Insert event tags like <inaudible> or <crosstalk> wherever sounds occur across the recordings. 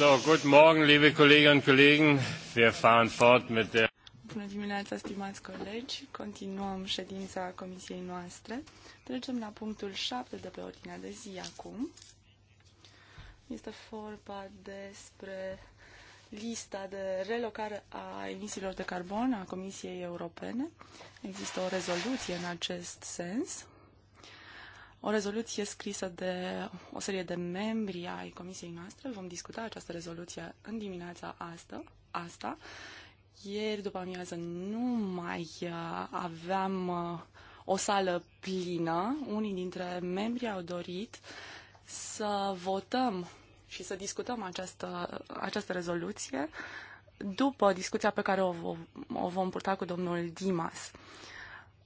So, good morning, liebe Kolleginnen und Kollegen. Wir fahren fort mit der Bună dimineața, stimați colegi. Continuăm ședința comisiei noastre. Trecem la punctul 7 de pe ordinea de zi acum. Este vorba despre lista de relocare a emisiilor de carbon a Comisiei Europene. Există o rezoluție în acest sens o rezoluție scrisă de o serie de membri ai comisiei noastre. Vom discuta această rezoluție în dimineața asta. asta. Ieri după amiază nu mai uh, aveam uh, o sală plină. Unii dintre membri au dorit să votăm și să discutăm această, această rezoluție după discuția pe care o, o vom purta cu domnul Dimas.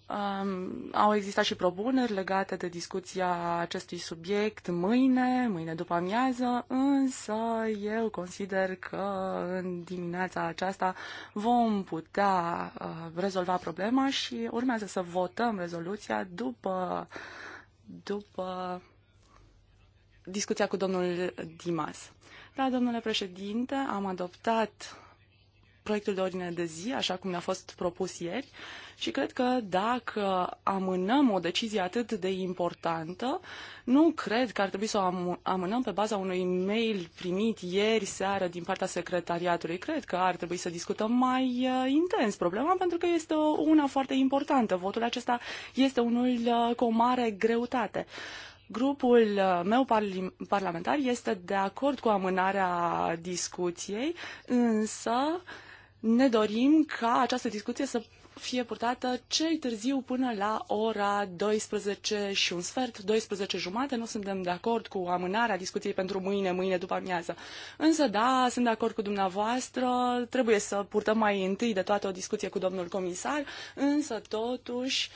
Um, au existat și propuneri legate de discuția acestui subiect mâine, mâine după amiază, însă eu consider că în dimineața aceasta vom putea uh, rezolva problema și urmează să votăm rezoluția după, după discuția cu domnul Dimas. Da, domnule președinte, am adoptat proiectul de ordine de zi, așa cum ne-a fost propus ieri, și cred că dacă amânăm o decizie atât de importantă, nu cred că ar trebui să o amânăm pe baza unui mail primit ieri seară din partea secretariatului. Cred că ar trebui să discutăm mai uh, intens problema, pentru că este una foarte importantă. Votul acesta este unul uh, cu o mare greutate. Grupul uh, meu parlamentar este de acord cu amânarea discuției, însă ne dorim ca această discuție să fie purtată cel târziu până la ora 12 și un sfert, 12 jumate. Nu suntem de acord cu amânarea discuției pentru mâine, mâine după amiază. Însă, da, sunt de acord cu dumneavoastră, trebuie să purtăm mai întâi de toate o discuție cu domnul comisar, însă, totuși,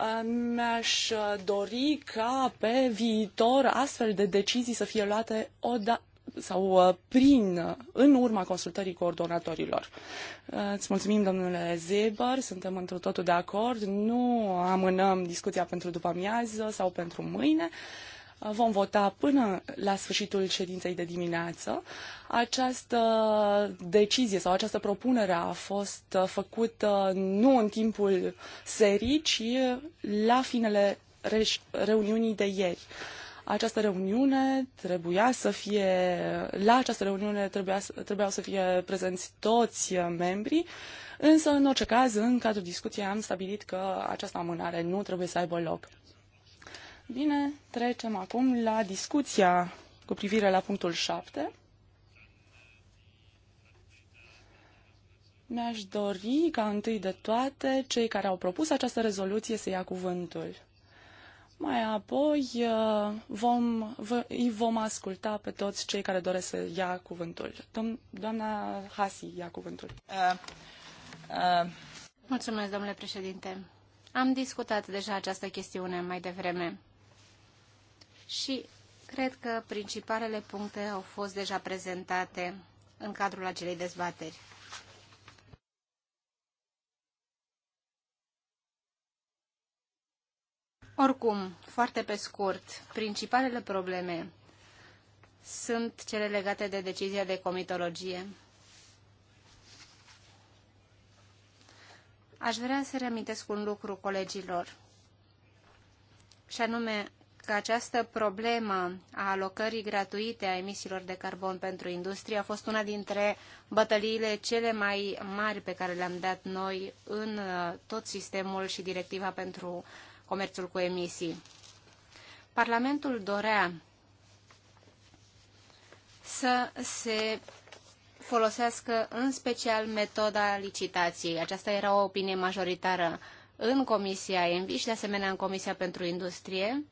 uh, mi-aș dori ca pe viitor astfel de decizii să fie luate o da- sau uh, prin, uh, în urma consultării coordonatorilor. Uh, îți mulțumim, domnule Zeber, suntem într totul de acord, nu amânăm discuția pentru după amiază sau pentru mâine. Vom vota până la sfârșitul ședinței de dimineață. Această decizie sau această propunere a fost făcută nu în timpul serii, ci la finele reuniunii de ieri. Această reuniune trebuia să fie, la această reuniune trebuia, trebuiau să fie prezenți toți membrii, însă în orice caz, în cadrul discuției am stabilit că această amânare nu trebuie să aibă loc. Bine, trecem acum la discuția cu privire la punctul 7. Mi-aș dori ca întâi de toate cei care au propus această rezoluție să ia cuvântul. Mai apoi uh, vom, îi vom asculta pe toți cei care doresc să ia cuvântul. doamna Hasi ia cuvântul. Uh, uh. Mulțumesc, domnule președinte. Am discutat deja această chestiune mai devreme și cred că principalele puncte au fost deja prezentate în cadrul acelei dezbateri. Oricum, foarte pe scurt, principalele probleme sunt cele legate de decizia de comitologie. Aș vrea să reamintesc un lucru colegilor, și anume că această problemă a alocării gratuite a emisiilor de carbon pentru industrie a fost una dintre bătăliile cele mai mari pe care le-am dat noi în uh, tot sistemul și directiva pentru uh, comerțul cu emisii. Parlamentul dorea să se folosească în special metoda licitației. Aceasta era o opinie majoritară în Comisia ENVI și de asemenea în Comisia pentru Industrie.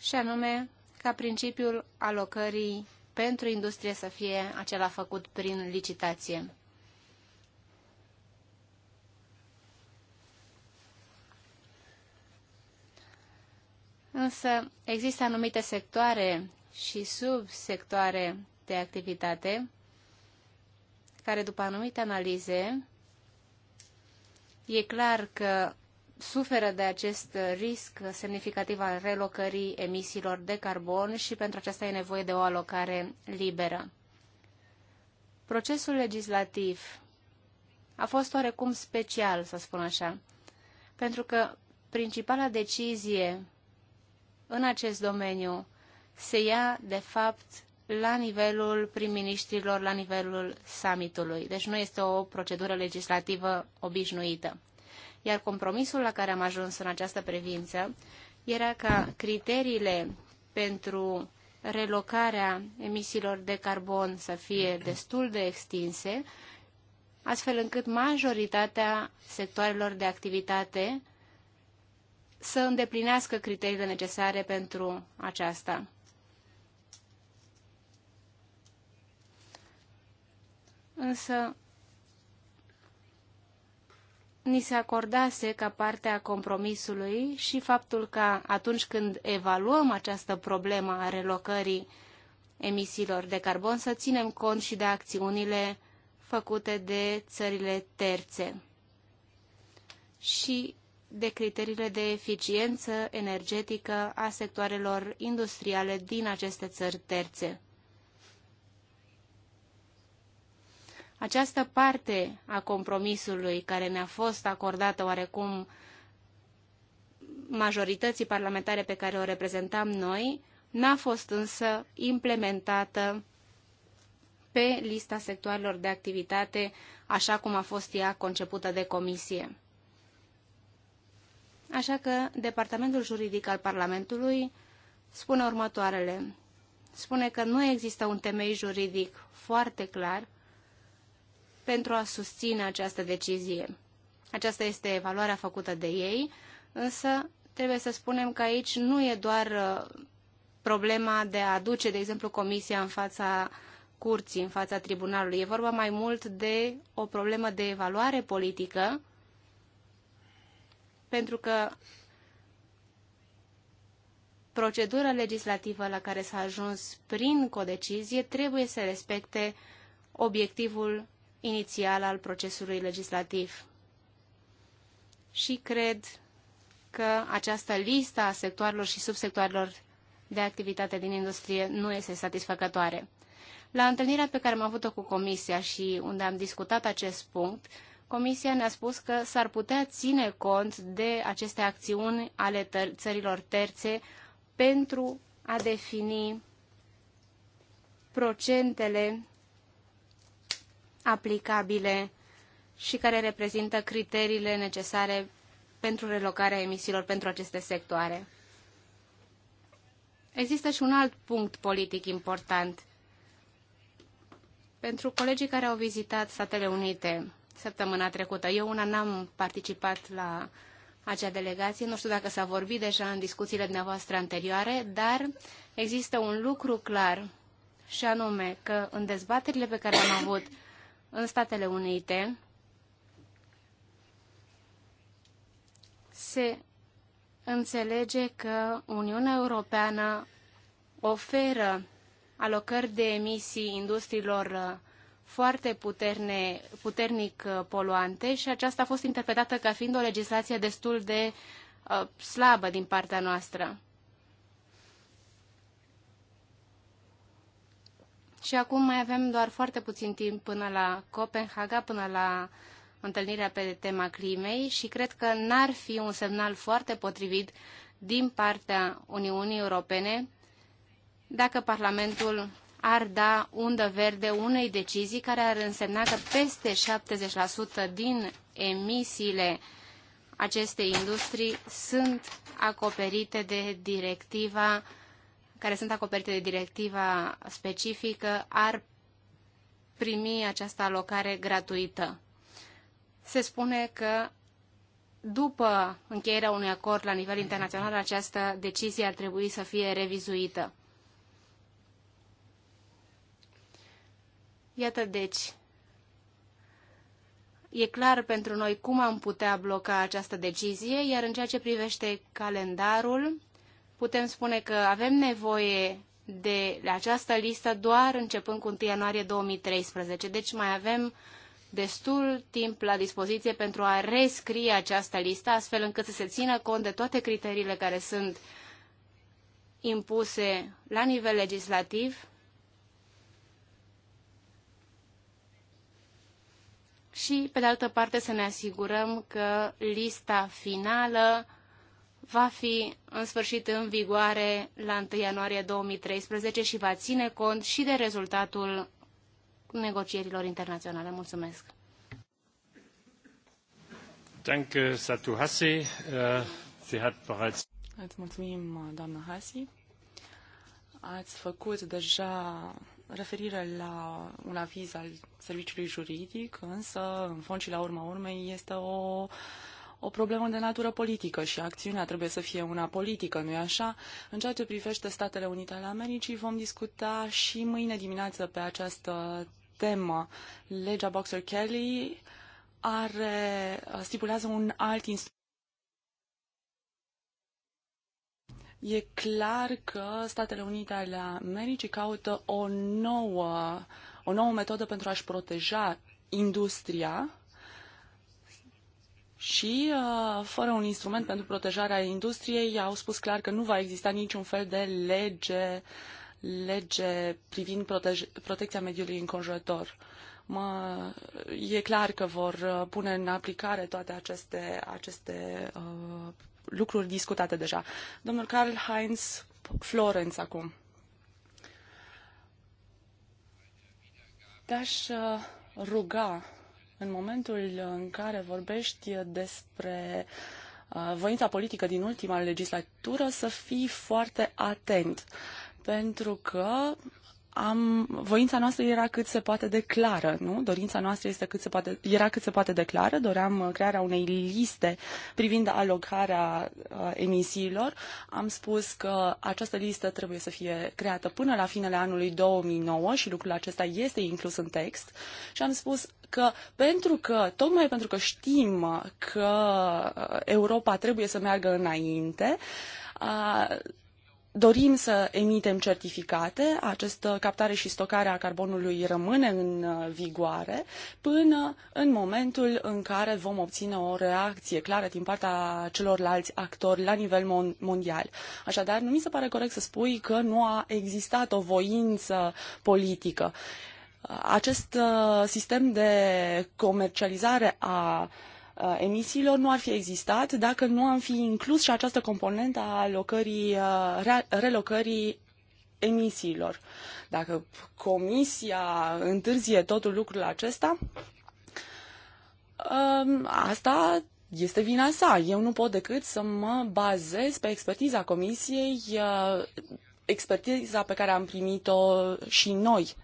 Și anume ca principiul alocării pentru industrie să fie acela făcut prin licitație. Însă există anumite sectoare și subsectoare de activitate care, după anumite analize, e clar că suferă de acest risc semnificativ al relocării emisiilor de carbon și pentru aceasta e nevoie de o alocare liberă. Procesul legislativ a fost oarecum special, să spun așa, pentru că principala decizie în acest domeniu se ia, de fapt, la nivelul prim-ministrilor, la nivelul summitului. Deci nu este o procedură legislativă obișnuită. Iar compromisul la care am ajuns în această privință era ca criteriile pentru relocarea emisiilor de carbon să fie destul de extinse, astfel încât majoritatea sectoarelor de activitate să îndeplinească criteriile necesare pentru aceasta. Însă, ni se acordase ca parte a compromisului și faptul că atunci când evaluăm această problemă a relocării emisiilor de carbon, să ținem cont și de acțiunile făcute de țările terțe. Și de criteriile de eficiență energetică a sectoarelor industriale din aceste țări terțe. Această parte a compromisului care ne-a fost acordată oarecum majorității parlamentare pe care o reprezentam noi, n-a fost însă implementată pe lista sectoarelor de activitate așa cum a fost ea concepută de comisie. Așa că Departamentul Juridic al Parlamentului spune următoarele. Spune că nu există un temei juridic foarte clar pentru a susține această decizie. Aceasta este evaluarea făcută de ei, însă trebuie să spunem că aici nu e doar uh, problema de a aduce, de exemplu, comisia în fața curții, în fața tribunalului. E vorba mai mult de o problemă de evaluare politică pentru că procedura legislativă la care s-a ajuns prin codecizie trebuie să respecte obiectivul inițial al procesului legislativ. Și cred că această listă a sectoarelor și subsectoarelor de activitate din industrie nu este satisfăcătoare. La întâlnirea pe care am avut-o cu Comisia și unde am discutat acest punct, Comisia ne-a spus că s-ar putea ține cont de aceste acțiuni ale țărilor terțe pentru a defini procentele aplicabile și care reprezintă criteriile necesare pentru relocarea emisiilor pentru aceste sectoare. Există și un alt punct politic important. Pentru colegii care au vizitat Statele Unite, săptămâna trecută. Eu una n-am participat la acea delegație, nu știu dacă s-a vorbit deja în discuțiile dumneavoastră anterioare, dar există un lucru clar și anume că în dezbaterile pe care am avut în Statele Unite se înțelege că Uniunea Europeană oferă alocări de emisii industriilor foarte puterne, puternic uh, poluante și aceasta a fost interpretată ca fiind o legislație destul de uh, slabă din partea noastră. Și acum mai avem doar foarte puțin timp până la Copenhaga, până la întâlnirea pe tema climei și cred că n-ar fi un semnal foarte potrivit din partea Uniunii Europene dacă Parlamentul ar da undă verde unei decizii care ar însemna că peste 70% din emisiile acestei industrii sunt acoperite de directiva care sunt acoperite de directiva specifică ar primi această alocare gratuită. Se spune că după încheierea unui acord la nivel internațional, această decizie ar trebui să fie revizuită. Iată deci, e clar pentru noi cum am putea bloca această decizie, iar în ceea ce privește calendarul, putem spune că avem nevoie de această listă doar începând cu 1 ianuarie 2013. Deci mai avem destul timp la dispoziție pentru a rescrie această listă, astfel încât să se țină cont de toate criteriile care sunt impuse la nivel legislativ și, pe de altă parte, să ne asigurăm că lista finală va fi în sfârșit în vigoare la 1 ianuarie 2013 și va ține cont și de rezultatul negocierilor internaționale. Mulțumesc! Danke, Satu Hassi. Äh, sie hat bereits... Îți mulțumim, doamnă Hasi. Ați făcut deja referire la un aviz al serviciului juridic, însă, în fond și la urma urmei, este o o problemă de natură politică și acțiunea trebuie să fie una politică, nu-i așa? În ceea ce privește Statele Unite ale Americii, vom discuta și mâine dimineață pe această temă. Legea Boxer Kelly are, stipulează un alt instrument E clar că Statele Unite ale Americii caută o nouă, o nouă metodă pentru a-și proteja industria și, uh, fără un instrument pentru protejarea industriei, au spus clar că nu va exista niciun fel de lege, lege privind protej- protecția mediului înconjurător. Mă, e clar că vor uh, pune în aplicare toate aceste, aceste uh, lucruri discutate deja. Domnul Karl-Heinz Florenz acum. Te-aș uh, ruga în momentul în care vorbești despre uh, voința politică din ultima legislatură să fii foarte atent pentru că am, voința noastră era cât se poate de clară, nu? Dorința noastră este cât se poate, era cât se poate de clară, doream uh, crearea unei liste privind alocarea uh, emisiilor. Am spus că această listă trebuie să fie creată până la finele anului 2009 și lucrul acesta este inclus în text și am spus că pentru că, tocmai pentru că știm că uh, Europa trebuie să meargă înainte, uh, dorim să emitem certificate, această captare și stocare a carbonului rămâne în uh, vigoare până în momentul în care vom obține o reacție clară din partea celorlalți actori la nivel mon- mondial. Așadar, nu mi se pare corect să spui că nu a existat o voință politică. Acest uh, sistem de comercializare a uh, Uh, emisiilor nu ar fi existat dacă nu am fi inclus și această componentă a alocării, uh, relocării emisiilor. Dacă comisia întârzie totul lucrul acesta, um, asta este vina sa. Eu nu pot decât să mă bazez pe expertiza comisiei uh, expertiza pe care am primit-o și noi.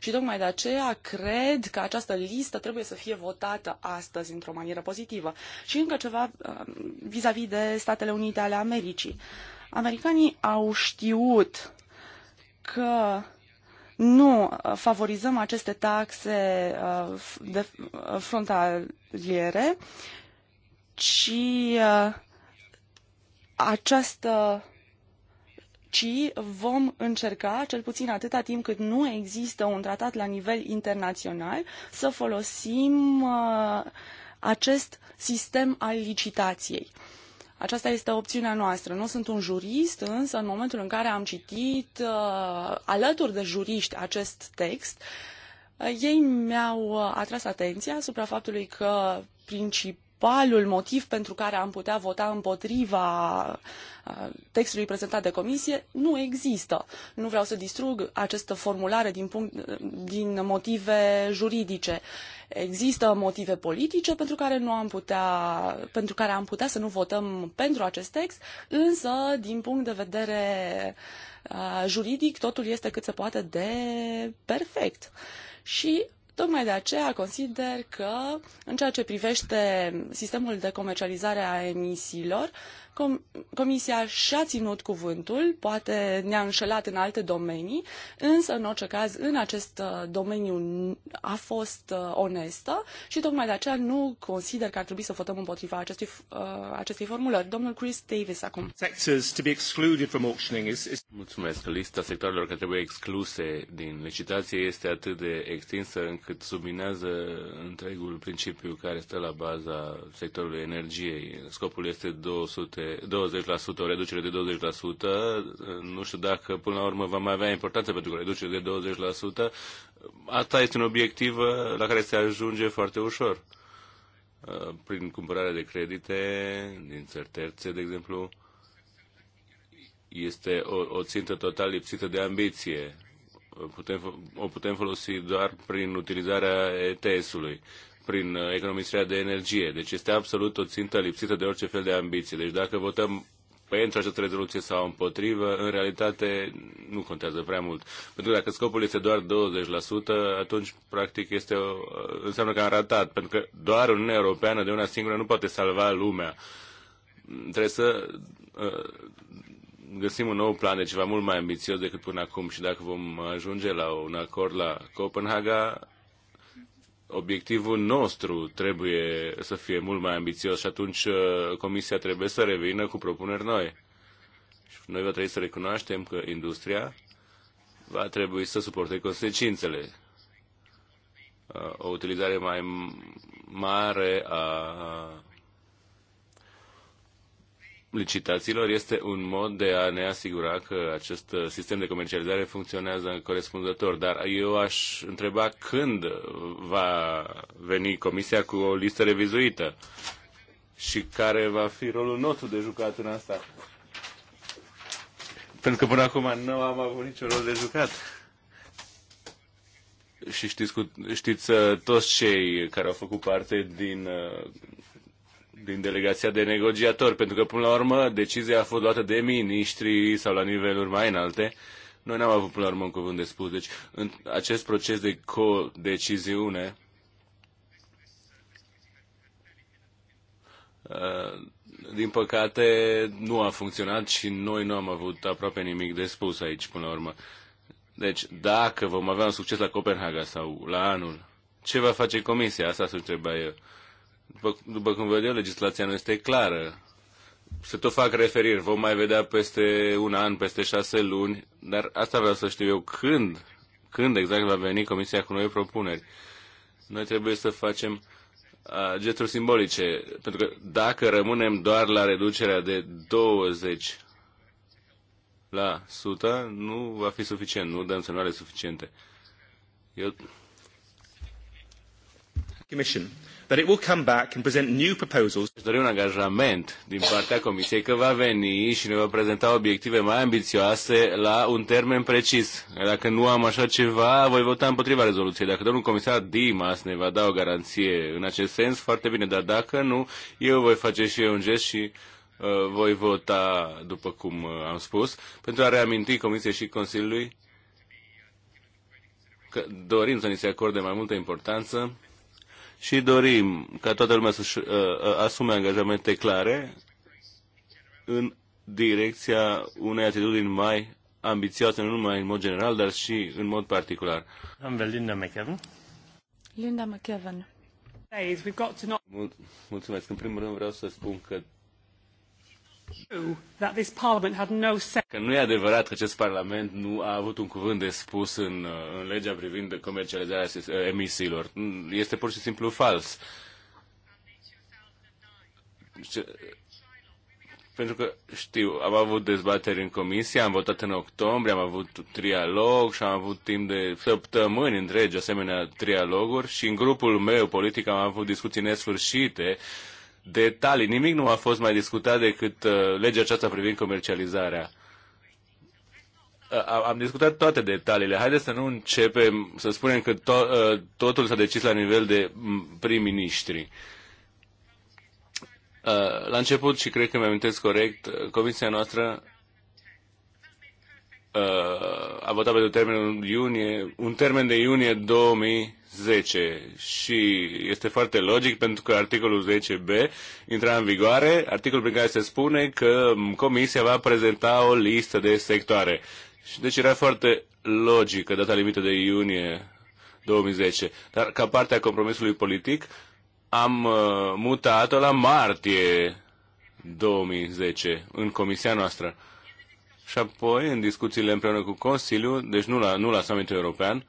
Și tocmai de aceea cred că această listă trebuie să fie votată astăzi într-o manieră pozitivă. Și încă ceva um, vis-a-vis de Statele Unite ale Americii. Americanii au știut că nu uh, favorizăm aceste taxe uh, de uh, frontaliere, ci această ci vom încerca, cel puțin atâta timp cât nu există un tratat la nivel internațional, să folosim uh, acest sistem al licitației. Aceasta este opțiunea noastră. Nu sunt un jurist, însă în momentul în care am citit uh, alături de juriști acest text, uh, ei mi-au uh, atras atenția asupra faptului că principiul principalul motiv pentru care am putea vota împotriva uh, textului prezentat de comisie nu există. Nu vreau să distrug această formulare din, punct, din motive juridice. Există motive politice pentru care, nu am putea, pentru care am putea să nu votăm pentru acest text, însă, din punct de vedere uh, juridic, totul este cât se poate de perfect. Și Tocmai de aceea consider că, în ceea ce privește sistemul de comercializare a emisiilor, Com- comisia și-a ținut cuvântul, poate ne-a înșelat în alte domenii, însă, în orice caz, în acest uh, domeniu a fost uh, onestă și tocmai de aceea nu consider că ar trebui să votăm împotriva acestui, uh, acestei formulări. Domnul Chris Davis acum. Mulțumesc. Lista sectoarelor care trebuie excluse din licitație este atât de extinsă încât subminează întregul principiu care stă la baza sectorului energiei. Scopul este 200 20%, o reducere de 20%. Nu știu dacă până la urmă va mai avea importanță pentru că reducere de 20%. Asta este un obiectiv uh, la care se ajunge foarte ușor. Uh, prin cumpărarea de credite din țări terțe, de exemplu, este o, o țintă total lipsită de ambiție. Putem, o putem folosi doar prin utilizarea ETS-ului prin uh, economisirea de energie. Deci este absolut o țintă lipsită de orice fel de ambiție. Deci dacă votăm pentru această rezoluție sau împotrivă, în realitate nu contează prea mult. Pentru că dacă scopul este doar 20%, atunci practic este o, uh, înseamnă că am ratat, pentru că doar Uniunea Europeană de una singură nu poate salva lumea. Trebuie să uh, găsim un nou plan de ceva mult mai ambițios decât până acum și dacă vom ajunge la un acord la Copenhaga, obiectivul nostru trebuie să fie mult mai ambițios și atunci uh, Comisia trebuie să revină cu propuneri noi. Și noi va trebui să recunoaștem că industria va trebui să suporte consecințele. Uh, o utilizare mai mare a licitațiilor este un mod de a ne asigura că acest sistem de comercializare funcționează corespunzător. Dar eu aș întreba când va veni Comisia cu o listă revizuită și care va fi rolul nostru de jucat în asta. Pentru că până acum nu am avut niciun rol de jucat. Și știți, cu, știți uh, toți cei care au făcut parte din uh, din delegația de negociatori, pentru că până la urmă decizia a fost luată de miniștri sau la niveluri mai înalte. Noi n-am avut până la urmă un cuvânt de spus. Deci în acest proces de co-deciziune uh, din păcate nu a funcționat și noi nu am avut aproape nimic de spus aici până la urmă. Deci dacă vom avea un succes la Copenhaga sau la anul, ce va face comisia? Asta se întreba eu după, după cum văd eu, legislația nu este clară. Se tot fac referiri, vom mai vedea peste un an, peste șase luni, dar asta vreau să știu eu când, când exact va veni Comisia cu noi propuneri. Noi trebuie să facem gesturi simbolice, pentru că dacă rămânem doar la reducerea de 20 la 100, nu va fi suficient, nu dăm semnale suficiente. Eu... Commission that it will come back and present new proposals. Aș dori un angajament din partea Comisiei că va veni și ne va prezenta obiective mai ambițioase la un termen precis. Dacă nu am așa ceva, voi vota împotriva rezoluției. Dacă domnul comisar Dimas ne va da o garanție în acest sens, foarte bine, dar dacă nu, eu voi face și eu un gest și uh, voi vota, după cum uh, am spus, pentru a reaminti Comisiei și Consiliului că dorim să ni se acorde mai multă importanță și dorim ca toată lumea să-și uh, uh, asume angajamente clare în direcția unei atitudini mai ambițioase, nu numai în mod general, dar și în mod particular. Am Linda McKevin. Linda McKevin. Mulțumesc. În primul rând vreau să spun că Că nu e adevărat că acest Parlament nu a avut un cuvânt de spus în, uh, în legea privind comercializarea uh, emisiilor. Este pur și simplu fals. Pentru că, știu, am avut dezbateri în comisie, am votat în octombrie, am avut trialog și am avut timp de săptămâni întregi asemenea trialoguri și în grupul meu politic am avut discuții nesfârșite uh, detalii. Nimic nu a fost mai discutat decât uh, legea aceasta privind comercializarea. Uh, am discutat toate detaliile. Haideți să nu începem să spunem că to- uh, totul s-a decis la nivel de prim-ministri. La început, și cred că mi-amintesc corect, comisia noastră a votat pentru termenul iunie, un termen de iunie 2000 10 și este foarte logic pentru că articolul 10b intra în vigoare, articolul prin care se spune că Comisia va prezenta o listă de sectoare. Și deci era foarte logică data limită de iunie 2010. Dar ca parte a compromisului politic am uh, mutat-o la martie 2010 în comisia noastră. Și apoi, în discuțiile împreună cu Consiliul, deci nu la, nu la summitul european,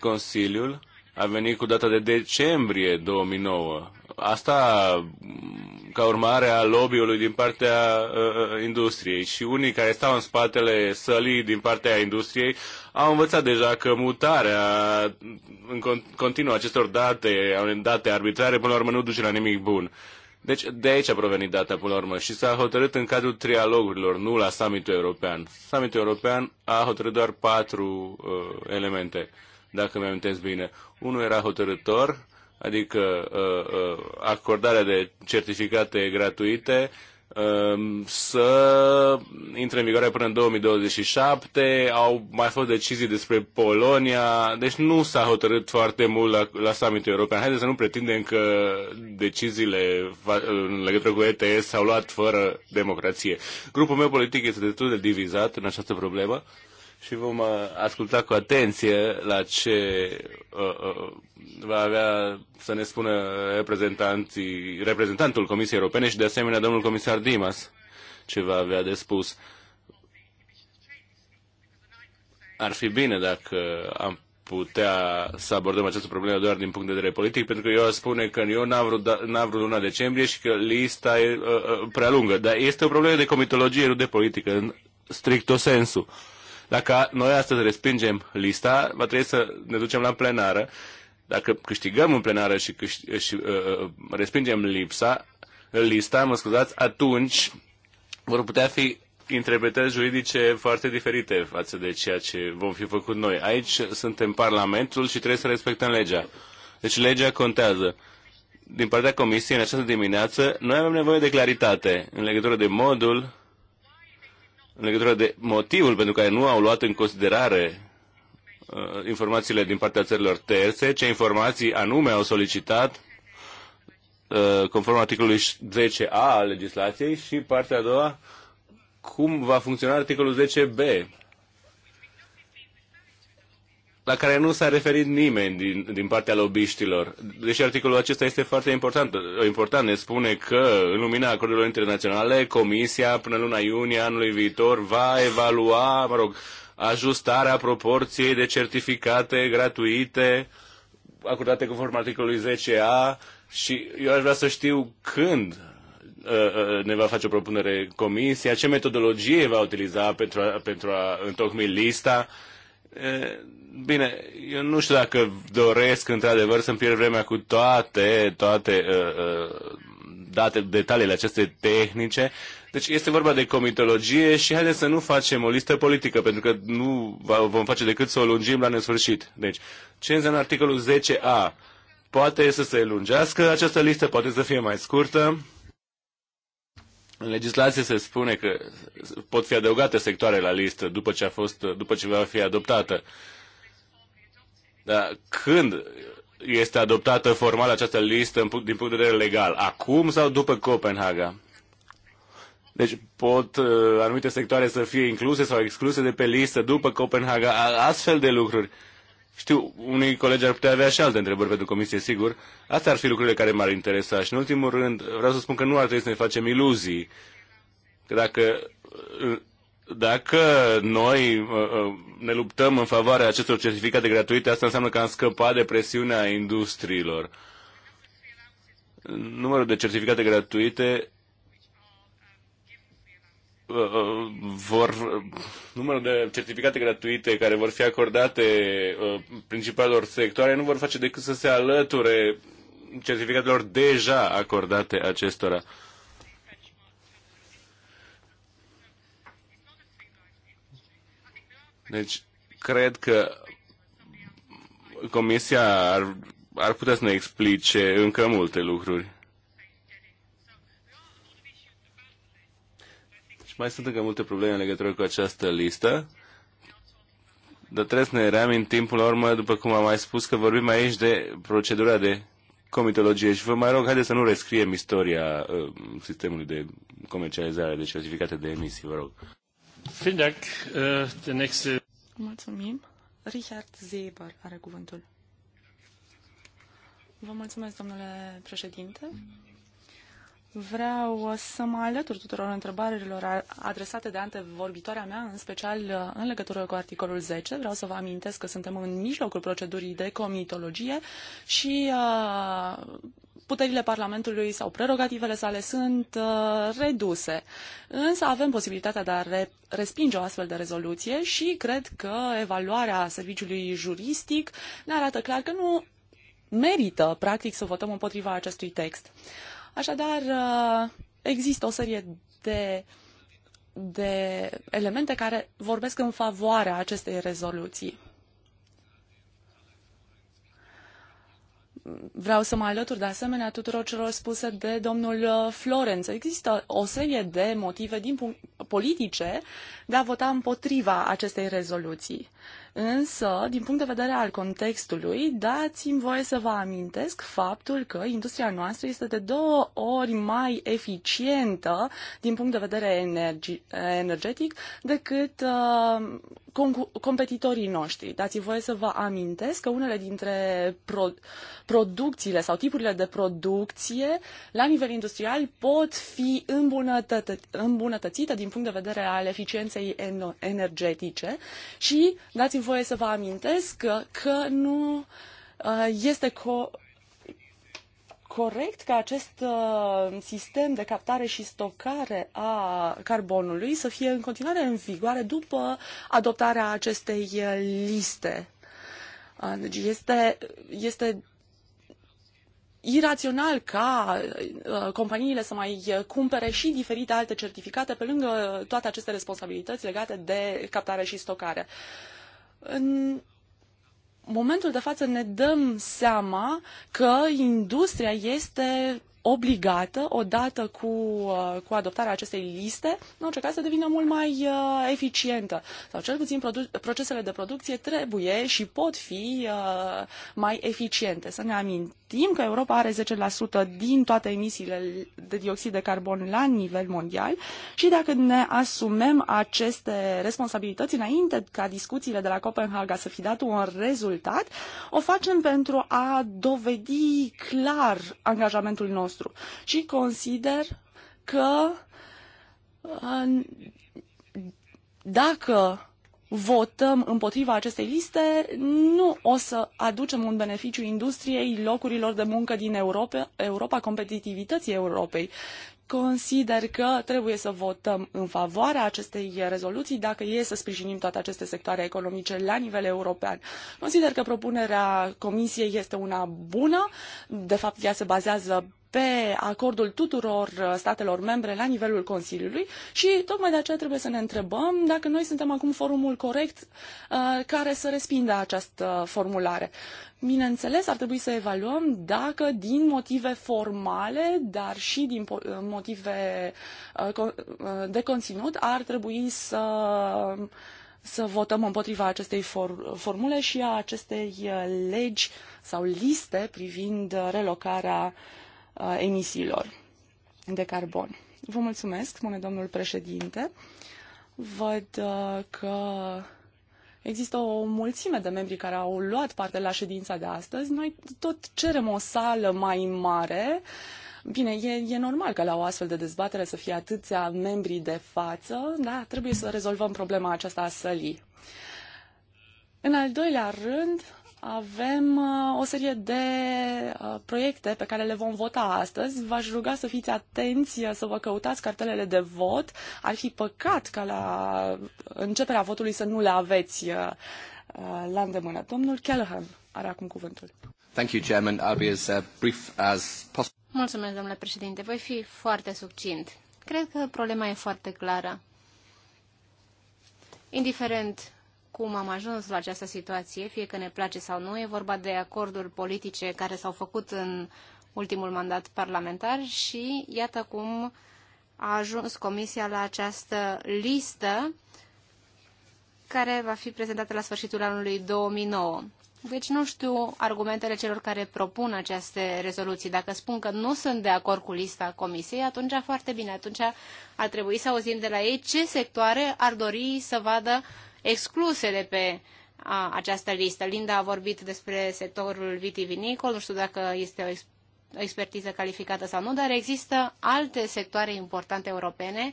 Consiliul a venit cu data de decembrie 2009. Asta mm, ca urmare a lobby-ului din partea uh, uh, industriei și unii care stau în spatele sălii din partea industriei au învățat deja că mutarea în continuă acestor date, date arbitrare, până la urmă nu duce la nimic bun. Deci de aici a provenit data până la urmă și s-a hotărât în cadrul trialogurilor, nu la summitul european. Summitul european a hotărât doar patru uh, elemente. Uh, dacă mi-am bine. Unul era hotărător, adică uh, uh, acordarea de certificate gratuite um, să intre în vigoare până în 2027. Au mai fost decizii despre Polonia, deci nu s-a hotărât foarte mult la, la summitul european. Haideți să nu pretindem că deciziile în legătură cu ETS s-au luat fără democrație. Grupul meu politic este destul de divizat în această problemă. Uh, și vom uh, asculta cu atenție la ce uh, uh, va avea să ne spună reprezentanții, reprezentantul Comisiei Europene și de asemenea domnul comisar Dimas ce va avea de spus. Ar fi bine dacă am putea să abordăm această problemă doar din punct de vedere politic, pentru că eu aș spune că eu n-am vrut, da, n-am vrut luna decembrie și că lista e uh, uh, prea lungă. Dar este o problemă de comitologie, nu de politică, în strictul sensul. Uh, dacă noi astăzi respingem lista, va trebui să ne ducem la plenară. Dacă câștigăm în plenară și, câștig, și uh, uh, respingem lipsa, lista, mă scuzați, atunci vor putea fi interpretări juridice foarte diferite față de ceea ce vom fi făcut noi. Aici suntem Parlamentul și trebuie să respectăm legea. Deci legea contează. Din partea Comisiei, în această dimineață, noi avem nevoie de claritate în legătură de modul în legătură de motivul pentru care nu au luat în considerare uh, informațiile din partea țărilor terțe, ce informații anume au solicitat uh, conform articolului 10a al legislației și partea a doua, cum va funcționa articolul 10b la care nu s-a referit nimeni din, din partea lobiștilor. Deși articolul acesta este foarte important, important, ne spune că în lumina acordurilor internaționale, Comisia până luna iunie anului viitor va evalua, mă rog, ajustarea proporției de certificate gratuite acordate conform articolului 10a și eu aș vrea să știu când uh, uh, ne va face o propunere comisia, ce metodologie va utiliza pentru a, pentru a întocmi lista uh, Bine, eu nu știu dacă doresc într-adevăr să-mi pierd vremea cu toate, toate uh, uh, date, detaliile aceste tehnice. Deci este vorba de comitologie și haideți să nu facem o listă politică, pentru că nu vom face decât să o lungim la nesfârșit. Deci, ce înseamnă articolul 10a? Poate să se lungească această listă, poate să fie mai scurtă. În legislație se spune că pot fi adăugate sectoare la listă după ce, a fost, după ce va fi adoptată. Uh, dar când este adoptată formal această listă din punct de vedere legal? Acum sau după Copenhaga? Deci pot uh, anumite sectoare să fie incluse sau excluse de pe listă după Copenhaga, astfel de lucruri. Știu, unii colegi ar putea avea și alte întrebări pentru comisie, sigur. Astea ar fi lucrurile care m-ar interesa. Și în ultimul rând, vreau să spun că nu ar trebui să ne facem iluzii. Că dacă uh, dacă noi uh, uh, ne luptăm în favoarea acestor certificate gratuite, asta înseamnă că am scăpat de presiunea industriilor. Numărul de certificate gratuite uh, vor, numărul de certificate gratuite care vor fi acordate principalelor sectoare nu vor face decât să se alăture certificatelor deja acordate acestora. Deci, cred că Comisia ar, ar putea să ne explice încă multe lucruri. Și mai sunt încă multe probleme în legătură cu această listă. Dar trebuie să ne reamintim, până la urmă, după cum am mai spus, că vorbim aici de procedura de comitologie și vă mai rog, haideți să nu rescriem istoria uh, sistemului de comercializare de certificate de emisii, vă rog. Vielen Dank. Uh, der nächste Mulțumim. Richard Zeber are cuvântul. Vă mulțumesc, domnule președinte. Vreau să mă alătur tuturor întrebărilor adresate de antevorbitoarea mea, în special uh, în legătură cu articolul 10. Vreau să vă amintesc că suntem în mijlocul procedurii de comitologie și uh, puterile Parlamentului sau prerogativele sale sunt uh, reduse. Însă avem posibilitatea de a re- respinge o astfel de rezoluție și cred că evaluarea serviciului juristic ne arată clar că nu merită, practic, să votăm împotriva acestui text. Așadar, uh, există o serie de de elemente care vorbesc în favoarea acestei rezoluții. Vreau să mă alătur de asemenea tuturor celor spuse de domnul uh, Florenț. Există o serie de motive din punct, politice de a vota împotriva acestei rezoluții. Însă, din punct de vedere al contextului, dați-mi voie să vă amintesc faptul că industria noastră este de două ori mai eficientă din punct de vedere energi- energetic decât uh, competitorii noștri. Dați-mi voie să vă amintesc că unele dintre pro- producțiile sau tipurile de producție la nivel industrial pot fi îmbunătăț îmbunătățite din punct de vedere al eficienței energetice și dați-mi voie să vă amintesc că, că nu uh, este co- corect ca acest uh, sistem de captare și stocare a carbonului să fie în continuare în vigoare după adoptarea acestei uh, liste. Uh, deci este, este irațional ca companiile să mai cumpere și diferite alte certificate pe lângă toate aceste responsabilități legate de captare și stocare. În momentul de față ne dăm seama că industria este obligată, odată cu, uh, cu adoptarea acestei liste, în orice caz să devină mult mai uh, eficientă. Sau cel puțin procesele de producție trebuie și pot fi uh, mai eficiente. Să ne amintim că Europa are 10% din toate emisiile de dioxid de carbon la nivel mondial și dacă ne asumem aceste responsabilități înainte ca discuțiile de la Copenhaga să fi dat un rezultat, o facem pentru a dovedi clar angajamentul nostru nostru și consider că dacă votăm împotriva acestei liste, nu o să aducem un beneficiu industriei, locurilor de muncă din Europa, Europa competitivității Europei. Consider că trebuie să votăm în favoarea acestei rezoluții dacă e să sprijinim toate aceste sectoare economice la nivel european. Consider că propunerea Comisiei este una bună, de fapt ea se bazează pe acordul tuturor uh, statelor membre la nivelul Consiliului și tocmai de aceea trebuie să ne întrebăm dacă noi suntem acum forumul corect uh, care să respindă această formulare. Bineînțeles, ar trebui să evaluăm dacă din motive formale, dar și din uh, motive de conținut, ar trebui să să votăm împotriva acestei for- formule și a acestei legi sau liste privind relocarea uh, Uh, emisiilor de carbon. Vă mulțumesc, spune domnul președinte. Văd uh, că există o mulțime de membri care au luat parte la ședința de astăzi. Noi tot cerem o sală mai mare. Bine, e, e normal că la o astfel de dezbatere să fie atâția membri de față, da, trebuie să rezolvăm problema aceasta a sălii. În al doilea rând, avem uh, o serie de uh, proiecte pe care le vom vota astăzi. V-aș ruga să fiți atenți, uh, să vă căutați cartelele de vot. Ar fi păcat ca la începerea votului să nu le aveți la îndemână. Domnul Callahan are acum cuvântul. Thank you, Chairman. I'll be as brief as possible. Mulțumesc, domnule președinte. Voi fi foarte succint. Cred că problema e foarte clară. Indiferent cum am ajuns la această situație, fie că ne place sau nu, e vorba de acorduri politice care s-au făcut în ultimul mandat parlamentar și iată cum a ajuns Comisia la această listă care va fi prezentată la sfârșitul anului 2009. Deci nu știu argumentele celor care propun aceste rezoluții. Dacă spun că nu sunt de acord cu lista comisiei, atunci foarte bine, atunci ar trebui să auzim de la ei ce sectoare ar dori să vadă excluse de pe a, această listă. Linda a vorbit despre sectorul vitivinicol, nu știu dacă este o expertiză calificată sau nu, dar există alte sectoare importante europene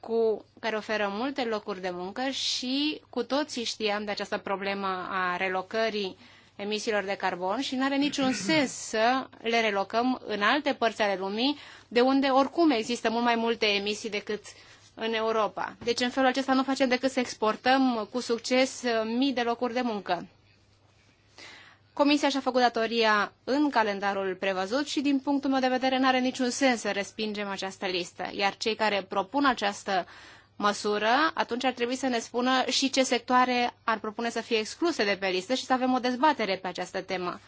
cu, care oferă multe locuri de muncă și cu toții știam de această problemă a relocării emisiilor de carbon și nu are niciun <clears throat> sens să le relocăm în alte părți ale lumii, de unde oricum există mult mai multe emisii decât uh, în Europa. Deci în felul acesta nu facem decât să exportăm cu succes uh, mii de locuri de muncă. Comisia și-a făcut datoria în calendarul prevăzut și, din punctul meu de vedere, nu are niciun sens să respingem această listă. Iar cei care propun această măsură, atunci ar trebui să ne spună și ce sectoare ar propune să fie excluse de pe listă și să avem o dezbatere pe această temă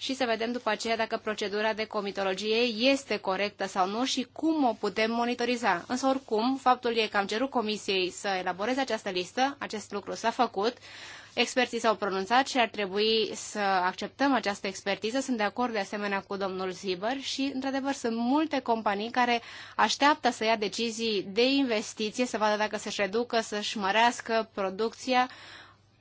și să vedem după aceea dacă procedura de comitologie este corectă sau nu și cum o putem monitoriza. Însă oricum, faptul e că am cerut comisiei să elaboreze această listă, acest lucru s-a făcut, experții s-au pronunțat și ar trebui să acceptăm această expertiză. Sunt de acord de asemenea cu domnul Ziber și, într-adevăr, sunt multe companii care așteaptă să ia decizii de investiție, să vadă dacă să-și reducă, să-și mărească producția,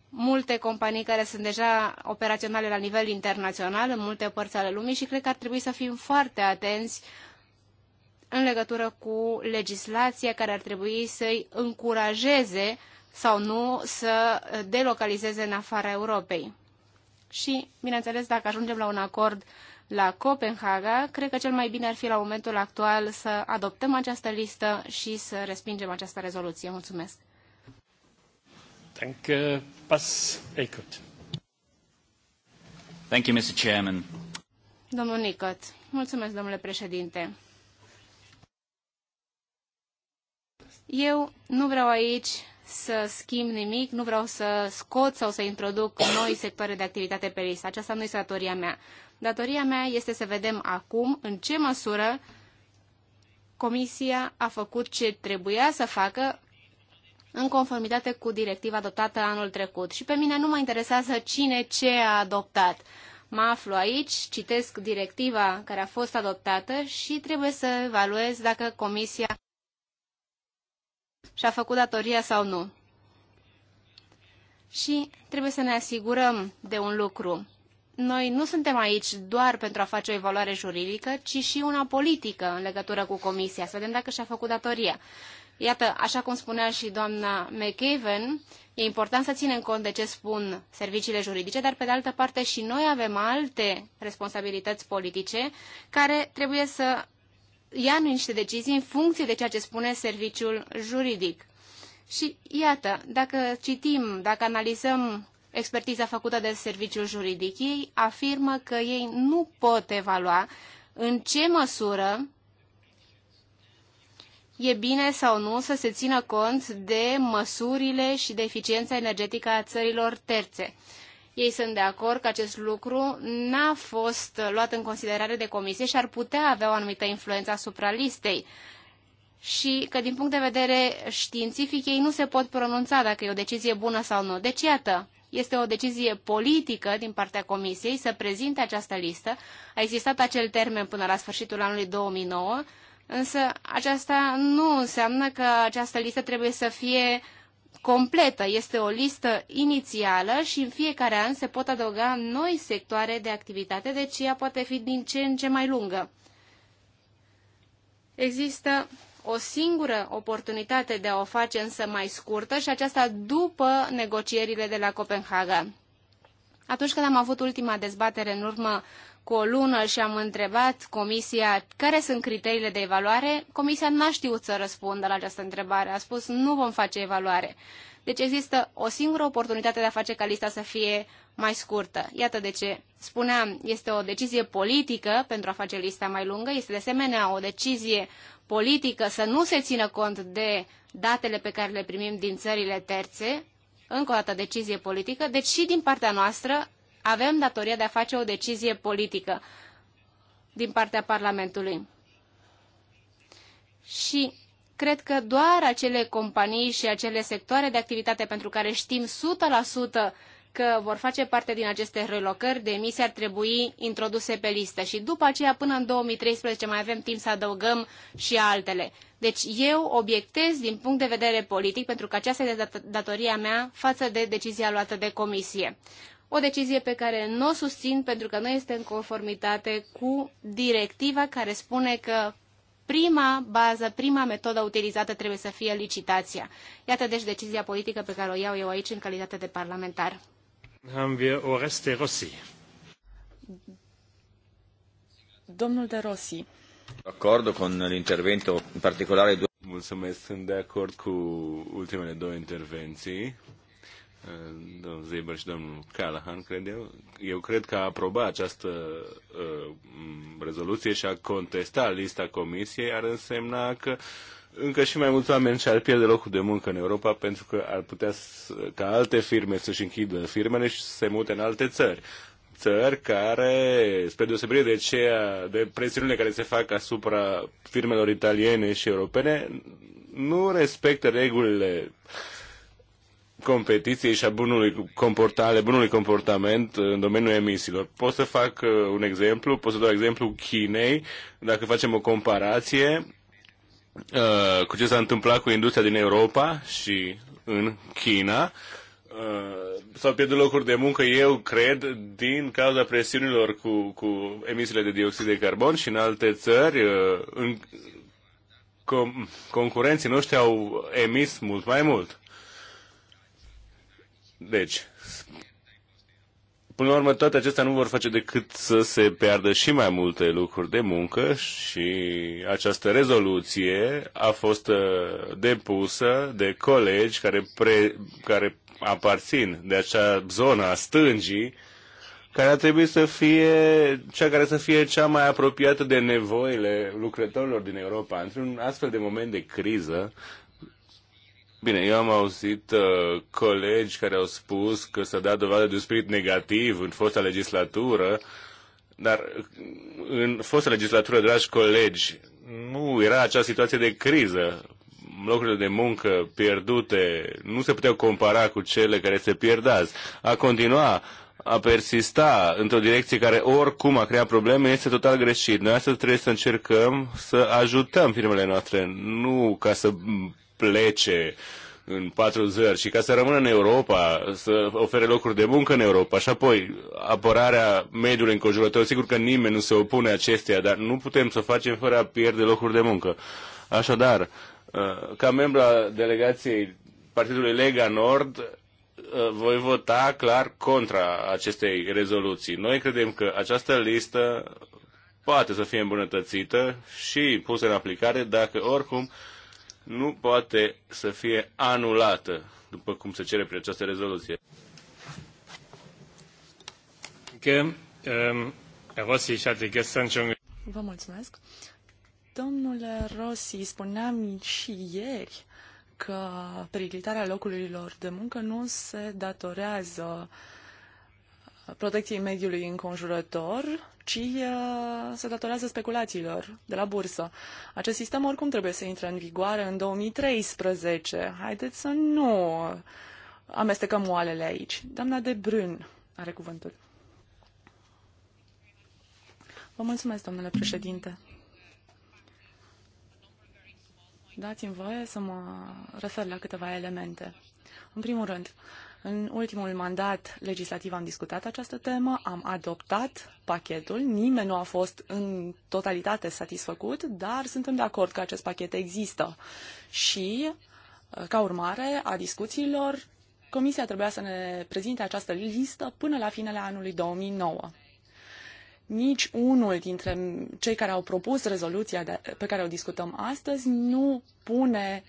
multe companii care sunt deja operaționale la nivel internațional în multe părți ale lumii și cred că ar trebui să fim foarte atenți în legătură cu legislația care ar trebui să-i încurajeze sau nu să delocalizeze în afara Europei. Și, bineînțeles, dacă ajungem la un acord la Copenhaga, cred că cel mai bine ar fi la momentul actual să adoptăm această listă și să respingem această rezoluție. Mulțumesc! Danke, pas, Eckert. Thank you, Mr. Chairman. Domnul Nicot. Mulțumesc, domnule președinte. Eu nu vreau aici să schimb nimic, nu vreau să scot sau să introduc noi sectoare de activitate pe listă. Aceasta nu este datoria mea. Datoria mea este să vedem acum în ce măsură Comisia a făcut ce trebuia să facă în conformitate cu directiva adoptată anul trecut. Și pe mine nu mă interesează cine ce a adoptat. Mă aflu aici, citesc directiva care a fost adoptată și trebuie să evaluez dacă Comisia și-a făcut datoria sau nu. Și trebuie să ne asigurăm de un lucru. Noi nu suntem aici doar pentru a face o evaluare juridică, ci și una politică în legătură cu Comisia, să vedem dacă și-a făcut datoria. Iată, așa cum spunea și doamna McAven, e important să ținem cont de ce spun serviciile juridice, dar pe de altă parte și noi avem alte responsabilități politice care trebuie să ia niște decizii în funcție de ceea ce spune serviciul juridic. Și iată, dacă citim, dacă analizăm expertiza făcută de serviciul juridic, ei afirmă că ei nu pot evalua în ce măsură e bine sau nu să se țină cont de măsurile și de eficiența energetică a țărilor terțe. Ei sunt de acord că acest lucru n-a fost luat în considerare de comisie și ar putea avea o anumită influență asupra listei și că din punct de vedere științific ei nu se pot pronunța dacă e o decizie bună sau nu. Deci iată, este o decizie politică din partea Comisiei să prezinte această listă. A existat acel termen până la sfârșitul anului 2009 Însă aceasta nu înseamnă că această listă trebuie să fie completă. Este o listă inițială și în fiecare an se pot adăuga noi sectoare de activitate, deci ea poate fi din ce în ce mai lungă. Există o singură oportunitate de a o face însă mai scurtă și aceasta după negocierile de la Copenhaga. Atunci când am avut ultima dezbatere în urmă cu o lună și am întrebat comisia care sunt criteriile de evaluare, comisia n-a știut să răspundă la această întrebare. A spus nu vom face evaluare. Deci există o singură oportunitate de a face ca lista să fie mai scurtă. Iată de ce. Spuneam, este o decizie politică pentru a face lista mai lungă, este de asemenea o decizie politică să nu se țină cont de datele pe care le primim din țările terțe, încă o dată decizie politică, deci și din partea noastră avem datoria de a face o decizie politică din partea Parlamentului. Și cred că doar acele companii și acele sectoare de activitate pentru care știm 100% că vor face parte din aceste relocări de emisii ar trebui introduse pe listă și după aceea până în 2013 mai avem timp să adăugăm și altele. Deci eu obiectez din punct de vedere politic pentru că aceasta este datoria mea față de decizia luată de comisie o decizie pe care nu o susțin pentru că nu este în conformitate cu directiva care spune că prima bază, prima metodă utilizată trebuie să fie licitația. Iată deci decizia politică pe care o iau eu aici în calitate de parlamentar. Am Oreste Rossi. Domnul de Rossi. Acord cu interventul, în particular, Mulțumesc, sunt de acord cu ultimele două intervenții domnul Zeber și domnul Callahan, cred eu, eu cred că a aprobat această uh, rezoluție și a contesta lista comisiei ar însemna că încă și mai mulți oameni și-ar pierde locul de muncă în Europa pentru că ar putea ca alte firme să-și închidă firmele și să se mute în alte țări țări care, spre deosebire de ceea, de presiunile care se fac asupra firmelor italiene și europene, nu respectă regulile competiției și a bunului comportare, bunului comportament în domeniul emisiilor. Pot să fac uh, un exemplu, pot să dau exemplu Chinei, dacă facem o comparație uh, cu ce s-a întâmplat cu industria din Europa și în China. Uh, s-au pierdut locuri de muncă, eu cred, din cauza presiunilor cu, cu emisiile de dioxid de carbon și în alte țări, uh, în, concurenții noștri au emis mult mai mult deci, până la urmă, toate acestea nu vor face decât să se piardă și mai multe lucruri de muncă și această rezoluție a fost uh, depusă de colegi care, pre, care aparțin de acea zonă a stângii, care ar trebui să fie cea care să fie cea mai apropiată de nevoile lucrătorilor din Europa. Într-un astfel de moment de criză, Bine, eu am auzit uh, colegi care au spus că s-a dat dovadă de un spirit negativ în fosta legislatură, dar uh, în fosta legislatură, dragi colegi, nu era acea situație de criză. Locurile de muncă pierdute nu se puteau compara cu cele care se pierdați. A continua a persista într-o direcție care oricum a creat probleme este total greșit. Noi astăzi trebuie să încercăm să ajutăm firmele noastre, nu ca să plece în patru zări și ca să rămână în Europa, să ofere locuri de muncă în Europa și apoi apărarea mediului înconjurător. Sigur că nimeni nu se opune acesteia, dar nu putem să facem fără a pierde locuri de muncă. Așadar, uh, ca membru a delegației Partidului Lega Nord, uh, voi vota clar contra acestei rezoluții. Noi credem că această listă poate să fie îmbunătățită și pusă în aplicare dacă oricum nu poate să fie anulată, după cum se cere prin această rezoluție. Um, Vă mulțumesc. Domnule Rossi, spuneam și ieri că periclitarea locurilor de muncă nu se datorează uh, protecției mediului înconjurător, ci uh, se datorează speculațiilor de la bursă. Acest sistem oricum trebuie să intre în vigoare în 2013. Haideți să nu amestecăm oalele aici. Doamna de Brân are cuvântul. Vă mulțumesc, domnule președinte. Dați-mi voie să mă refer la câteva elemente. În primul rând, în ultimul mandat legislativ am discutat această temă, am adoptat pachetul, nimeni nu a fost în totalitate satisfăcut, dar suntem de acord că acest pachet există. Și, ca urmare a discuțiilor, Comisia trebuia să ne prezinte această listă până la finele anului 2009 nici unul dintre cei care au propus rezoluția de, pe care o discutăm astăzi nu pune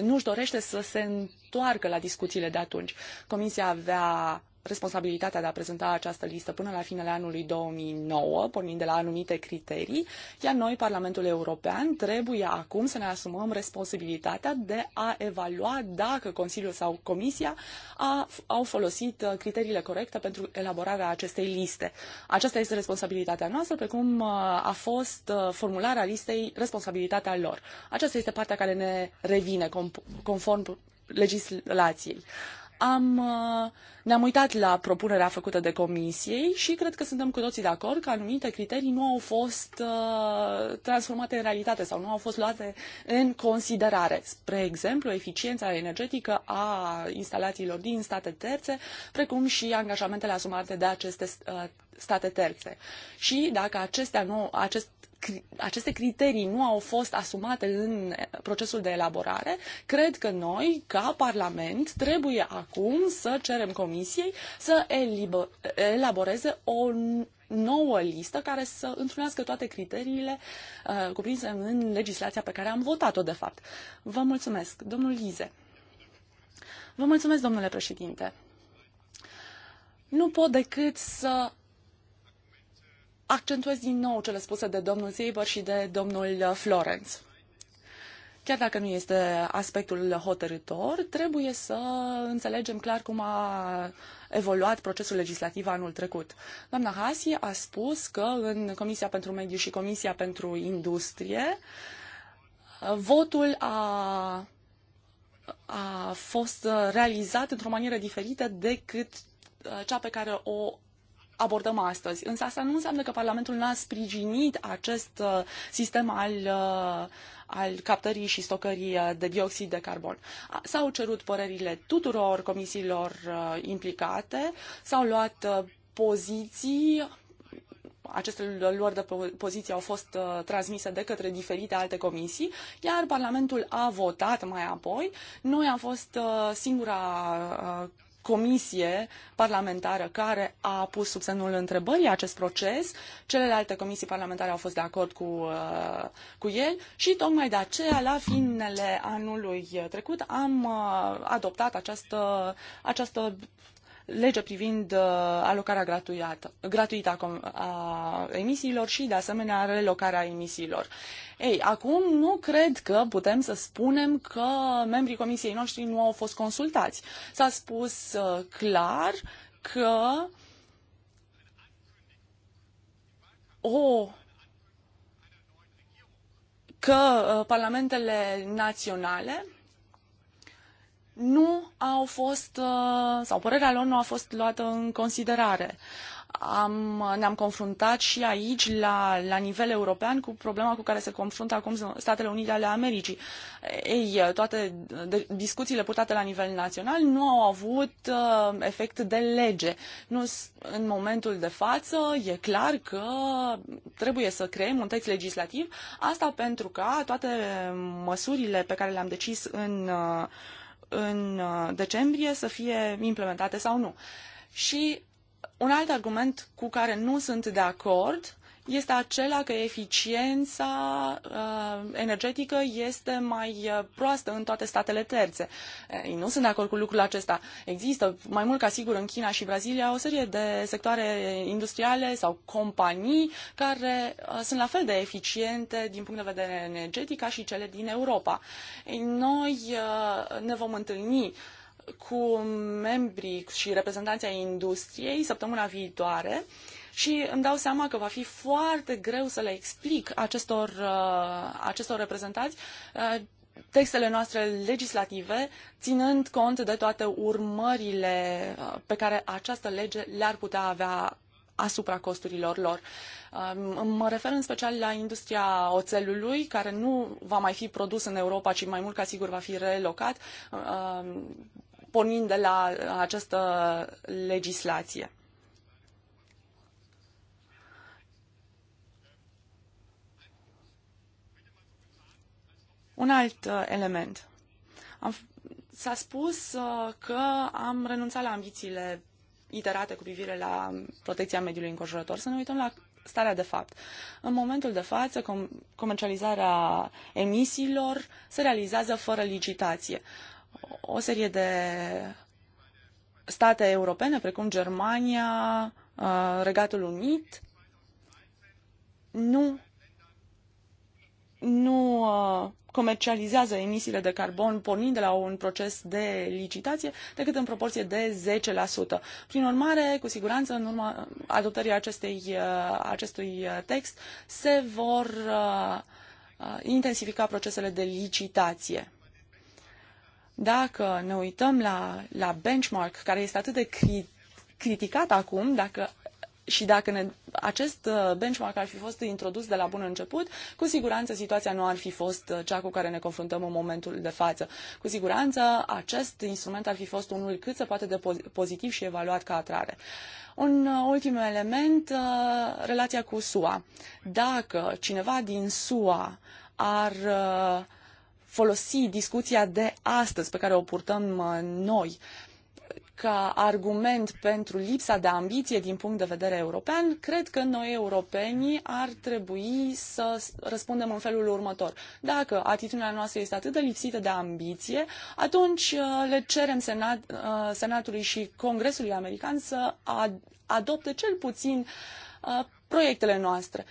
nu-și dorește să se întoarcă la discuțiile de atunci. Comisia avea responsabilitatea de a prezenta această listă până la finele anului 2009, pornind de la anumite criterii, iar noi, Parlamentul European, trebuie acum să ne asumăm responsabilitatea de a evalua dacă Consiliul sau Comisia a, au folosit uh, criteriile corecte pentru elaborarea acestei liste. Aceasta este responsabilitatea noastră, precum uh, a fost uh, formularea listei responsabilitatea lor. Aceasta este partea care ne revine conform legislației am, uh, ne-am uitat la propunerea făcută de comisiei și cred că suntem cu toții de acord că anumite criterii nu au fost uh, transformate în realitate sau nu au fost luate în considerare. Spre exemplu, eficiența energetică a instalațiilor din state terțe, precum și angajamentele asumate de aceste uh, state terțe. Și dacă acestea nu, acest aceste criterii nu au fost asumate în procesul de elaborare, cred că noi, ca Parlament, trebuie acum să cerem Comisiei să elaboreze o nouă listă care să întrunească toate criteriile uh, cuprinse în legislația pe care am votat-o, de fapt. Vă mulțumesc, domnul Lize. Vă mulțumesc, domnule președinte. Nu pot decât să accentuez din nou cele spuse de domnul Sieber și de domnul uh, Florence. Chiar dacă nu este aspectul hotărător, trebuie să înțelegem clar cum a evoluat procesul legislativ anul trecut. Doamna Hasi a spus că în Comisia pentru Mediu și Comisia pentru Industrie uh, votul a, a fost uh, realizat într-o manieră diferită decât cea pe care o abordăm astăzi. Însă asta nu înseamnă că Parlamentul n-a sprijinit acest uh, sistem al, uh, al captării și stocării uh, de dioxid de carbon. S-au cerut părerile tuturor comisiilor implicate, s-au luat poziții aceste luări de poziție au fost uh, transmise de către diferite alte comisii, iar Parlamentul a votat mai apoi. Noi am fost uh, singura uh, comisie parlamentară care a pus sub semnul întrebării acest proces, celelalte comisii parlamentare au fost de acord cu, uh, cu el și tocmai de aceea la finele anului trecut am uh, adoptat această, această lege privind uh, alocarea gratuită, gratuită a emisiilor și, de asemenea, relocarea emisiilor. Ei, acum nu cred că putem să spunem că membrii comisiei noștri nu au fost consultați. S-a spus uh, clar că o că uh, parlamentele naționale nu au fost, uh, sau părerea lor nu a fost luată în considerare. Am, ne-am confruntat și aici, la, la nivel european, cu problema cu care se confruntă acum Statele Unite ale Americii. Ei, toate discuțiile purtate la nivel național nu au avut uh, efect de lege. Nu, în momentul de față, e clar că trebuie să creăm un text legislativ, asta pentru ca toate măsurile pe care le-am decis în uh, în uh, decembrie să fie implementate sau nu. Și un alt argument cu care nu sunt de acord este acela că eficiența uh, energetică este mai uh, proastă în toate statele terțe. Ei nu sunt de acord cu lucrul acesta. Există, mai mult ca sigur, în China și Brazilia, o serie de sectoare industriale sau companii care uh, sunt la fel de eficiente din punct de vedere energetic ca și cele din Europa. Ei, noi ne vom întâlni cu membrii și reprezentanții industriei săptămâna viitoare uh, și îmi dau seama că va fi foarte greu să le explic acestor, uh, acestor reprezentați uh, textele noastre legislative, ținând cont de toate urmările uh, pe care această lege le-ar putea avea asupra costurilor lor. Um, mă refer în special la industria oțelului, care nu va mai fi produs în Europa, ci mai mult ca sigur va fi relocat, um, pornind de la această legislație. Un alt uh, element. Am, s-a spus uh, că am renunțat la ambițiile iterate cu privire la protecția mediului înconjurător. Să ne uităm la starea de fapt. În momentul de față, com- comercializarea emisiilor se realizează fără licitație. O serie de state europene, precum Germania, uh, Regatul Unit, nu nu uh, comercializează emisiile de carbon pornind de la un proces de licitație decât în proporție de 10%. Prin urmare, cu siguranță, în urma adoptării acestei, uh, acestui uh, text, se vor intensifica procesele de licitație. Dacă ne uităm la, la benchmark, care este atât de cri- criticat acum, dacă și dacă ne, acest uh, benchmark ar fi fost introdus de la bun început, cu siguranță situația nu ar fi fost uh, cea cu care ne confruntăm în momentul de față. Cu siguranță acest instrument ar fi fost unul cât se poate de pozitiv și evaluat ca atrare. Un uh, ultim element, relația cu SUA. Dacă cineva din SUA ar folosi discuția de astăzi pe care o purtăm noi ca argument pentru lipsa de ambiție din punct de vedere european, cred că noi europenii ar trebui să răspundem în felul următor. Dacă atitudinea noastră este atât de lipsită de ambiție, atunci uh, le cerem Senat, uh, Senatului și Congresului American să adopte cel puțin uh, proiectele noastre. 20%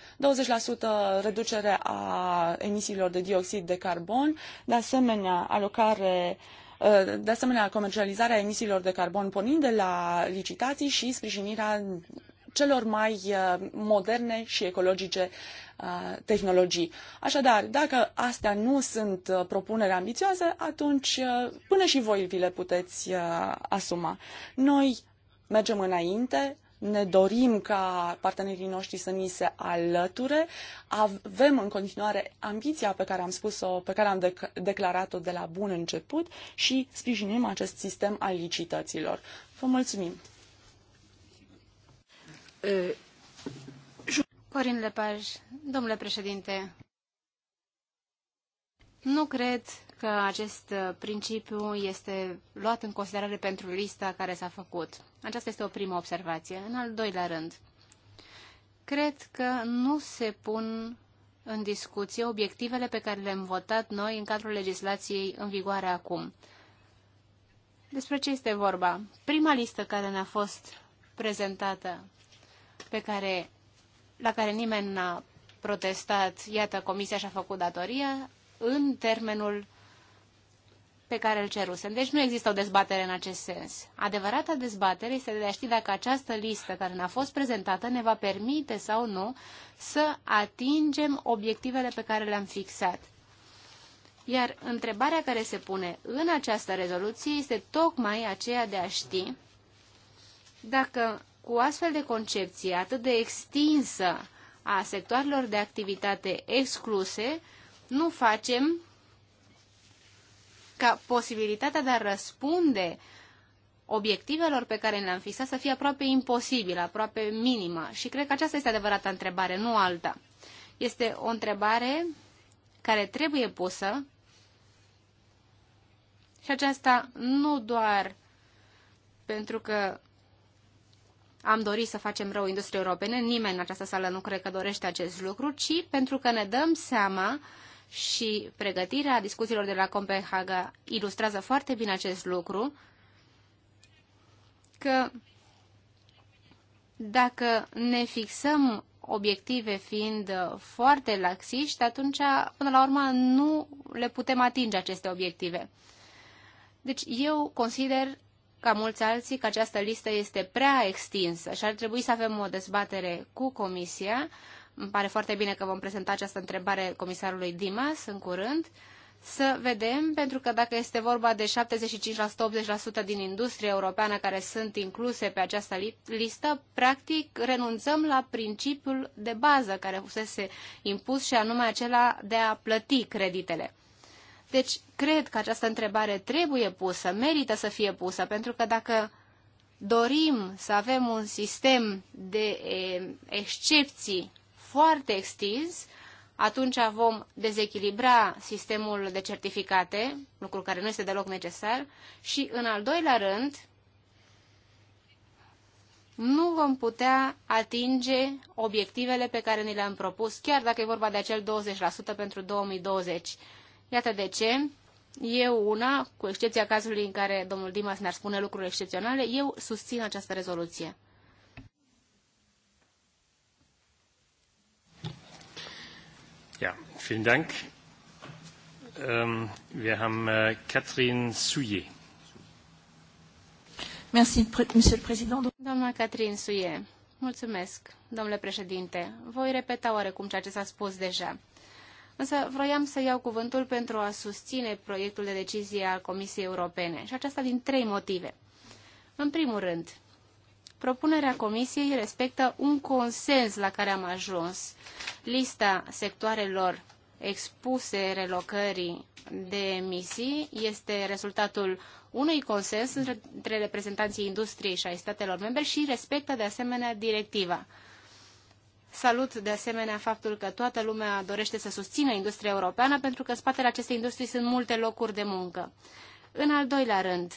reducere a emisiilor de dioxid de carbon, de asemenea alocare uh, Uh, de asemenea comercializarea emisiilor de carbon pornind de la licitații și sprijinirea celor mai uh, moderne și ecologice uh, tehnologii. Așadar, dacă astea nu sunt propuneri ambițioase, atunci până și voi vi le puteți asuma. Noi mergem înainte, ne dorim ca partenerii noștri să ni se alăture. Avem în continuare ambiția pe care am spus-o, pe care am dec- declarat-o de la bun început și sprijinim acest sistem al licitațiilor. Vă mulțumim! Uh, Corin Lepaj, domnule președinte, nu cred că acest principiu este luat în considerare pentru lista care s-a făcut. Aceasta este o primă observație. În al doilea rând, cred că nu se pun în discuție obiectivele pe care le-am votat noi în cadrul legislației în vigoare acum. Despre ce este vorba? Prima listă care ne-a fost prezentată, pe care, la care nimeni n-a protestat, iată, Comisia și-a făcut datoria, în termenul pe care îl cerusem. Deci nu există o dezbatere în acest sens. Adevărata dezbatere este de a ști dacă această listă care ne-a fost prezentată ne va permite sau nu să atingem obiectivele pe care le-am fixat. Iar întrebarea care se pune în această rezoluție este tocmai aceea de a ști dacă cu astfel de concepție atât de extinsă a sectoarelor de activitate excluse, nu facem ca posibilitatea de a răspunde obiectivelor pe care le-am fixat să fie aproape imposibilă, aproape minimă. Și cred că aceasta este adevărata întrebare, nu alta. Este o întrebare care trebuie pusă și aceasta nu doar pentru că am dorit să facem rău industriei europene, nimeni în această sală nu cred că dorește acest lucru, ci pentru că ne dăm seama și pregătirea discuțiilor de la Copenhaga ilustrează foarte bine acest lucru, că dacă ne fixăm obiective fiind foarte laxiști, atunci, până la urmă, nu le putem atinge aceste obiective. Deci, eu consider, ca mulți alții, că această listă este prea extinsă și ar trebui să avem o dezbatere cu Comisia îmi pare foarte bine că vom prezenta această întrebare comisarului Dimas în curând, să vedem, pentru că dacă este vorba de 75-80% din industria europeană care sunt incluse pe această listă, practic renunțăm la principiul de bază care fusese impus și anume acela de a plăti creditele. Deci, cred că această întrebare trebuie pusă, merită să fie pusă, pentru că dacă dorim să avem un sistem de eh, excepții foarte extins, atunci vom dezechilibra sistemul de certificate, lucru care nu este deloc necesar, și în al doilea rând, nu vom putea atinge obiectivele pe care ni le-am propus, chiar dacă e vorba de acel 20% pentru 2020. Iată de ce, eu una, cu excepția cazului în care domnul Dimas ne-ar spune lucruri excepționale, eu susțin această rezoluție. Vielen Dank. Ähm, wir haben äh, Catherine Souillet. Merci, Monsieur le Président. Doamna Catherine Souillet. Mulțumesc, domnule președinte. Voi repeta oarecum ceea ce s-a spus deja. Însă vroiam să iau cuvântul pentru a susține proiectul de decizie al Comisiei Europene și aceasta din trei motive. În primul rând, propunerea Comisiei respectă un consens la care am ajuns. Lista sectoarelor expuse relocării de emisii este rezultatul unui consens între reprezentanții industriei și ai statelor membre și respectă de asemenea directiva. Salut de asemenea faptul că toată lumea dorește să susțină industria europeană pentru că în spatele acestei industrii sunt multe locuri de muncă. În al doilea rând,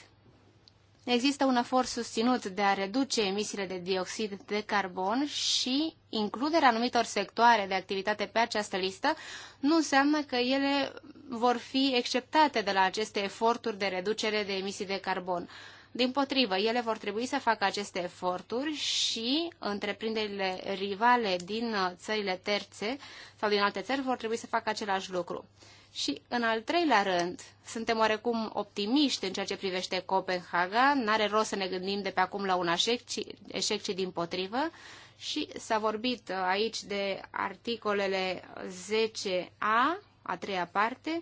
Există un efort susținut de a reduce emisiile de dioxid de carbon și includerea anumitor sectoare de activitate pe această listă nu înseamnă că ele vor fi exceptate de la aceste eforturi de reducere de emisii de carbon. Din potrivă, ele vor trebui să facă aceste eforturi și întreprinderile rivale din uh, țările terțe sau din alte țări vor trebui să facă același lucru. Și, în al treilea rând, suntem oarecum optimiști în ceea ce privește Copenhaga, n-are rost să ne gândim de pe acum la un eșec, ci, eșec, ci din potrivă. Și s-a vorbit uh, aici de articolele 10a, a treia parte,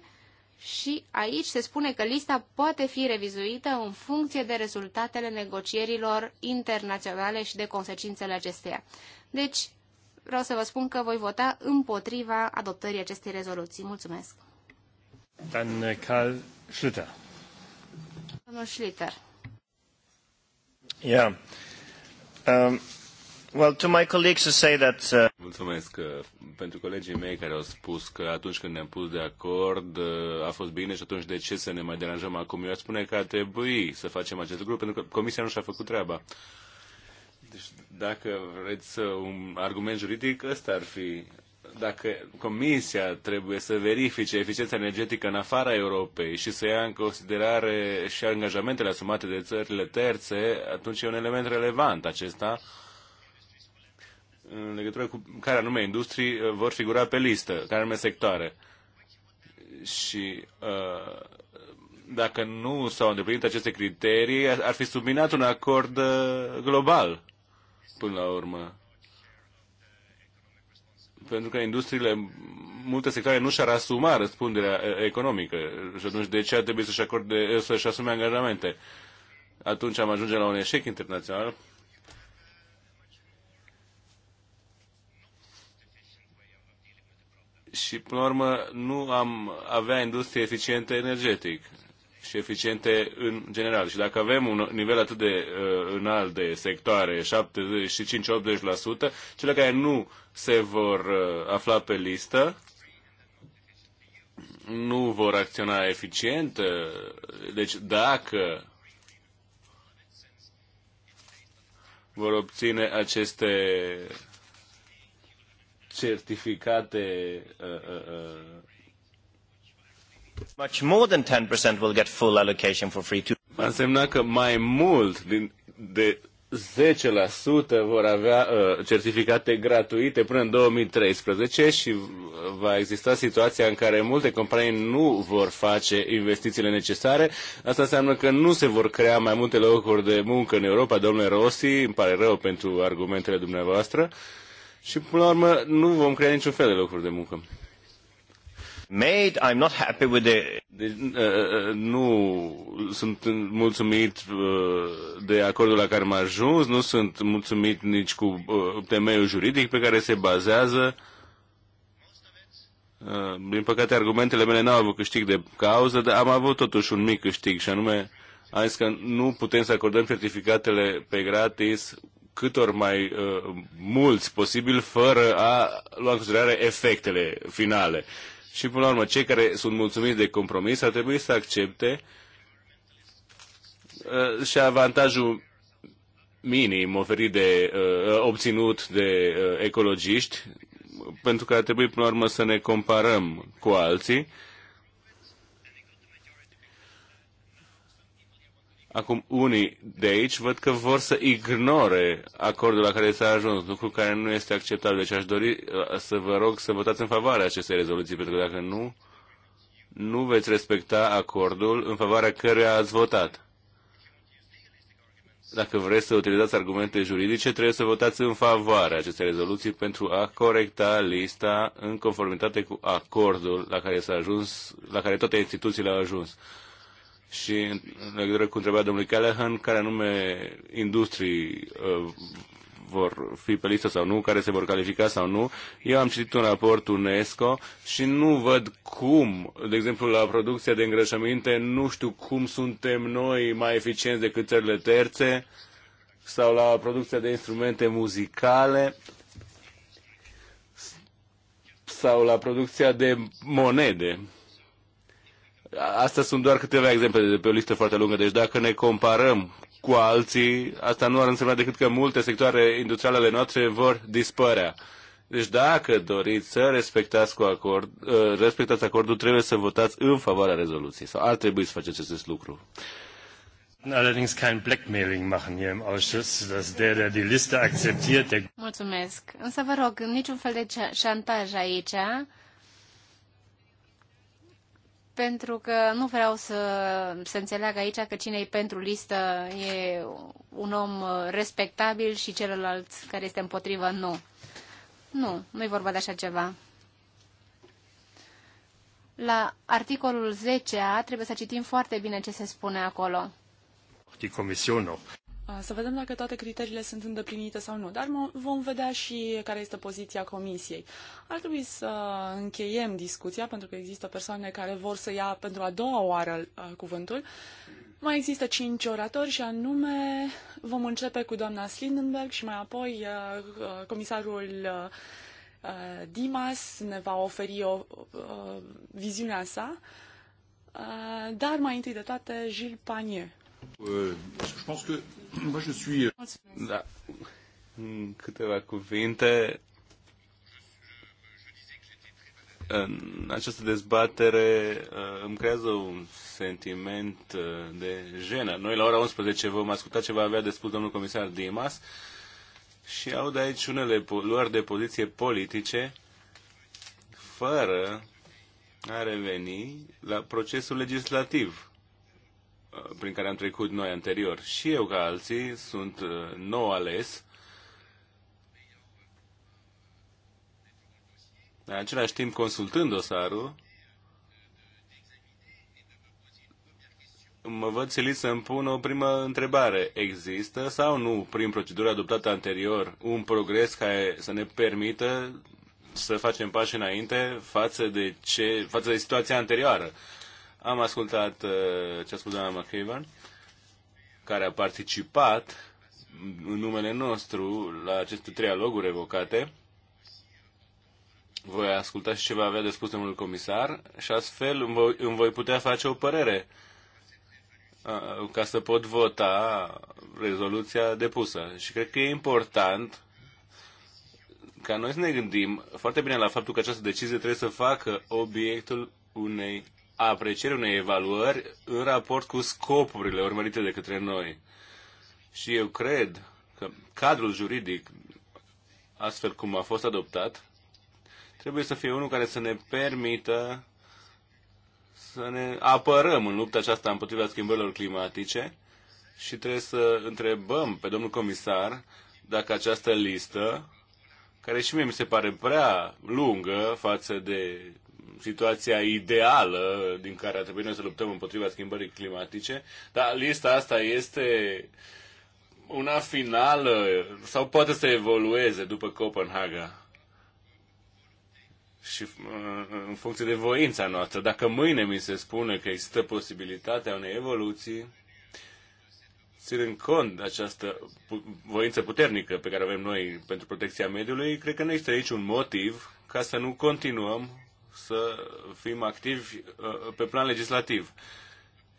și aici se spune că lista poate fi revizuită în funcție de rezultatele negocierilor internaționale și de consecințele acesteia. Deci, vreau să vă spun că voi vota împotriva adoptării acestei rezoluții. Mulțumesc! Dan äh, Karl Schlüter. Domnul Schlüter. Yeah. Um, well, to my colleagues to say that... Uh... Mulțumesc uh, pentru colegii mei care au spus că atunci când ne-am pus de acord uh, a fost bine și atunci de ce să ne mai deranjăm acum? Eu aș spune că ar trebui să facem acest lucru pentru că Comisia nu și-a făcut treaba. Deci dacă vreți un argument juridic, ăsta ar fi dacă Comisia trebuie să verifice eficiența energetică în afara Europei și să ia în considerare și angajamentele asumate de țările terțe, atunci e un element relevant acesta în legătură cu care anume industrii uh, vor figura pe listă, care anume sectoare. Și uh, dacă nu s-au îndeplinit aceste criterii, ar fi subminat un acord uh, global până la urmă pentru că industriile, multe sectoare nu și-ar asuma răspunderea economică și atunci de ce ar trebui să-și, acorde, să-și asume angajamente? Atunci am ajunge la un eșec internațional. Și, până la urmă, nu am avea industrie eficientă energetic și eficiente în general. Și dacă avem un nivel atât de uh, înalt de sectoare, 75-80%, cele care nu se vor uh, afla pe listă, nu vor acționa eficient. Uh, deci dacă vor obține aceste certificate uh, uh, uh, Much more than 10% will get full allocation for free Va însemna că mai mult din, de 10% vor avea uh, certificate gratuite până în 2013 și uh, va exista situația în care multe companii nu vor face investițiile necesare. Asta înseamnă că nu se vor crea mai multe locuri de muncă în Europa, domnule Rossi, îmi pare rău pentru argumentele dumneavoastră. Și până la urmă nu vom crea niciun fel de locuri de muncă made. I'm not happy with the... Deci, uh, uh, nu sunt mulțumit uh, de acordul la care m-a ajuns, nu sunt mulțumit nici cu temeiul juridic pe care se bazează. Din păcate, argumentele mele n-au avut câștig de cauză, dar am avut totuși un mic câștig și anume am zis că nu putem să acordăm certificatele pe gratis cât ori mai uh, mulți posibil, fără a lua în considerare efectele finale. Și, până la urmă, cei care sunt mulțumiți de compromis ar trebui să accepte uh, și avantajul minim oferit de, uh, obținut de uh, ecologiști, pentru că ar trebui, până la urmă, să ne comparăm cu alții Acum, unii de aici văd că vor să ignore acordul la care s-a ajuns, lucru care nu este acceptabil. Deci aș dori uh, să vă rog să votați în favoarea acestei rezoluții, pentru că dacă nu, nu veți respecta acordul în favoarea căruia ați votat. Dacă vreți să utilizați argumente juridice, trebuie să votați în favoarea acestei rezoluții pentru a corecta lista în conformitate cu acordul la care s-a ajuns, la care toate instituțiile au ajuns și în legătură cu întrebarea domnului Callahan, care anume industrii uh, vor fi pe listă sau nu, care se vor califica sau nu. Eu am citit un raport UNESCO și nu văd cum, de exemplu, la producția de îngrășăminte, nu știu cum suntem noi mai eficienți decât țările terțe sau la producția de instrumente muzicale sau la producția de monede. Astea sunt doar câteva exemple de pe o listă foarte lungă, deci dacă ne comparăm cu alții, asta nu ar însemna decât că multe sectoare industriale ale noastre vor dispărea. Deci dacă doriți să respectați, cu acord, uh, respectați acordul, trebuie să votați în favoarea rezoluției sau ar trebui să faceți acest lucru. Allerdings kein Blackmailing machen hier im Ausschuss, dass der, der die Liste akzeptiert, der... Mulțumesc. Însă vă rog, niciun fel de șantaj aici pentru că nu vreau să se înțeleagă aici că cine e pentru listă e un om uh, respectabil și celălalt care este împotrivă nu. Nu, nu e vorba de așa ceva. La articolul 10a trebuie să citim foarte bine ce se spune acolo. Die Commission noch. Să vedem dacă toate criteriile sunt îndeplinite sau nu, dar vom vedea și care este poziția comisiei. Ar trebui să încheiem discuția, pentru că există persoane care vor să ia pentru a doua oară cuvântul. Mai există cinci oratori și anume vom începe cu doamna Slindenberg și mai apoi comisarul Dimas ne va oferi o, viziunea sa, dar mai întâi de toate Gilles Panier. Da. <clears throat> În câteva cuvinte, în această dezbatere uh, îmi creează un sentiment uh, de jenă. Noi la ora 11 vom asculta ce va avea de spus domnul comisar Dimas și aud aici unele luări de poziție politice fără a reveni la procesul legislativ prin care am trecut noi anterior. Și eu, ca alții, sunt uh, nou ales. în același timp, consultând dosarul, mă văd silit să-mi pun o primă întrebare. Există sau nu, prin procedura adoptată anterior, un progres care să ne permită să facem pași înainte față de, ce, față de situația anterioară? Am ascultat uh, ce a spus doamna McCavan, care a participat în numele nostru la aceste trei aloguri evocate. Voi asculta și ce va avea de spus domnul comisar și astfel îmi voi, îmi voi putea face o părere uh, ca să pot vota rezoluția depusă. Și cred că e important ca noi să ne gândim foarte bine la faptul că această decizie trebuie să facă obiectul unei aprecierea unei evaluări în raport cu scopurile urmărite de către noi. Și eu cred că cadrul juridic, astfel cum a fost adoptat, trebuie să fie unul care să ne permită să ne apărăm în lupta aceasta împotriva schimbărilor climatice și trebuie să întrebăm pe domnul comisar dacă această listă, care și mie mi se pare prea lungă față de situația ideală din care ar trebui noi să luptăm împotriva schimbării climatice, dar lista asta este una finală sau poate să evolueze după Copenhaga și uh, în funcție de voința noastră. Dacă mâine mi se spune că există posibilitatea unei evoluții, ținând cont de această voință puternică pe care avem noi pentru protecția mediului, cred că nu există aici un motiv ca să nu continuăm să fim activi uh, pe plan legislativ.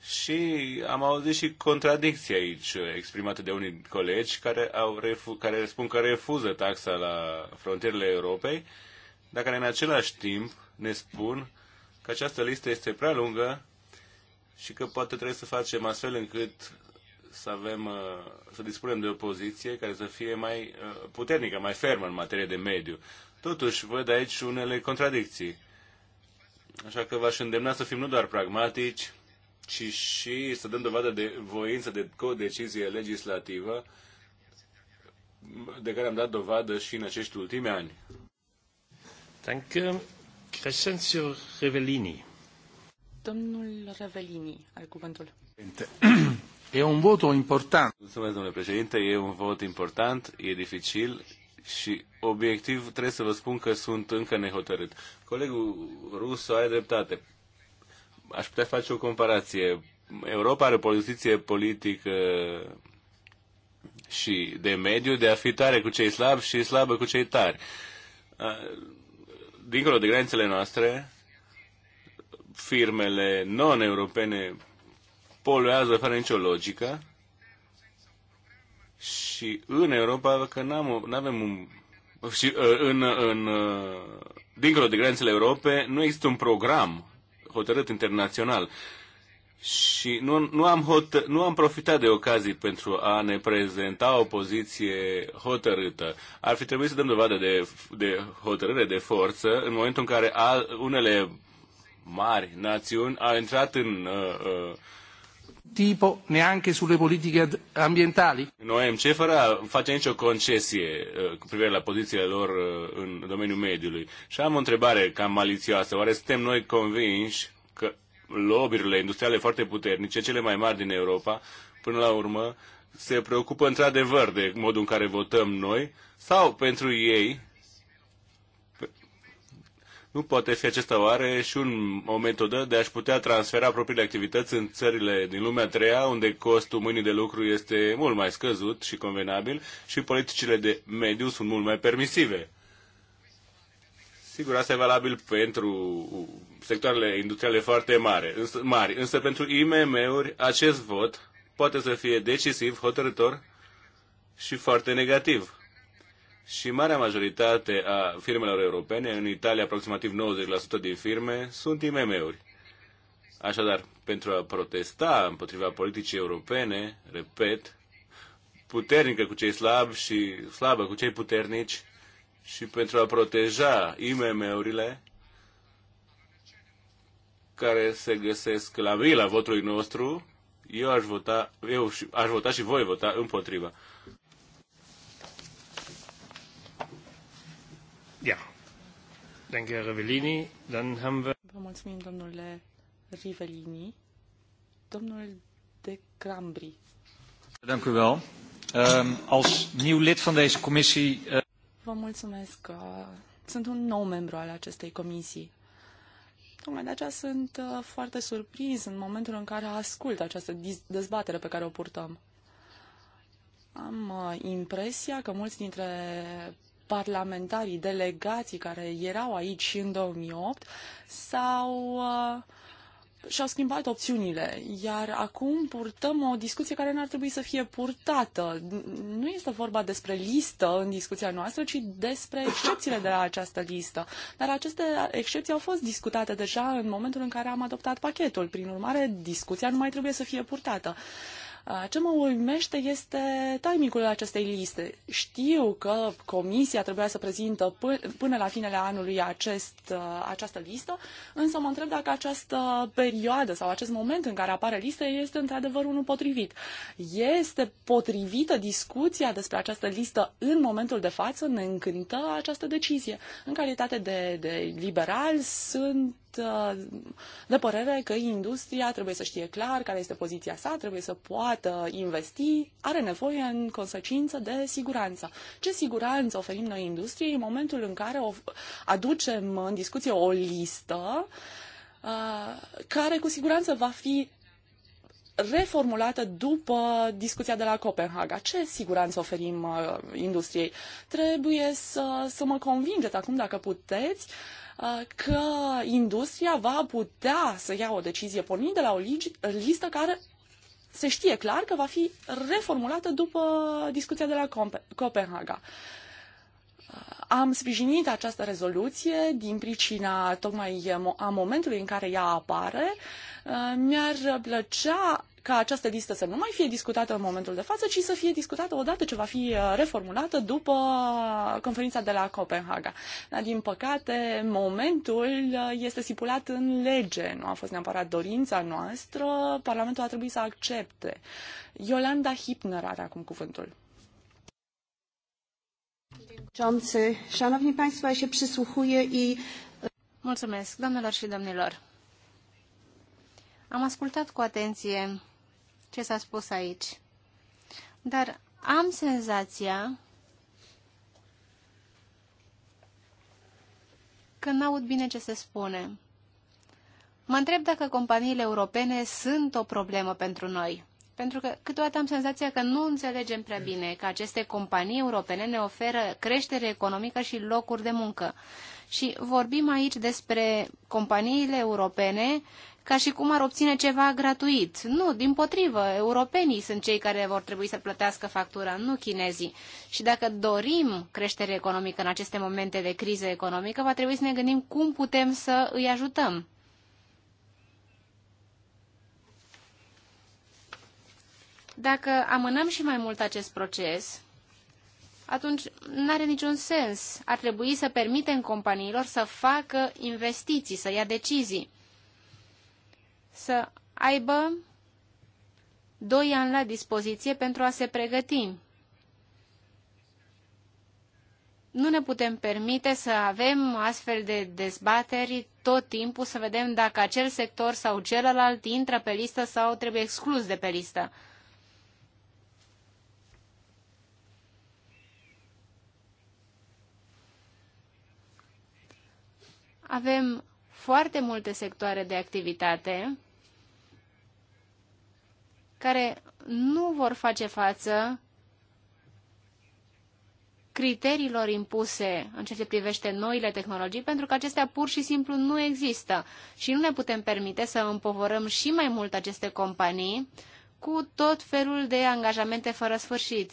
Și am auzit și contradicții aici uh, exprimate de unii colegi care, au refu- care spun că refuză taxa la frontierele Europei, dar care în același timp ne spun că această listă este prea lungă și că poate trebuie să facem astfel încât să avem, uh, să dispunem de o poziție care să fie mai puternică, mai fermă în materie de mediu. Totuși, văd aici unele contradicții. Așa că v-aș îndemna să fim nu doar pragmatici, ci și să dăm dovadă de voință, de codecizie legislativă, de care am dat dovadă și în acești ultimi ani. Danke. Crescenzio Revelini. Domnul Revelini are cuvântul. <clears throat> E un vot important. Mulțumesc, domnule președinte. E un vot important, e dificil, și obiectiv trebuie să vă spun că sunt încă nehotărât. Colegul Rusu are dreptate. Aș putea face o comparație. Europa are o poziție politică și de mediu de a fi tare cu cei slabi și slabă cu cei tari. Dincolo de granițele noastre, firmele non-europene poluează fără nicio logică și în Europa că n-am n avem un... Și uh, în, în, uh, dincolo de granițele Europei nu există un program hotărât internațional. Și nu, nu, am hot, nu am profitat de ocazii pentru a ne prezenta o poziție hotărâtă. Ar fi trebuit să dăm dovadă de, de hotărâre, de forță, în momentul în care al, unele mari națiuni au intrat în uh, uh, tipo neanche sulle politiche ambientali? În OMC, fără face nicio concesie uh, cu privire la pozițiile lor uh, în domeniul mediului. Și am o întrebare cam malițioasă. Oare suntem noi convinși că lobbyurile industriale foarte puternice, cele mai mari din Europa, până la urmă, se preocupă într-adevăr de modul în care votăm noi sau pentru ei nu poate fi acesta oare și un, o metodă de a-și putea transfera propriile activități în țările din lumea treia, unde costul mâinii de lucru este mult mai scăzut și convenabil și politicile de mediu sunt mult mai permisive? Sigur, asta e valabil pentru sectoarele industriale foarte mari, însă, mari, însă pentru IMM-uri acest vot poate să fie decisiv, hotărător și foarte negativ și marea majoritate a firmelor europene, în Italia aproximativ 90% din firme, sunt IMM-uri. Așadar, pentru a protesta împotriva politicii europene, repet, puternică cu cei slabi și slabă cu cei puternici, și pentru a proteja IMM-urile care se găsesc la vila votului nostru, eu aș vota, eu aș vota și voi vota împotriva. Vă mulțumim, domnule Rivellini. Domnul de Crambri. Dank u wel. Um, als nieuw lid van deze commissie... Eh, Vă mulțumesc. Uh, sunt un nou membru al acestei comisii. Tocmai de aceea sunt uh, foarte surprins în momentul în care ascult această dezbatere pe care o purtăm. Am uh, impresia că mulți dintre parlamentarii, delegații care erau aici și în 2008 sau uh, și-au schimbat opțiunile, iar acum purtăm o discuție care n-ar trebui să fie purtată. Nu este vorba despre listă în discuția noastră, ci despre excepțiile de la această listă. Dar aceste excepții au fost discutate deja în momentul în care am adoptat pachetul. Prin urmare, discuția nu mai trebuie să fie purtată. Uh, Uh, ce mă uimește este timingul acestei liste. Știu că comisia trebuia să prezintă până la finele anului acest, uh, această listă, însă mă întreb dacă această perioadă sau acest moment în care apare lista este într-adevăr unul potrivit. Este potrivită discuția despre această listă în momentul de față? Ne încântă această decizie. În calitate de, de liberal sunt Uh, de părere că industria trebuie să știe clar care este poziția sa, trebuie să poată investi, are nevoie în consecință de siguranță. Ce siguranță oferim noi industriei în momentul în care aducem în discuție o listă uh, care cu siguranță va fi reformulată după discuția de la Copenhaga. Ce siguranță oferim uh, industriei? Trebuie să, să mă convingeți acum, dacă puteți, uh, că industria va putea să ia o decizie pornind de la o listă care se știe clar că va fi reformulată după discuția de la Copenhaga. Uh, am sprijinit această rezoluție din pricina tocmai a momentului în care ea apare. Uh, mi-ar plăcea ca această listă să nu mai fie discutată în momentul de față, ci să fie discutată odată ce va fi uh, reformulată după conferința de la Copenhaga. Dar, din păcate, momentul uh, este stipulat în lege, nu a fost neapărat dorința noastră, Parlamentul a trebuit să accepte. Iolanda Hipner are acum cuvântul. Szanowni Państwo, ja się przysłuchuję i... Mulțumesc, doamnelor și domnilor. Am ascultat cu atenție ce s-a spus aici. Dar am senzația că n-aud bine ce se spune. Mă întreb dacă companiile europene sunt o problemă pentru noi. Pentru că câteodată am senzația că nu înțelegem prea bine că aceste companii europene ne oferă creștere economică și locuri de muncă. Și vorbim aici despre companiile europene ca și cum ar obține ceva gratuit. Nu, din potrivă, europenii sunt cei care vor trebui să plătească factura, nu chinezii. Și dacă dorim creștere economică în aceste momente de criză economică, va trebui să ne gândim cum putem să îi ajutăm. Dacă amânăm și mai mult acest proces, atunci nu are niciun sens. Ar trebui să permitem companiilor să facă investiții, să ia decizii să aibă doi ani la dispoziție pentru a se pregăti. Nu ne putem permite să avem astfel de dezbateri tot timpul să vedem dacă acel sector sau celălalt intră pe listă sau trebuie exclus de pe listă. Avem foarte multe sectoare de activitate care nu vor face față criteriilor impuse în ceea ce privește noile tehnologii, pentru că acestea pur și simplu nu există și nu ne putem permite să împovărăm și mai mult aceste companii cu tot felul de angajamente fără sfârșit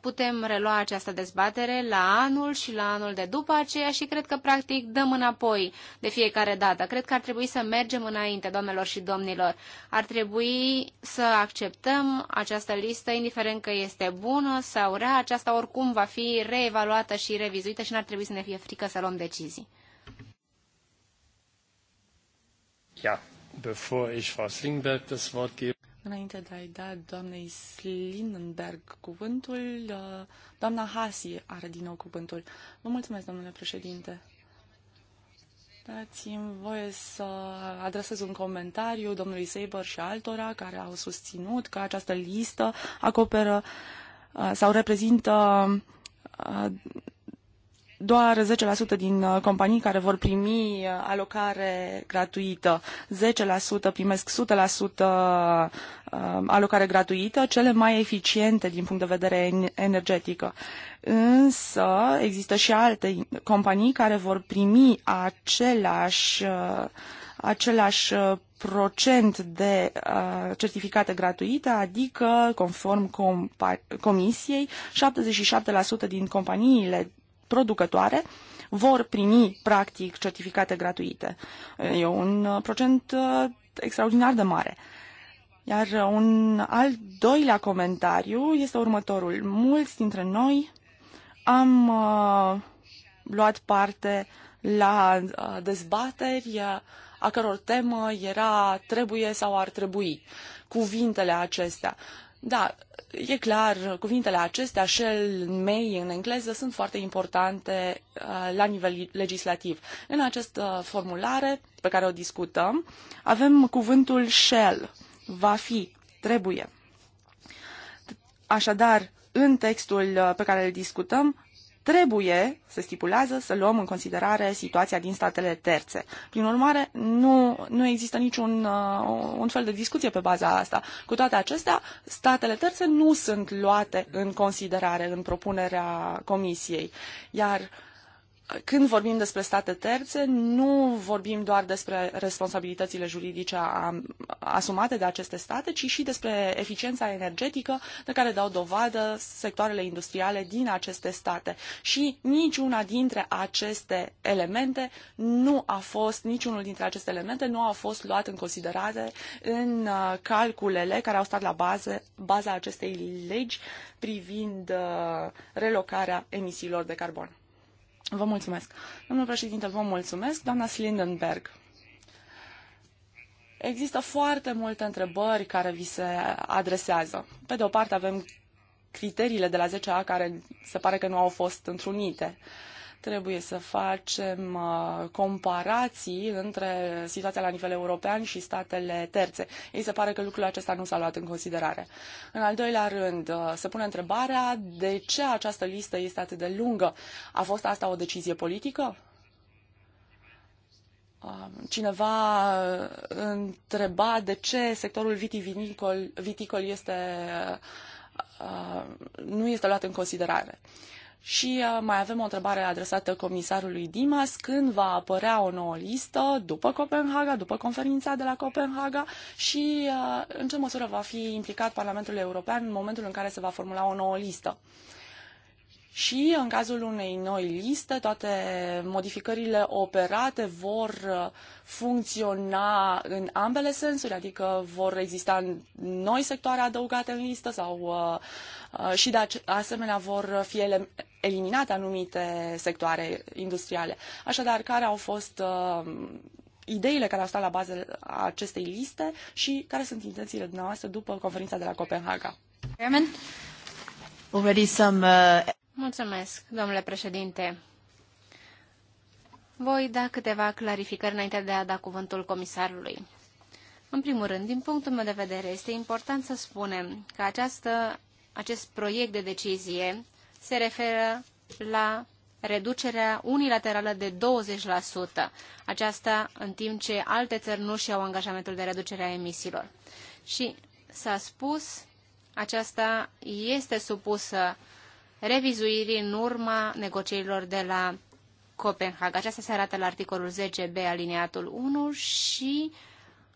putem relua această dezbatere la anul și la anul de după aceea și cred că practic dăm înapoi de fiecare dată. Cred că ar trebui să mergem înainte, doamnelor și domnilor. Ar trebui să acceptăm această listă, indiferent că este bună sau rea, aceasta oricum va fi reevaluată și revizuită și n-ar trebui să ne fie frică să luăm decizii. Ja, bevor ich Frau Slingberg das Wort gebe. Înainte de a-i da doamnei Slindenberg cuvântul, uh, doamna Hasi are din nou cuvântul. Vă mulțumesc, domnule președinte. Dați-mi voie să adresez un comentariu domnului Saber și altora care au susținut că această listă acoperă uh, sau reprezintă uh, doar 10% din uh, companii care vor primi uh, alocare gratuită, 10% primesc 100% uh, alocare gratuită, cele mai eficiente din punct de vedere energetică. Însă există și alte companii care vor primi același, același procent de uh, certificate gratuite, adică, conform com comisiei, 77% din companiile producătoare vor primi, practic, certificate gratuite. E un uh, procent uh, extraordinar de mare. Iar uh, un al doilea comentariu este următorul. Mulți dintre noi am uh, luat parte la uh, dezbateri a căror temă era trebuie sau ar trebui. Cuvintele acestea. Uh, da, e clar, cuvintele acestea, shell, may în engleză, sunt foarte importante uh, la nivel legislativ. În această formulare pe care o discutăm, avem cuvântul shell, va fi, trebuie. Așadar, în textul uh, pe care îl discutăm, trebuie, se stipulează, să luăm în considerare situația din statele terțe. Prin urmare, nu, nu există niciun uh, un fel de discuție pe baza asta. Cu toate acestea, statele terțe nu sunt luate în considerare în propunerea Comisiei, iar uh, când vorbim despre state terțe, nu vorbim doar despre responsabilitățile juridice asumate de aceste state, ci și despre eficiența energetică de care dau dovadă sectoarele industriale din aceste state. Și niciuna dintre aceste elemente nu a fost, niciunul dintre aceste elemente nu a fost luat în considerare în uh, calculele care au stat la bază, baza acestei legi privind uh, relocarea emisiilor de carbon. Vă mulțumesc. Domnul președinte, vă mulțumesc. Doamna Slindenberg. Există foarte multe întrebări care vi se adresează. Pe de o parte avem criteriile de la 10A care se pare că nu au fost întrunite. Uh, Trebuie să facem uh, comparații între situația la nivel european și statele terțe. Ei se pare că lucrul acesta nu s-a luat în considerare. În al doilea rând, uh, se pune întrebarea de ce această listă este atât de lungă. A fost asta o decizie politică? Uh, cineva întreba de ce sectorul vitivinicol, viticol este, nu este luat în considerare. Și uh, mai avem o întrebare adresată comisarului Dimas. Când va apărea o nouă listă după Copenhaga, după conferința de la Copenhaga și uh, în ce măsură va fi implicat Parlamentul European în momentul în care se va formula o nouă listă? și în cazul unei noi liste, toate modificările operate vor uh, funcționa în ambele sensuri, adică vor exista noi sectoare adăugate în listă sau uh, uh, și de asemenea vor fi ele eliminate anumite sectoare industriale. Așadar, care au fost ideile care au stat la bază acestei liste și care sunt intențiile dumneavoastră după conferința de la Copenhaga? Already some, uh... Mulțumesc, domnule președinte. Voi da câteva clarificări înainte de a da cuvântul comisarului. În primul rând, din punctul meu de vedere, este important să spunem că această, acest proiect de decizie se referă la reducerea unilaterală de 20%, aceasta în timp ce alte țări nu și-au angajamentul de reducere a emisiilor. Și s-a spus, aceasta este supusă revizuirii în urma negocierilor de la Copenhaga. Aceasta se arată la articolul 10b aliniatul 1 și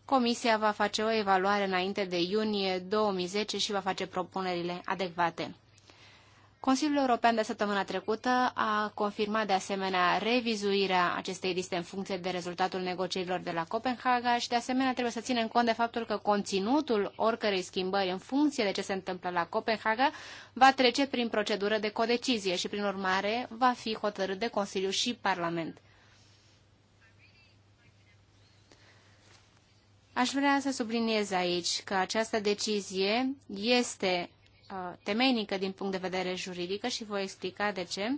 Comisia va face o evaluare înainte de iunie 2010 și va face propunerile adecvate. Consiliul European de săptămâna trecută a confirmat de asemenea revizuirea acestei liste în funcție de rezultatul negocierilor de la Copenhaga și de asemenea trebuie să ținem cont de faptul că conținutul oricărei schimbări în funcție de ce se întâmplă la Copenhaga va trece prin procedură de codecizie și prin urmare va fi hotărât de Consiliu și Parlament. Aș vrea să subliniez aici că această decizie este Uh, temeinică din punct de vedere juridică și voi explica de ce.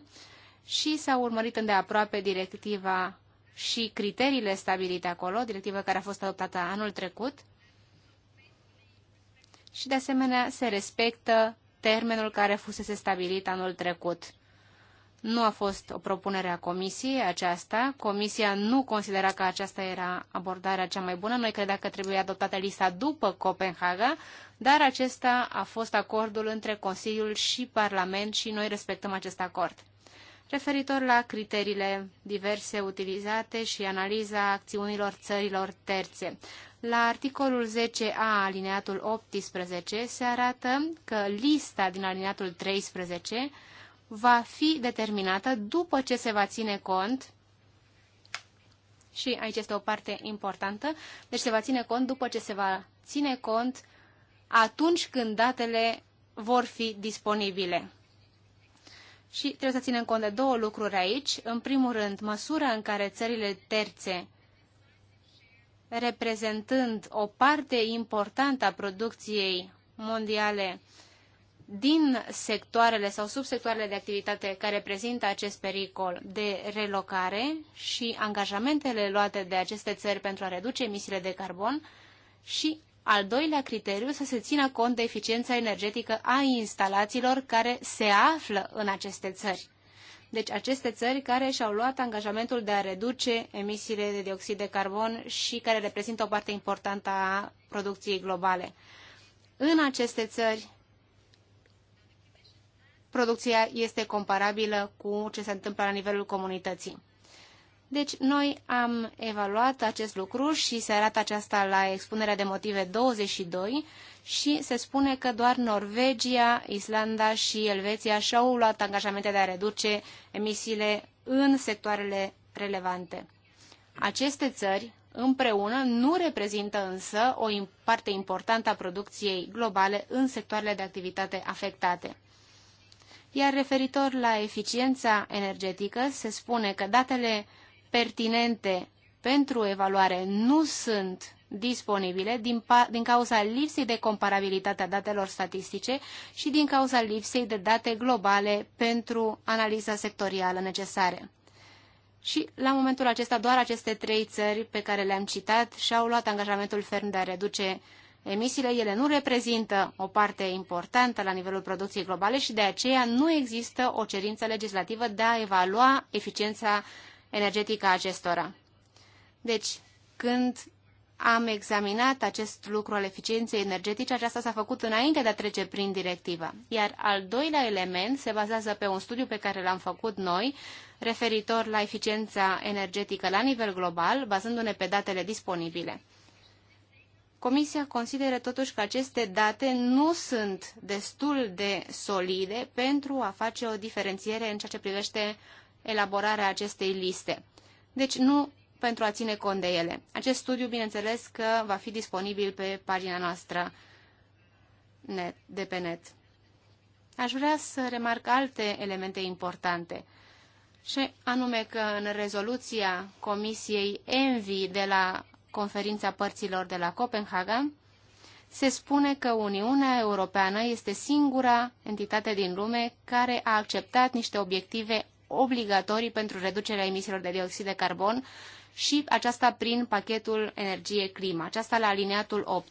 Și s-a urmărit îndeaproape directiva și criteriile stabilite acolo, directiva care a fost adoptată anul trecut. Și de asemenea se respectă termenul care fusese stabilit anul trecut. Nu a fost o propunere a comisiei aceasta. Comisia nu considera că aceasta era abordarea cea mai bună. Noi credeam că trebuie adoptată lista după Copenhaga, dar acesta a fost acordul între Consiliul și Parlament și noi respectăm acest acord. Referitor la criteriile diverse utilizate și analiza acțiunilor țărilor terțe, la articolul 10a, alineatul 18, se arată că lista din alineatul 13 va fi determinată după ce se va ține cont și aici este o parte importantă, deci se va ține cont după ce se va ține cont atunci când datele vor fi disponibile. Și trebuie să ținem cont de două lucruri aici. În primul rând, măsura în care țările terțe, reprezentând o parte importantă a producției mondiale din sectoarele sau subsectoarele de activitate care prezintă acest pericol de relocare și angajamentele luate de aceste țări pentru a reduce emisiile de carbon și al doilea criteriu, să se țină cont de eficiența energetică a instalațiilor care se află în aceste țări. Deci aceste țări care și-au luat angajamentul de a reduce emisiile de dioxid de carbon și care reprezintă o parte importantă a producției globale. În aceste țări, producția este comparabilă cu ce se întâmplă la nivelul comunității. Deci noi am evaluat acest lucru și se arată aceasta la expunerea de motive 22 și se spune că doar Norvegia, Islanda și Elveția și-au luat angajamente de a reduce emisiile în sectoarele relevante. Aceste țări împreună nu reprezintă însă o parte importantă a producției globale în sectoarele de activitate afectate. Iar referitor la eficiența energetică, se spune că datele pertinente pentru evaluare nu sunt disponibile din, din cauza lipsei de comparabilitate a datelor statistice și din cauza lipsei de date globale pentru analiza sectorială necesare. Și la momentul acesta doar aceste trei țări pe care le-am citat și-au luat angajamentul ferm de a reduce emisiile. Ele nu reprezintă o parte importantă la nivelul producției globale și de aceea nu există o cerință legislativă de a evalua eficiența energetică a acestora. Deci, când am examinat acest lucru al eficienței energetice, aceasta s-a făcut înainte de a trece prin directivă. Iar al doilea element se bazează pe un studiu pe care l-am făcut noi, referitor la eficiența energetică la nivel global, bazându-ne pe datele disponibile. Comisia consideră totuși că aceste date nu sunt destul de solide pentru a face o diferențiere în ceea ce privește elaborarea acestei liste. Deci nu pentru a ține cont de ele. Acest studiu, bineînțeles, că va fi disponibil pe pagina noastră net, de pe net. Aș vrea să remarc alte elemente importante, și anume că în rezoluția Comisiei ENVI de la conferința părților de la Copenhaga, se spune că Uniunea Europeană este singura entitate din lume care a acceptat niște obiective obligatorii pentru reducerea emisiilor de dioxid de carbon și aceasta prin pachetul energie clima aceasta la aliniatul 8.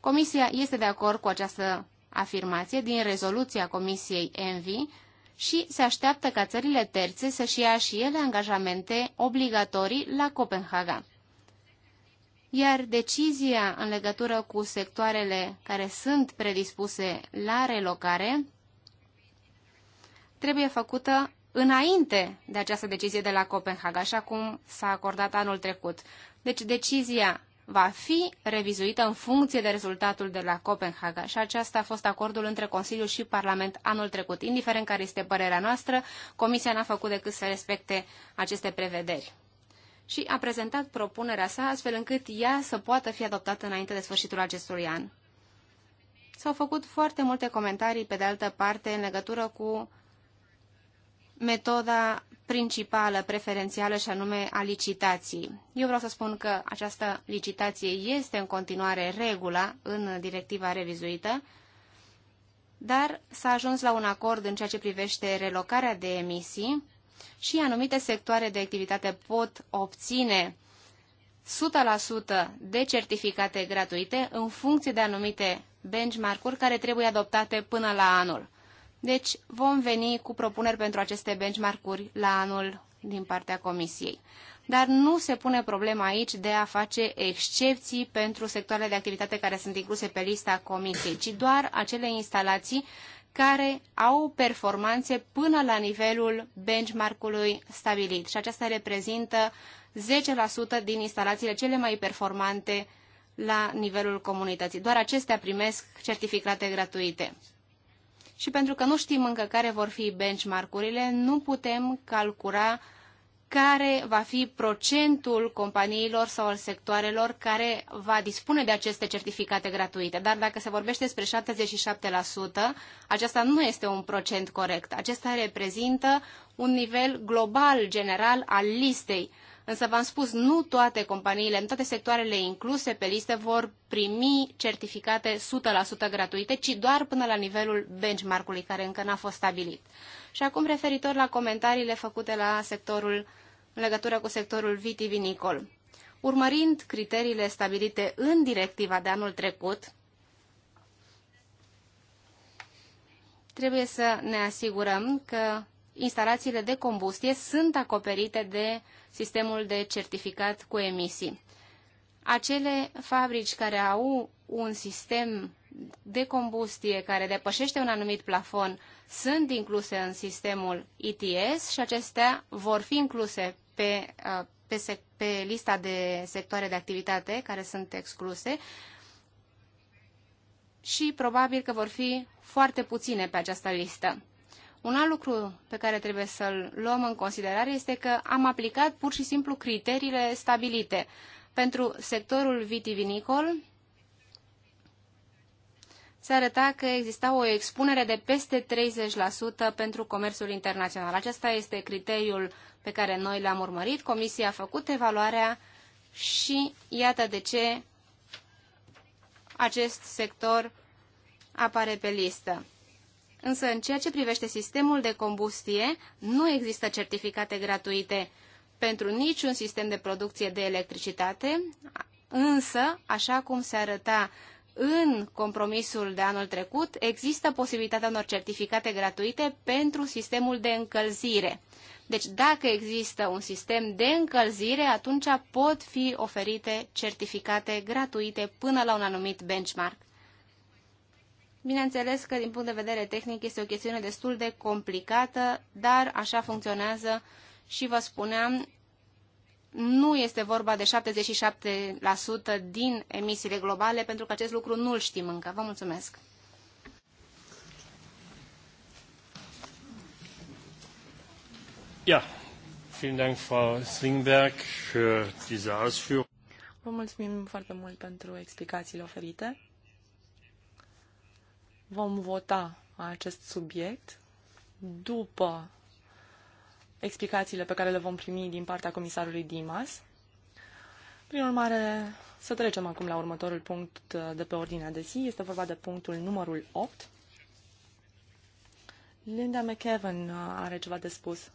Comisia este de acord cu această afirmație din rezoluția Comisiei ENVI și se așteaptă ca țările terțe să-și ia și ele angajamente obligatorii la Copenhaga. Iar decizia în legătură cu sectoarele care sunt predispuse la relocare trebuie făcută înainte de această decizie de la Copenhaga, așa cum s-a acordat anul trecut. Deci decizia va fi revizuită în funcție de rezultatul de la Copenhaga și acesta a fost acordul între Consiliu și Parlament anul trecut. Indiferent care este părerea noastră, Comisia n-a făcut decât să respecte aceste prevederi și a prezentat propunerea sa astfel încât ea să poată fi adoptată înainte de sfârșitul acestui an. S-au făcut foarte multe comentarii, pe de altă parte, în legătură cu metoda principală, preferențială și anume a licitației. Eu vreau să spun că această licitație este în continuare regula în directiva revizuită, dar s-a ajuns la un acord în ceea ce privește relocarea de emisii și anumite sectoare de activitate pot obține 100% de certificate gratuite în funcție de anumite benchmark-uri care trebuie adoptate până la anul. Deci vom veni cu propuneri pentru aceste benchmark-uri la anul din partea Comisiei. Dar nu se pune problema aici de a face excepții pentru sectoarele de activitate care sunt incluse pe lista Comisiei, ci doar acele instalații care au performanțe până la nivelul benchmark-ului stabilit. Și aceasta reprezintă 10% din instalațiile cele mai performante la nivelul comunității. Doar acestea primesc certificate gratuite și pentru că nu știm încă care vor fi benchmark-urile, nu putem calcula care va fi procentul companiilor sau al sectoarelor care va dispune de aceste certificate gratuite. Dar dacă se vorbește despre 77%, acesta nu este un procent corect. Acesta reprezintă un nivel global, general, al listei. Însă v-am spus, nu toate companiile, nu toate sectoarele incluse pe listă vor primi certificate 100% gratuite, ci doar până la nivelul benchmark-ului care încă n-a fost stabilit. Și acum referitor la comentariile făcute la sectorul, în legătură cu sectorul vitivinicol. Urmărind criteriile stabilite în directiva de anul trecut, trebuie să ne asigurăm că instalațiile de combustie sunt acoperite de sistemul de certificat cu emisii. Acele fabrici care au un sistem de combustie care depășește un anumit plafon sunt incluse în sistemul ETS și acestea vor fi incluse pe, uh, pe, pe lista de sectoare de activitate care sunt excluse și probabil că vor fi foarte puține pe această listă. Un alt lucru pe care trebuie să-l luăm în considerare este că am aplicat pur și simplu criteriile stabilite. Pentru sectorul vitivinicol se arăta că exista o expunere de peste 30% pentru comerțul internațional. Acesta este criteriul pe care noi l-am urmărit. Comisia a făcut evaluarea și iată de ce acest sector apare pe listă însă în ceea ce privește sistemul de combustie, nu există certificate gratuite pentru niciun sistem de producție de electricitate, însă, așa cum se arăta în compromisul de anul trecut, există posibilitatea unor certificate gratuite pentru sistemul de încălzire. Deci dacă există un sistem de încălzire, atunci pot fi oferite certificate gratuite până la un anumit benchmark. Bineînțeles că din punct de vedere tehnic este o chestiune destul de complicată, dar așa funcționează și vă spuneam, nu este vorba de 77% din emisiile globale, pentru că acest lucru nu-l știm încă. Vă mulțumesc! Ja, vielen Dank, Frau Slingberg, für diese Ausführung. Vă mulțumim foarte mult pentru explicațiile oferite vom vota acest subiect după explicațiile pe care le vom primi din partea comisarului Dimas. Prin urmare, să trecem acum la următorul punct de pe ordinea de zi. Este vorba de punctul numărul 8. Linda McKevin are ceva de spus.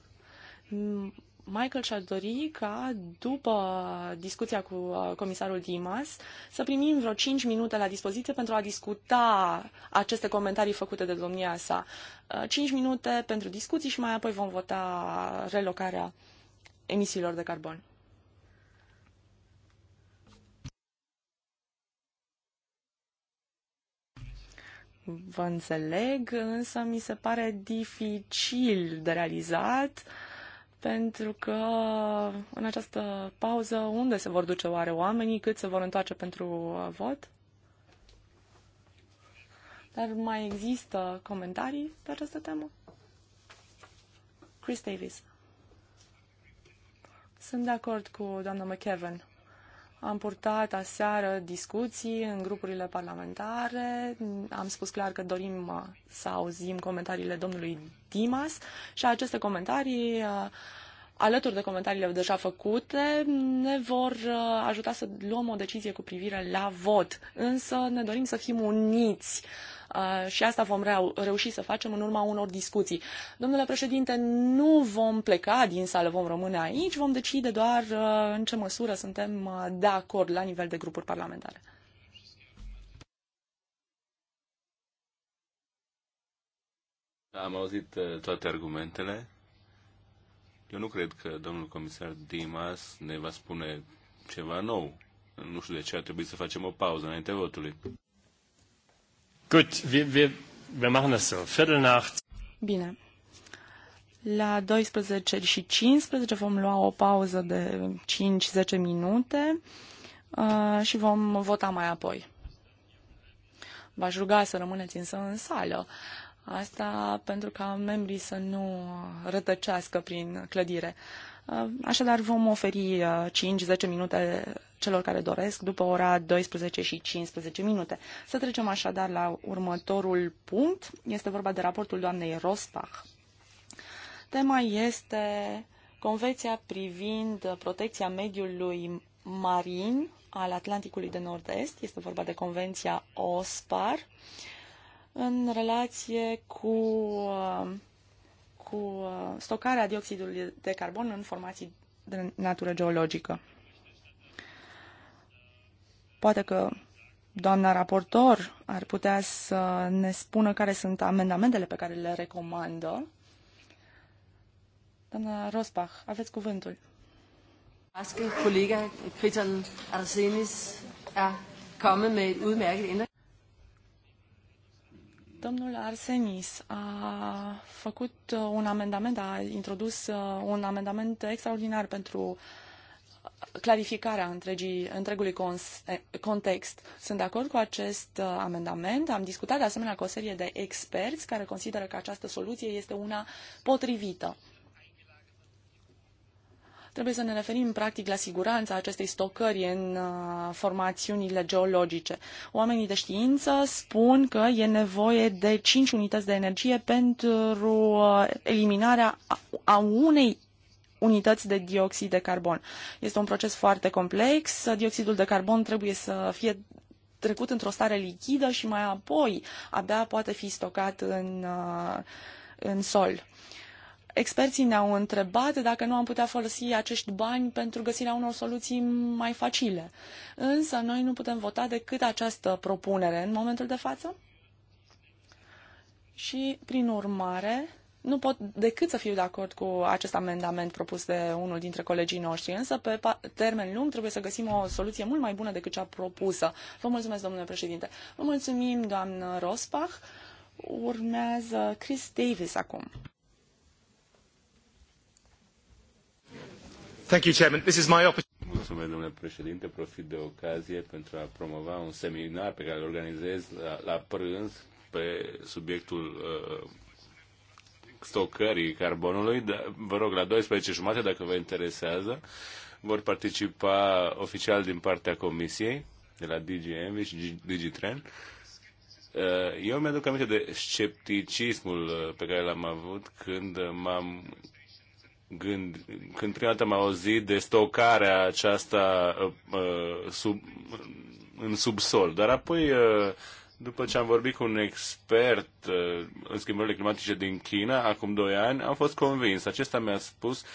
Michael și-ar dori ca, după discuția cu uh, comisarul Dimas, să primim vreo 5 minute la dispoziție pentru a discuta aceste comentarii făcute de domnia sa. 5 uh, minute pentru discuții și mai apoi vom vota relocarea emisiilor de carbon. Vă înțeleg, însă mi se pare dificil de realizat uh, pentru că în această pauză unde se vor duce oare oamenii, cât se vor întoarce pentru uh, vot? Dar mai există comentarii pe această temă? Chris Davis. Sunt de acord cu doamna McKevin. Am purtat aseară discuții în grupurile parlamentare, am spus clar că dorim uh, să auzim comentariile domnului Dimas și aceste comentarii, uh, alături de comentariile deja făcute, ne vor uh, ajuta să luăm o decizie cu privire la vot. Însă ne dorim să fim uniți Uh, și asta vom reuși să facem în urma unor discuții. Domnule președinte, nu vom pleca din sală, vom rămâne aici, vom decide doar uh, în ce măsură suntem uh, de acord la nivel de grupuri parlamentare. Am auzit toate argumentele. Eu nu cred că domnul comisar Dimas ne va spune ceva nou. Nu știu de ce ar trebui să facem o pauză înainte votului wir, wir, wir machen das so. Viertel nach. Bine. La 12 și 15 vom lua o pauză de 5-10 minute uh, și vom vota mai apoi. V-aș ruga să rămâneți însă în sală. Asta pentru ca membrii să nu rătăcească prin clădire. Uh, Uh, așadar vom oferi 5-10 uh, minute celor care doresc după ora 12 și 15 minute. Să trecem așadar la următorul punct. Este vorba de raportul doamnei Rosbach. Tema este Convenția privind protecția mediului marin al Atlanticului de Nord-Est. Este vorba de Convenția OSPAR în relație cu uh, cu uh, stocarea dioxidului de carbon în formații de natură geologică. Poate că doamna raportor ar putea să ne spună care sunt amendamentele pe care le recomandă. Doamna Rosbach, aveți cuvântul. Aske kollega Kriton Arsenis er kommet med et udmærket Domnul Arsenis a făcut uh, un amendament, a introdus uh, un amendament extraordinar pentru uh, clarificarea întregii, întregului eh, context. Sunt de acord cu acest amendament. Am discutat de asemenea cu o serie de experți care consideră că această soluție este una potrivită. Trebuie să ne referim practic la siguranța acestei stocări în uh, formațiunile geologice. Oamenii de știință spun că e nevoie de 5 unități de energie pentru uh, eliminarea a unei unități de dioxid de carbon. Este un proces foarte complex. Dioxidul de carbon trebuie să fie trecut într-o stare lichidă și mai apoi abia poate fi stocat în, uh, în sol experții ne-au întrebat dacă nu am putea folosi acești bani pentru găsirea unor soluții mai facile. Însă noi nu putem vota decât această propunere în momentul de față. Și, prin urmare, nu pot decât să fiu de acord cu acest amendament propus de unul dintre colegii noștri, însă pe termen lung trebuie să găsim o soluție mult mai bună decât cea propusă. Vă mulțumesc, domnule președinte. Vă mulțumim, doamnă Rospach. Urmează Chris Davis acum. Mulțumesc, domnule președinte. Profit de ocazie pentru a promova un seminar pe care îl organizez la, la prânz pe subiectul uh, stocării carbonului. Da, vă rog, la 12.30, dacă vă interesează, vor participa oficial din partea Comisiei, de la DGM și DigiTren. Uh, eu mi-aduc aminte de scepticismul uh, pe care l-am avut când m-am gând, când prima dată am auzit de stocarea aceasta uh, uh, sub, în subsol. Dar apoi, uh, după ce am vorbit cu un expert uh, în schimbările climatice din China, acum doi ani, am fost convins. Acesta mi-a spus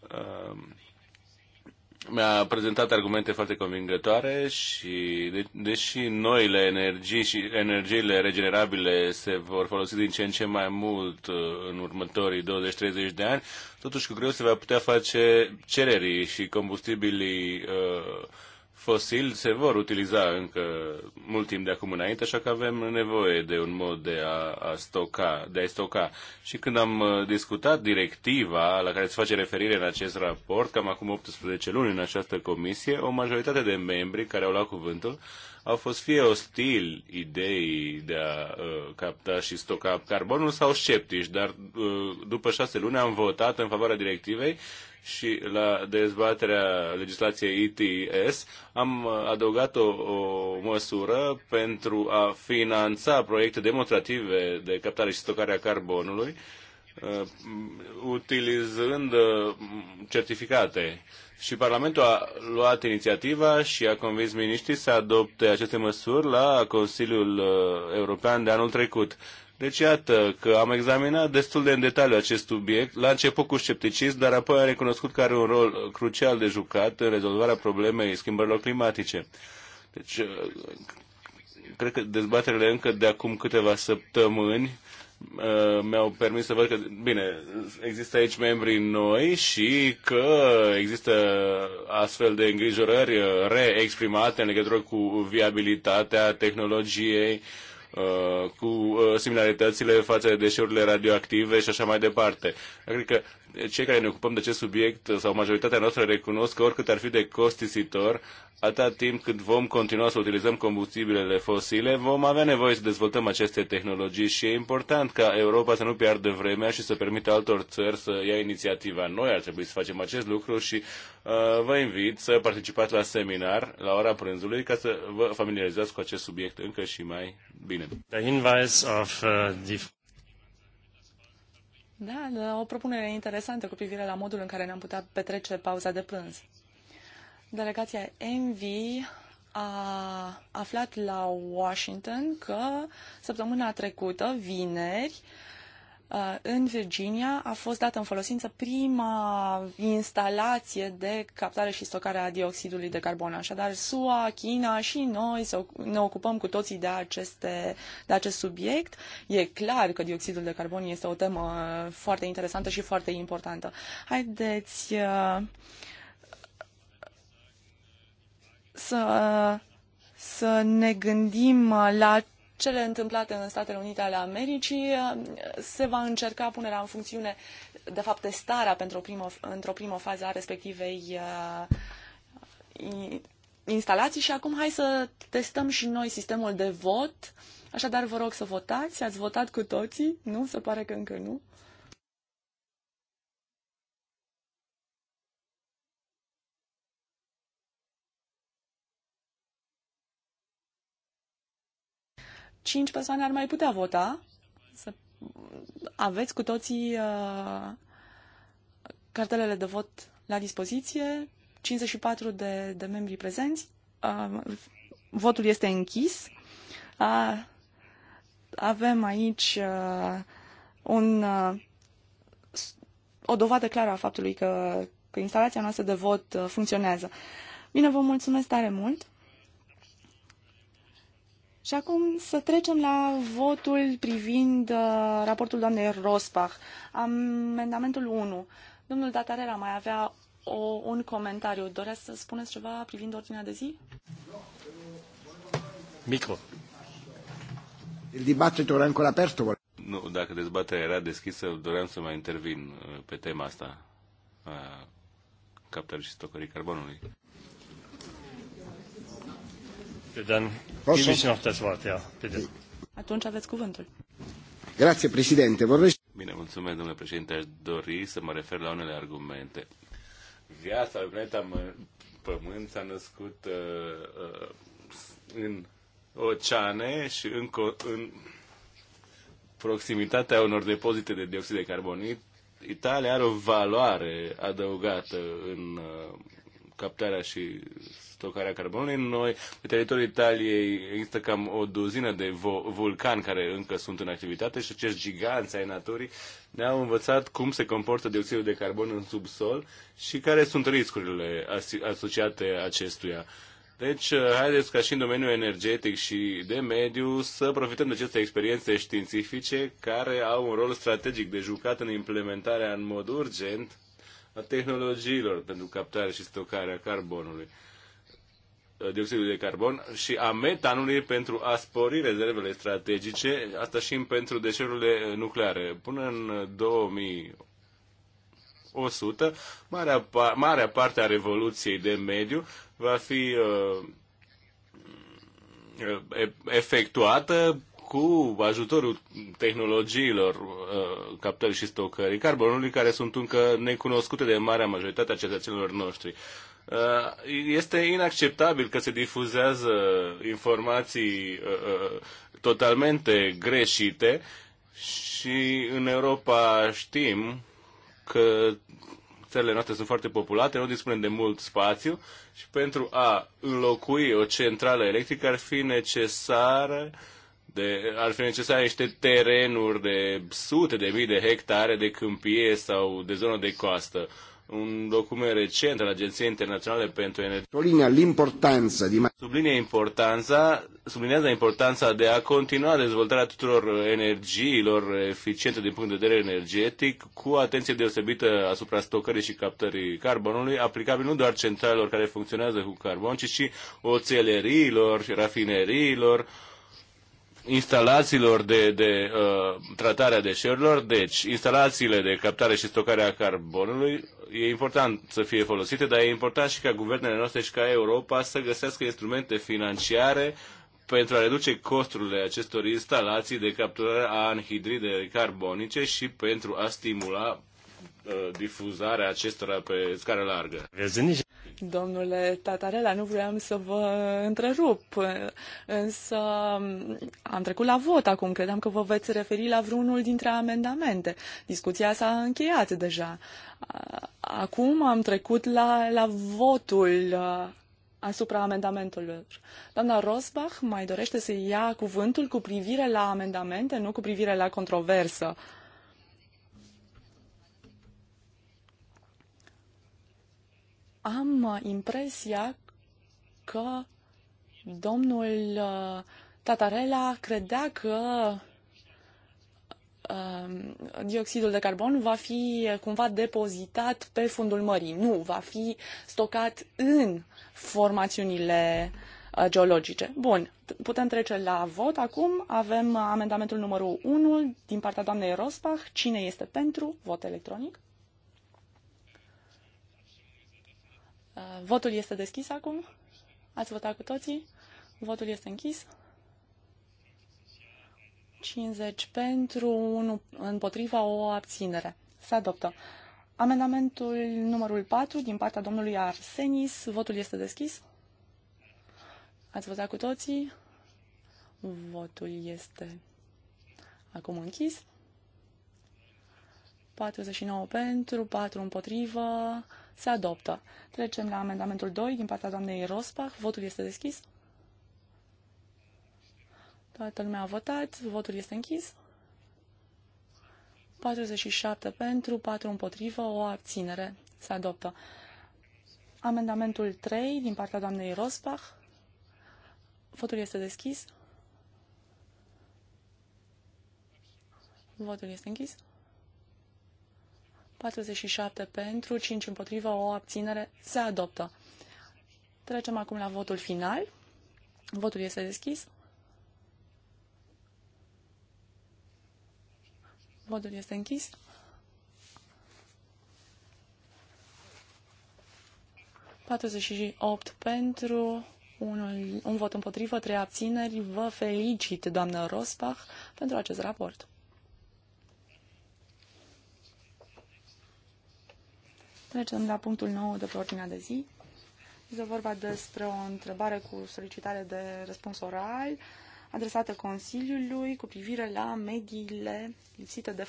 uh, mi-a prezentat argumente foarte convingătoare și de, deși noile energii și energiile regenerabile se vor folosi din ce în ce mai mult uh, în următorii 20-30 de ani, totuși cu greu se va putea face cererii și combustibilii uh, fosili se vor utiliza încă mult timp de acum înainte, așa că avem nevoie de un mod de a, a stoca, de a stoca. Și când am uh, discutat directiva la care se face referire în acest raport, cam acum 18 luni în această comisie, o majoritate de membri care au luat cuvântul au fost fie ostili idei de a uh, capta și stoca carbonul sau sceptici, dar uh, după șase luni am votat în favoarea directivei și la dezbaterea legislației ETS am uh, adăugat o, o măsură pentru a finanța proiecte demonstrative de captare și stocare a carbonului uh, utilizând uh, certificate și Parlamentul a luat inițiativa și a convins miniștrii să adopte aceste măsuri la Consiliul uh, European de anul trecut. Deci iată că am examinat destul de în detaliu acest subiect, la început cu scepticism, dar apoi a recunoscut că are un rol crucial de jucat în rezolvarea problemei schimbărilor climatice. Deci, uh, cred că dezbaterile încă de acum câteva săptămâni Uh, mi-au permis să văd că, bine, există aici membrii noi și că există astfel de îngrijorări uh, reexprimate în legătură cu viabilitatea tehnologiei, uh, cu similaritățile față de deșeurile radioactive și așa mai departe. Cred că cei care ne ocupăm de acest subiect sau majoritatea noastră recunosc că oricât ar fi de costisitor, atâta timp cât vom continua să utilizăm combustibilele fosile, vom avea nevoie să dezvoltăm aceste tehnologii și e important ca Europa să nu piardă vremea și să permită altor țări să ia inițiativa. Noi ar trebui să facem acest lucru și uh, vă invit să participați la seminar la ora prânzului ca să vă familiarizați cu acest subiect încă și mai bine. Da, da, o propunere interesantă cu privire la modul în care ne-am putea petrece pauza de prânz. Delegația Envy a aflat la Washington că săptămâna trecută, vineri, Uh, în Virginia a fost dată în folosință prima instalație de captare și stocare a dioxidului de carbon. Așadar, SUA, China și noi ne ocupăm cu toții de, aceste, de acest subiect. E clar că dioxidul de carbon este o temă foarte interesantă și foarte importantă. Haideți uh, să, să ne gândim la cele întâmplate în Statele Unite ale Americii, uh, se va încerca punerea în funcțiune, de fapt testarea pentru o primă, într-o primă fază a respectivei uh, instalații și acum hai să testăm și noi sistemul de vot. Așadar, vă rog să votați. Ați votat cu toții? Nu? Se pare că încă nu. cinci persoane ar mai putea vota, să aveți cu toții uh, cartelele de vot la dispoziție, 54 de, de membri prezenți, uh, votul este închis. Uh, avem aici uh, un, uh, o dovadă clară a faptului că, că instalația noastră de vot uh, funcționează. Bine, vă mulțumesc tare mult! Și acum să trecem la votul privind uh, raportul doamnei Rosbach, amendamentul 1. Domnul Datarela mai avea o, un comentariu. Doresc să spuneți ceva privind ordinea de zi? Micro. Il dibattito era ancora aperto? Nu, dacă dezbaterea era deschisă, doream să mai intervin uh, pe tema asta a uh, captării și stocării carbonului. Atunci aveți cuvântul. Grazie, președinte. Vorbește... Bine, mulțumesc, domnule președinte. Aș dori să mă refer la unele argumente. Viața pe planeta Pământ s-a născut uh, uh, în oceane și în, în proximitatea unor depozite de dioxid de carbonit. Italia are o valoare adăugată în uh, captarea și stocarea carbonului. Noi, pe teritoriul Italiei, există cam o duzină de vo- vulcani care încă sunt în activitate și acești giganți ai naturii ne-au învățat cum se comportă dioxidul de carbon în subsol și care sunt riscurile asociate acestuia. Deci, uh, haideți ca și în domeniul energetic și de mediu să profităm de aceste experiențe științifice care au un rol strategic de jucat în implementarea în mod urgent a tehnologiilor pentru captare și stocarea carbonului. Uh, dioxidului de carbon și a metanului pentru a spori rezervele strategice, asta și pentru deșeurile uh, nucleare. Până în 2100, uh, marea, marea parte a revoluției de mediu va fi uh, efectuată cu ajutorul tehnologiilor uh, captării și stocării carbonului, care sunt încă necunoscute de marea majoritate a cetățenilor noștri. Uh, este inacceptabil că se difuzează informații uh, uh, totalmente greșite și în Europa știm că țările noastre sunt foarte populate, nu dispunem de mult spațiu și pentru a înlocui o centrală electrică ar fi necesară de, ar fi necesare niște terenuri de sute de mii de hectare de câmpie sau de zonă de coastă un document recent al Agenției Internaționale pentru Energie. Sublinia di... importanța, sublinează importanța de a continua dezvoltarea tuturor energiilor eficiente din punct de vedere energetic, cu atenție deosebită asupra stocării și captării carbonului, aplicabil nu doar centralelor care funcționează cu carbon, ci și oțeleriilor, rafineriilor, instalațiilor de, de uh, tratare a deșeurilor, deci instalațiile de captare și stocare a carbonului, e important să fie folosite, dar e important și ca guvernele noastre și ca Europa să găsească instrumente financiare pentru a reduce costurile acestor instalații de capturare a anhidride carbonice și pentru a stimula uh, difuzarea acestora pe scară largă. Domnule Tatarela, nu vreau să vă întrerup, însă am trecut la vot acum. Credeam că vă veți referi la vreunul dintre amendamente. Discuția s-a încheiat deja. Acum am trecut la, la votul uh, asupra amendamentelor. Doamna Rosbach mai dorește să ia cuvântul cu privire la amendamente, nu cu privire la controversă. am uh, impresia că domnul uh, Tatarela credea că uh, dioxidul de carbon va fi cumva depozitat pe fundul mării. Nu, va fi stocat în formațiunile geologice. Bun, putem trece la vot. Acum avem amendamentul numărul 1 din partea doamnei Rosbach. Cine este pentru? Vot electronic. Uh, votul este deschis acum. Ați votat cu toții. Votul este închis. 50 pentru, 1 împotriva, o abținere. Se adoptă. Amendamentul numărul 4 din partea domnului Arsenis. Votul este deschis. Ați votat cu toții. Votul este acum închis. 49 pentru, 4 împotrivă, se adoptă. Trecem la amendamentul 2 din partea doamnei Rosbach. Votul este deschis. Toată lumea a votat. Votul este închis. 47 pentru, 4 împotrivă, o abținere. Se adoptă. Amendamentul 3 din partea doamnei Rosbach. Votul este deschis. Votul este închis. 47 pentru, 5 împotrivă, o abținere se adoptă. Trecem acum la votul final. Votul este deschis. Votul este închis. Patruzeci opt pentru, un, un vot împotrivă, trei abțineri. Vă felicit, doamnă Rosbach, pentru acest raport. Trecem la punctul nou de pe ordinea de zi. Este vorba despre o întrebare cu solicitare de răspuns oral adresată Consiliului cu privire la mediile lipsite de,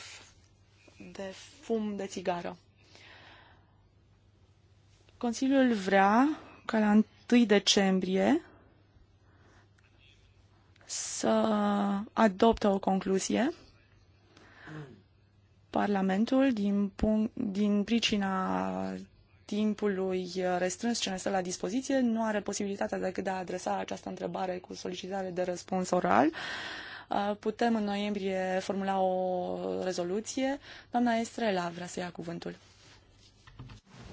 de fum de țigară. Consiliul vrea ca la 1 decembrie să adopte o concluzie Parlamentul, din, punct, din pricina timpului restrâns ce ne stă la dispoziție, nu are posibilitatea decât de a adresa această întrebare cu solicitare de răspuns oral. Putem în noiembrie formula o rezoluție. Doamna Estrela vrea să ia cuvântul.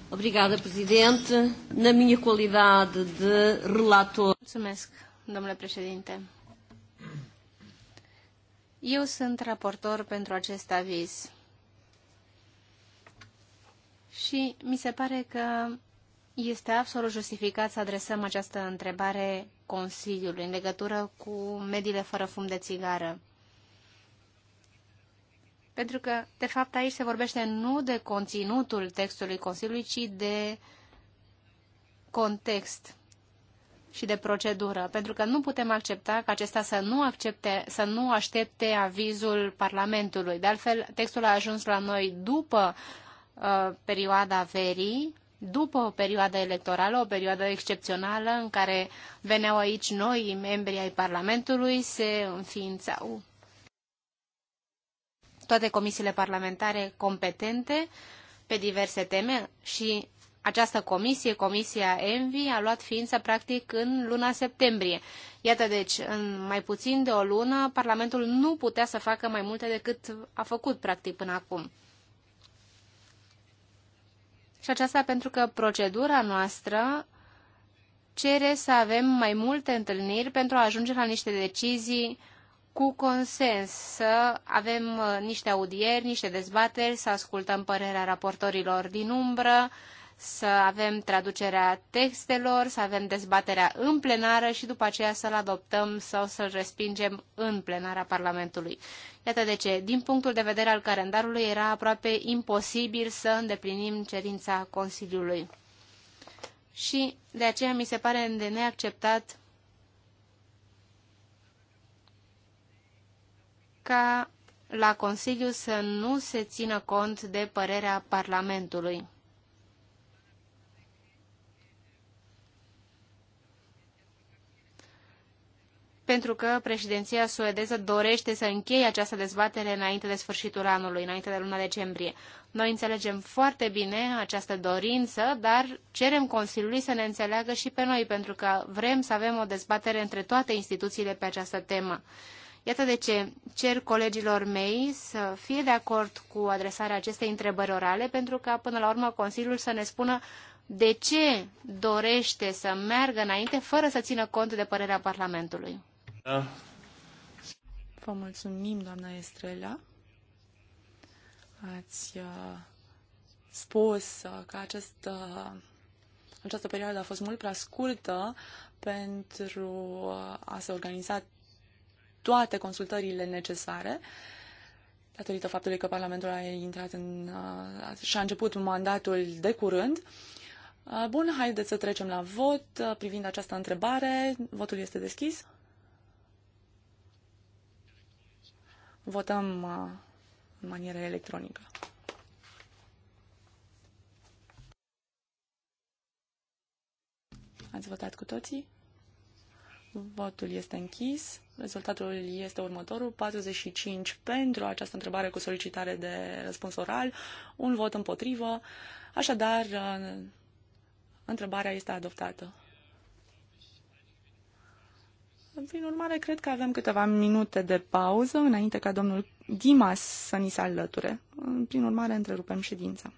Obrigada, Presidente. Na minha qualidade de relator. Mulțumesc, domnule președinte. Eu sunt raportor pentru acest aviz și mi se pare că este absolut justificat să adresăm această întrebare Consiliului în legătură cu mediile fără fum de țigară. Pentru că, de fapt, aici se vorbește nu de conținutul textului Consiliului, ci de context și de procedură, pentru că nu putem accepta ca acesta să nu, accepte, să nu aștepte avizul Parlamentului. De altfel, textul a ajuns la noi după Uh, perioada verii, după o perioadă electorală, o perioadă excepțională în care veneau aici noi membri ai Parlamentului, se înființau toate comisiile parlamentare competente pe diverse teme și această comisie, Comisia Envi, a luat ființă practic în luna septembrie. Iată deci, în mai puțin de o lună, Parlamentul nu putea să facă mai multe decât a făcut practic până acum. Și aceasta pentru că procedura noastră cere să avem mai multe întâlniri pentru a ajunge la niște decizii cu consens, să avem uh, niște audieri, niște dezbateri, să ascultăm părerea raportorilor din umbră, să avem traducerea textelor, să avem dezbaterea în plenară și după aceea să-l adoptăm sau să-l respingem în plenara Parlamentului. Iată de ce, din punctul de vedere al calendarului, era aproape imposibil să îndeplinim cerința Consiliului. Și de aceea mi se pare de neacceptat ca la Consiliu să nu se țină cont de părerea Parlamentului. pentru că președinția suedeză dorește să încheie această dezbatere înainte de sfârșitul anului, înainte de luna decembrie. Noi înțelegem foarte bine această dorință, dar cerem Consiliului să ne înțeleagă și pe noi, pentru că vrem să avem o dezbatere între toate instituțiile pe această temă. Iată de ce cer colegilor mei să fie de acord cu adresarea acestei întrebări orale, pentru ca până la urmă Consiliul să ne spună de ce dorește să meargă înainte fără să țină cont de părerea Parlamentului. Da. Vă mulțumim, doamna Estrela. Ați uh, spus uh, că acest, uh, această perioadă a fost mult prea scurtă pentru uh, a se organiza toate consultările necesare datorită faptului că Parlamentul a intrat în, uh, și a început mandatul de curând. Uh, bun, haideți să trecem la vot privind această întrebare. Votul este deschis. Votăm uh, în manieră electronică. Ați votat cu toții? Votul este închis. Rezultatul este următorul. 45 pentru această întrebare cu solicitare de răspuns oral, un vot împotrivă. Așadar, uh, întrebarea este adoptată. Prin urmare, cred că avem câteva minute de pauză înainte ca domnul Dimas să ni se alăture. Prin urmare, întrerupem ședința.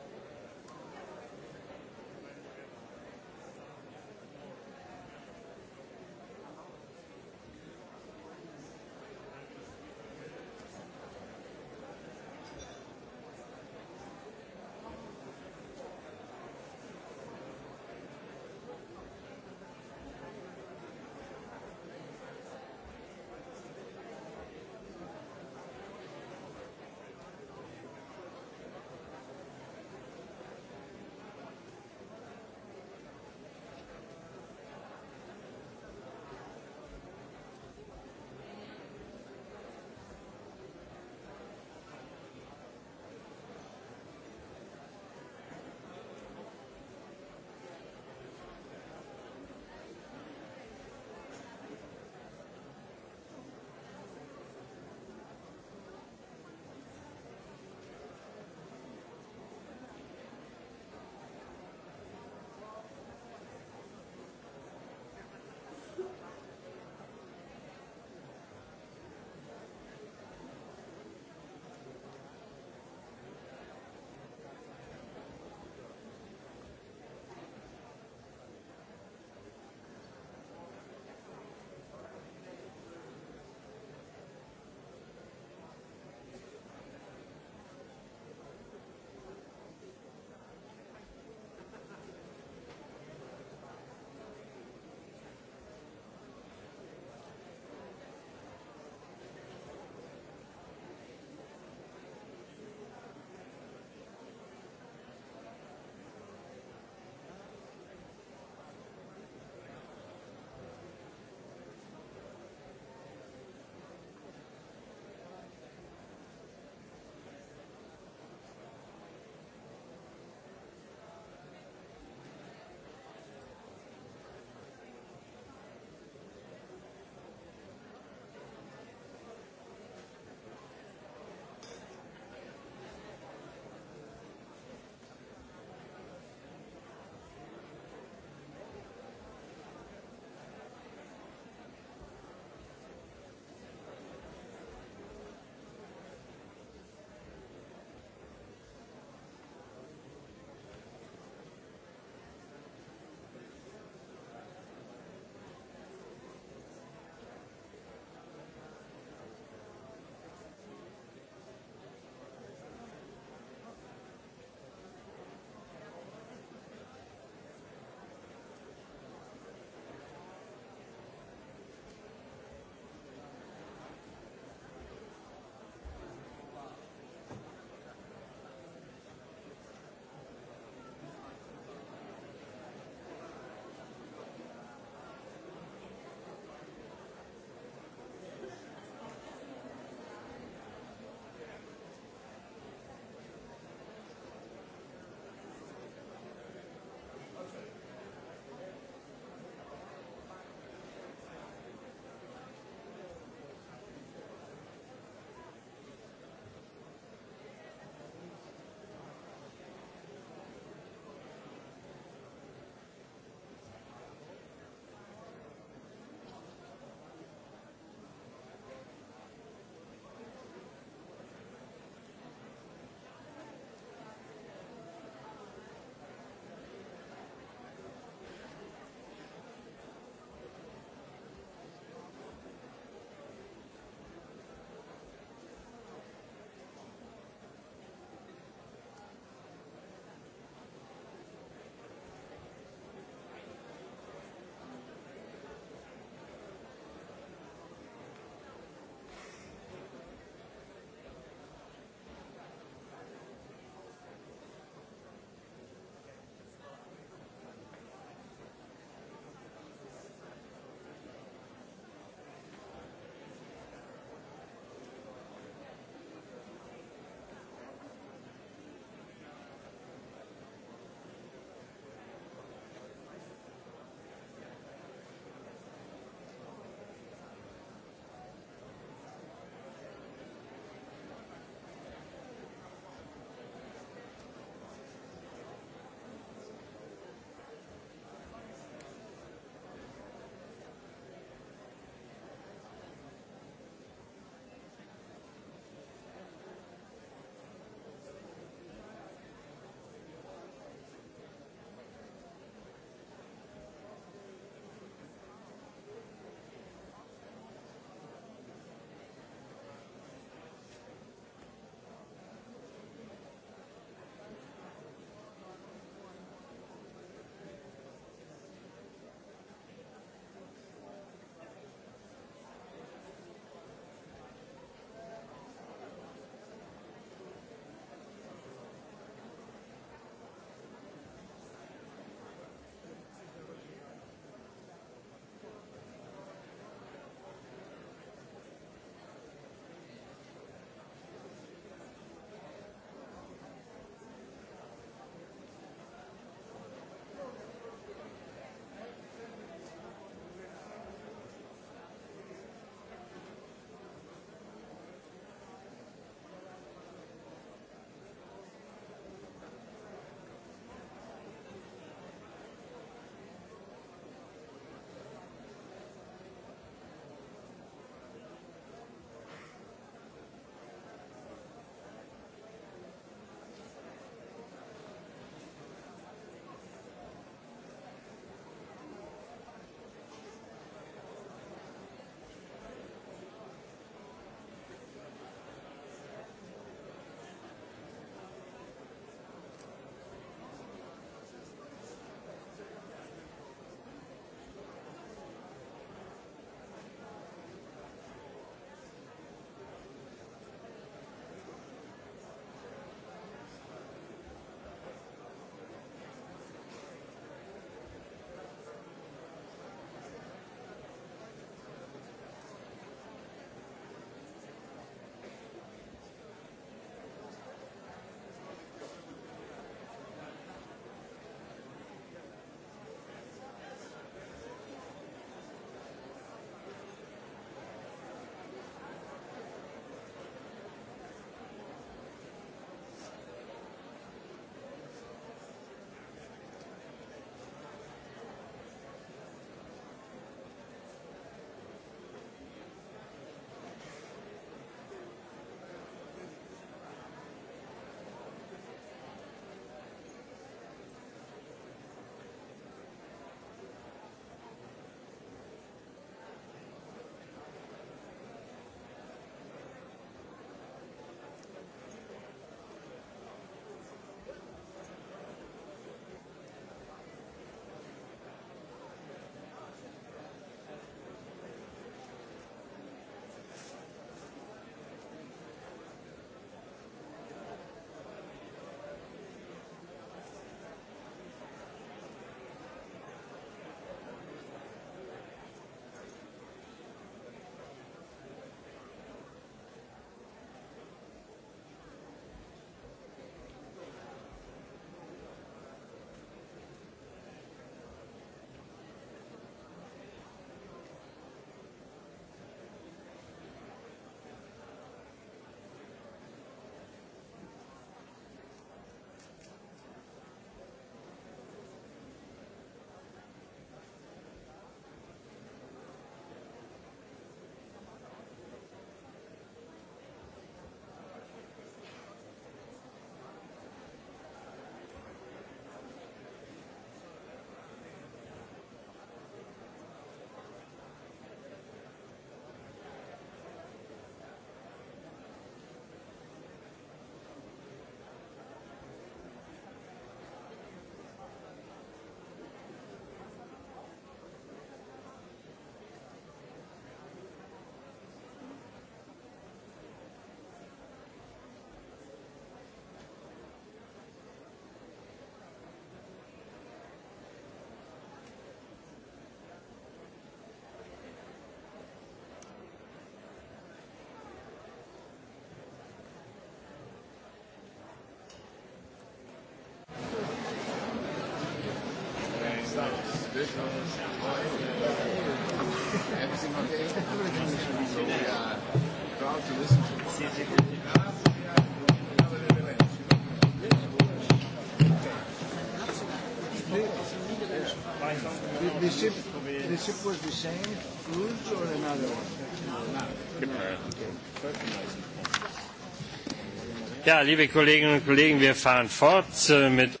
Ja, liebe Kolleginnen und Kollegen, wir fahren fort äh, mit.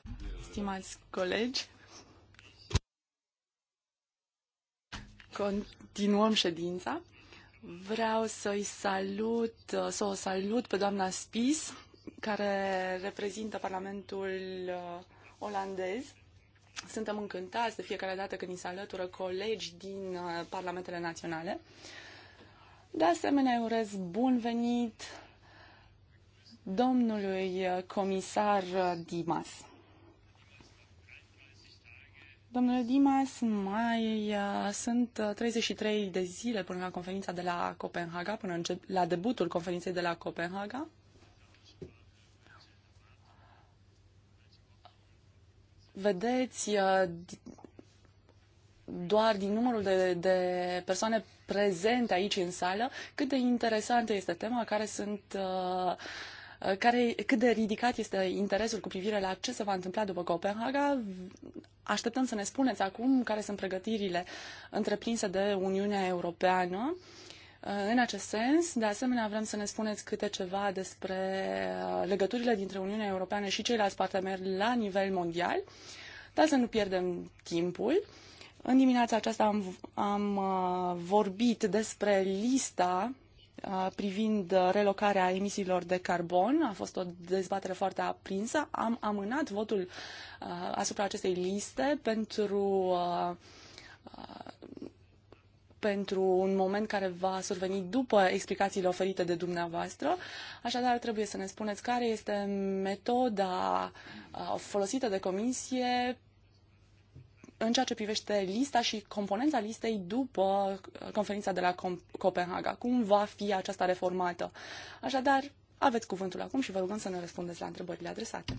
Stimați colegi, continuăm ședința. Vreau să-i salut, să o salut pe doamna Spis, care reprezintă Parlamentul uh, olandez. Suntem încântați de fiecare dată când ni se alătură colegi din uh, Parlamentele Naționale. De asemenea, îi urez bun venit domnului uh, comisar Dimas. Domnule Dimas, mai uh, sunt 33 uh, de zile până la conferința de la Copenhaga, până la debutul conferinței de la Copenhaga. Vedeți uh, doar din numărul de, de persoane prezente aici în sală cât de interesantă este tema, care sunt uh, Uh, care, cât de ridicat este interesul cu privire la ce se va întâmpla după Copenhaga. Așteptăm să ne spuneți acum care sunt pregătirile întreprinse de Uniunea Europeană uh, în acest sens. De asemenea, vrem să ne spuneți câte ceva despre uh, legăturile dintre Uniunea Europeană și ceilalți parteneri la nivel mondial, dar să nu pierdem timpul. În dimineața aceasta am, am vorbit despre lista privind uh, relocarea emisiilor de carbon. A fost o dezbatere foarte aprinsă. Am amânat votul uh, asupra acestei liste pentru uh, pentru un moment care va surveni după explicațiile oferite de dumneavoastră. Așadar, trebuie să ne spuneți care este metoda folosită de comisie în ceea ce privește lista și componența listei după conferința de la Copenhaga. Cum va fi aceasta reformată? Așadar, aveți cuvântul acum și vă rugăm să ne răspundeți la întrebările adresate.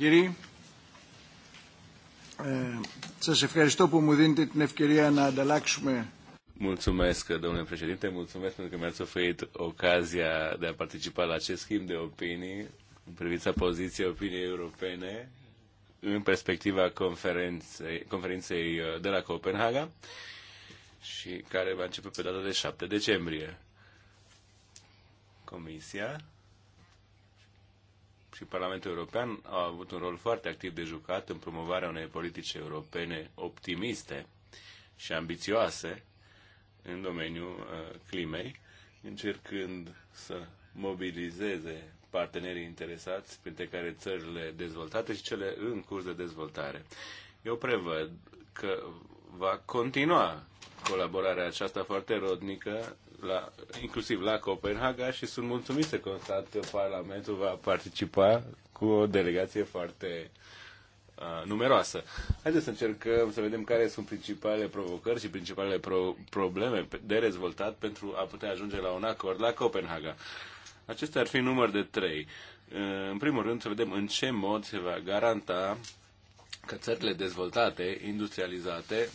Κύριοι, ε, σας ευχαριστώ που μου δίνετε την ευκαιρία να ανταλλάξουμε Mulțumesc, domnule președinte, mulțumesc pentru că mi-ați oferit ocazia de a participa la acest schimb de opinii în privința poziției opiniei europene în perspectiva conferinței, conferinței uh, de la Copenhaga și care va începe pe data de 7 decembrie. Comisia și Parlamentul European au avut un rol foarte activ de jucat în promovarea unei politici europene optimiste și ambițioase în domeniul uh, climei, încercând să mobilizeze partenerii interesați, printre care țările dezvoltate și cele în curs de dezvoltare. Eu prevăd că va continua colaborarea aceasta foarte rodnică, la, inclusiv la Copenhaga și sunt mulțumit să constat că Parlamentul va participa cu o delegație foarte uh, numeroasă. Haideți să încercăm să vedem care sunt principalele provocări și principalele pro- probleme de rezolvat pentru a putea ajunge la un acord la Copenhaga. Acestea ar fi număr de trei. Uh, în primul rând, să vedem în ce mod se va garanta că țările dezvoltate, industrializate,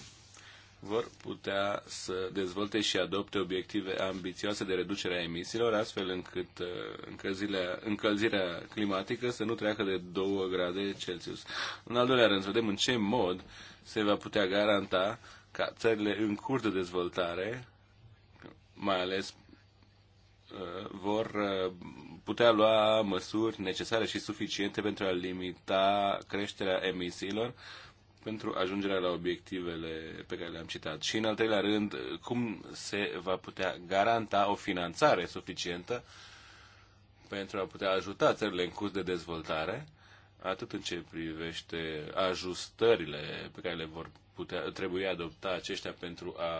vor putea să dezvolte și adopte obiective ambițioase de reducere a emisiilor, astfel încât uh, încălzirea, încălzirea climatică să nu treacă de 2 grade Celsius. În al doilea rând, să vedem în ce mod se va putea garanta ca țările în curs de dezvoltare, mai ales Uh, vor uh, putea lua măsuri necesare și suficiente pentru a limita creșterea emisiilor pentru ajungerea la obiectivele pe care le-am citat. Și în al treilea rând, cum se va putea garanta o finanțare suficientă pentru a putea ajuta țările în curs de dezvoltare, atât în ce privește ajustările pe care le vor putea, trebui adopta aceștia pentru a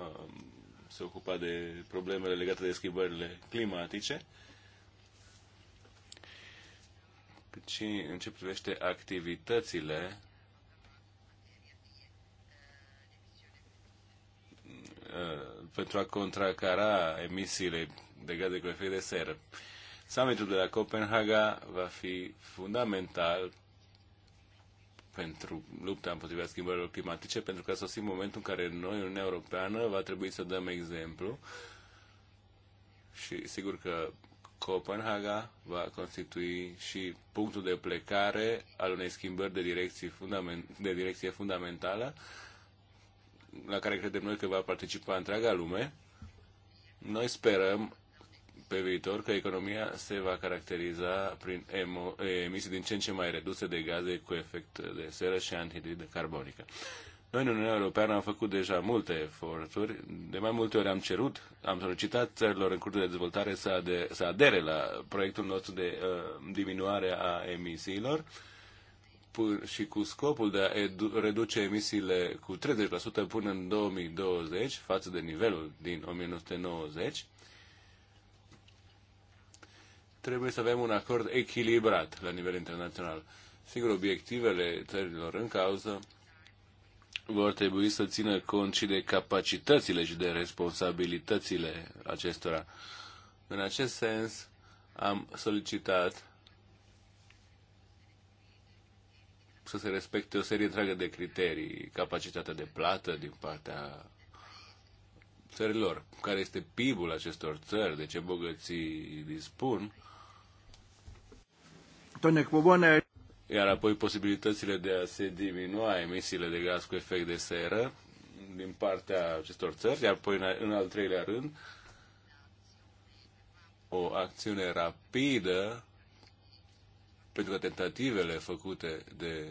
um, se ocupa de problemele legate de schimbările climatice, cât și în ce privește activitățile uh, pentru a contracara emisiile de gaze cu efect de seră. Summitul de la Copenhaga va fi fundamental pentru lupta împotriva schimbărilor climatice, pentru că a sosit momentul în care noi, Uniunea Europeană, va trebui să dăm exemplu și sigur că Copenhaga va constitui și punctul de plecare al unei schimbări de direcție, fundament, de direcție fundamentală la care credem noi că va participa întreaga lume. Noi sperăm pe viitor că economia se va caracteriza prin emisii din ce în ce mai reduse de gaze cu efect de seră și anhidridă carbonică. Noi în Uniunea Europeană am făcut deja multe eforturi. De mai multe ori am cerut, am solicitat țărilor în curte de dezvoltare să, ade- să adere la proiectul nostru de uh, diminuare a emisiilor și cu scopul de a reduce emisiile cu 30% până în 2020 față de nivelul din 1990 trebuie să avem un acord echilibrat la nivel internațional. Sigur, obiectivele țărilor în cauză vor trebui să țină cont și de capacitățile și de responsabilitățile acestora. În acest sens, am solicitat să se respecte o serie întreagă de criterii, capacitatea de plată din partea țărilor, care este PIB-ul acestor țări, de ce bogății dispun, iar apoi posibilitățile de a se diminua emisiile de gaz cu efect de seră din partea acestor țări, iar apoi în al treilea rând o acțiune rapidă pentru că tentativele făcute de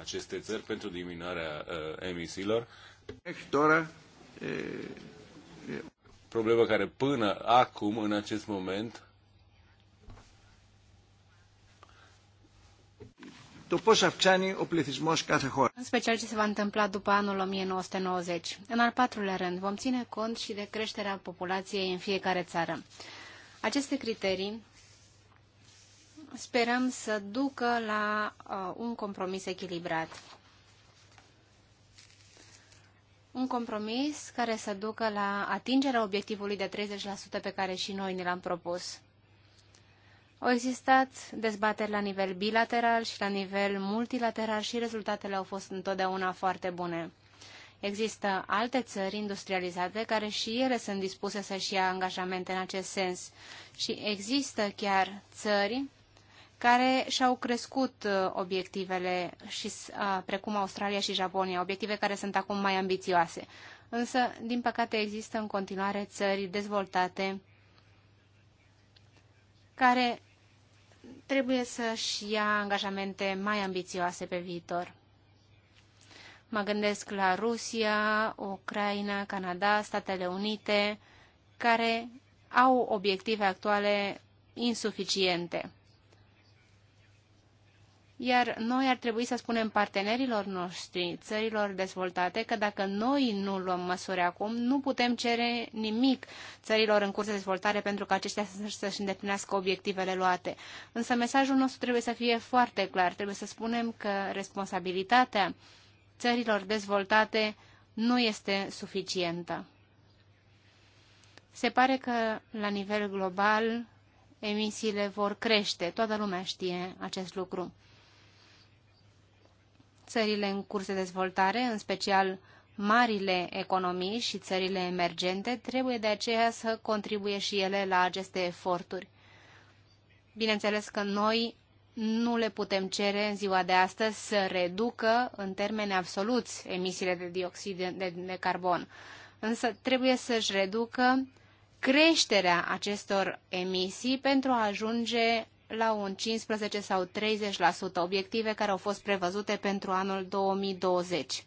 aceste țări pentru diminuarea uh, emisiilor. Problemă care până acum, în acest moment, το πώς αυξάνει ο πληθυσμός κάθε χώρα. În special ce se va întâmpla după anul 1990. În al patrulea rând, vom ține cont și de creșterea populației în fiecare țară. Aceste criterii sperăm să ducă la uh, un compromis echilibrat. Un compromis care să ducă la atingerea obiectivului de 30% pe care și noi ne l-am propus. Au existat dezbateri la nivel bilateral și la nivel multilateral și rezultatele au fost întotdeauna foarte bune. Există alte țări industrializate care și ele sunt dispuse să-și ia angajamente în acest sens și există chiar țări care și-au crescut uh, obiectivele, și, uh, precum Australia și Japonia, obiective care sunt acum mai ambițioase. Însă, din păcate, există în continuare țări dezvoltate care trebuie să-și ia angajamente mai ambițioase pe viitor. Mă gândesc la Rusia, Ucraina, Canada, Statele Unite, care au obiective actuale insuficiente iar noi ar trebui să spunem partenerilor noștri, țărilor dezvoltate, că dacă noi nu luăm măsuri acum, nu putem cere nimic țărilor în curs de dezvoltare pentru că aceștia să-și îndeplinească obiectivele luate. Însă mesajul nostru trebuie să fie foarte clar. Trebuie să spunem că responsabilitatea țărilor dezvoltate nu este suficientă. Se pare că, la nivel global, emisiile vor crește. Toată lumea știe acest lucru țările în curs de dezvoltare, în special marile economii și țările emergente, trebuie de aceea să contribuie și ele la aceste eforturi. Bineînțeles că noi nu le putem cere în ziua de astăzi să reducă în termeni absoluți emisiile de dioxid de, de carbon, însă trebuie să-și reducă creșterea acestor emisii pentru a ajunge la un 15 sau 30%, obiective care au fost prevăzute pentru anul 2020.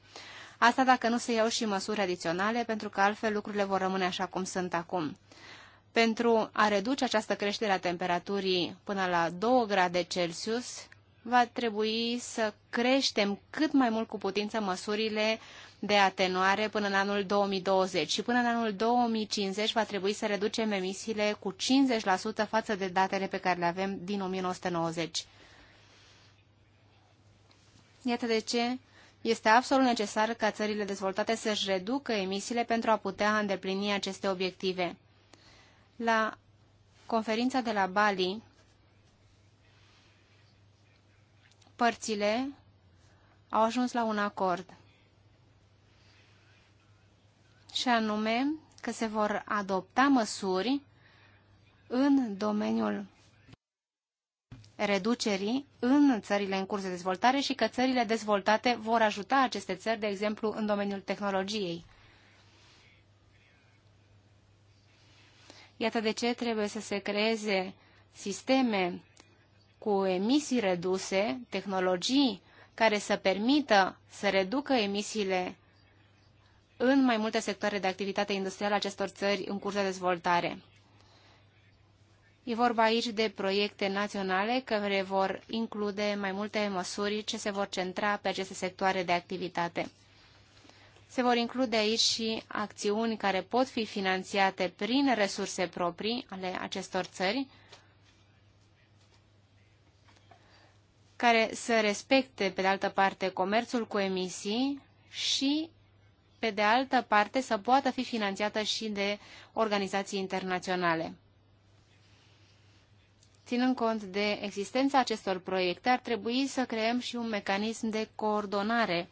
Asta dacă nu se iau și măsuri adiționale, pentru că altfel lucrurile vor rămâne așa cum sunt acum. Pentru a reduce această creștere a temperaturii până la 2 grade Celsius, va trebui să creștem cât mai mult cu putință măsurile uh, de atenuare până în anul 2020 și până în anul 2050 va trebui să reducem emisiile cu 50% față de datele pe care le avem din 1990. Iată de ce este absolut necesar ca țările dezvoltate să-și reducă emisiile pentru a putea îndeplini aceste obiective. La conferința de la Bali, părțile au ajuns la un acord și anume că se vor adopta măsuri în domeniul reducerii în țările în curs de dezvoltare și că țările dezvoltate vor ajuta aceste țări, de exemplu, în domeniul tehnologiei. Iată de ce trebuie să se creeze sisteme cu emisii reduse, tehnologii care să permită să reducă emisiile în mai multe sectoare de activitate industrială acestor țări în curs de dezvoltare. E vorba aici de proiecte naționale care vor include mai multe măsuri ce se vor centra pe aceste sectoare de activitate. Se vor include aici și acțiuni care pot fi finanțiate prin resurse proprii ale acestor țări, care să respecte, pe de altă parte, comerțul cu emisii și pe de altă parte, să poată fi finanțată și de organizații internaționale. Ținând cont de existența acestor proiecte, ar trebui să creăm și un mecanism de coordonare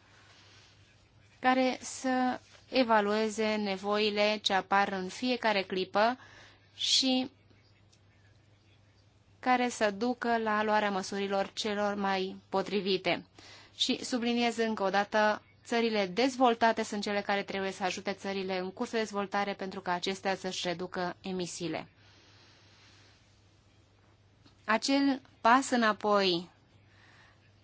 care să evalueze nevoile ce apar în fiecare clipă și care să ducă la luarea măsurilor celor mai potrivite. Și subliniez încă o dată țările dezvoltate sunt cele care trebuie să ajute țările în curs de dezvoltare pentru ca acestea să-și reducă emisiile. Acel pas înapoi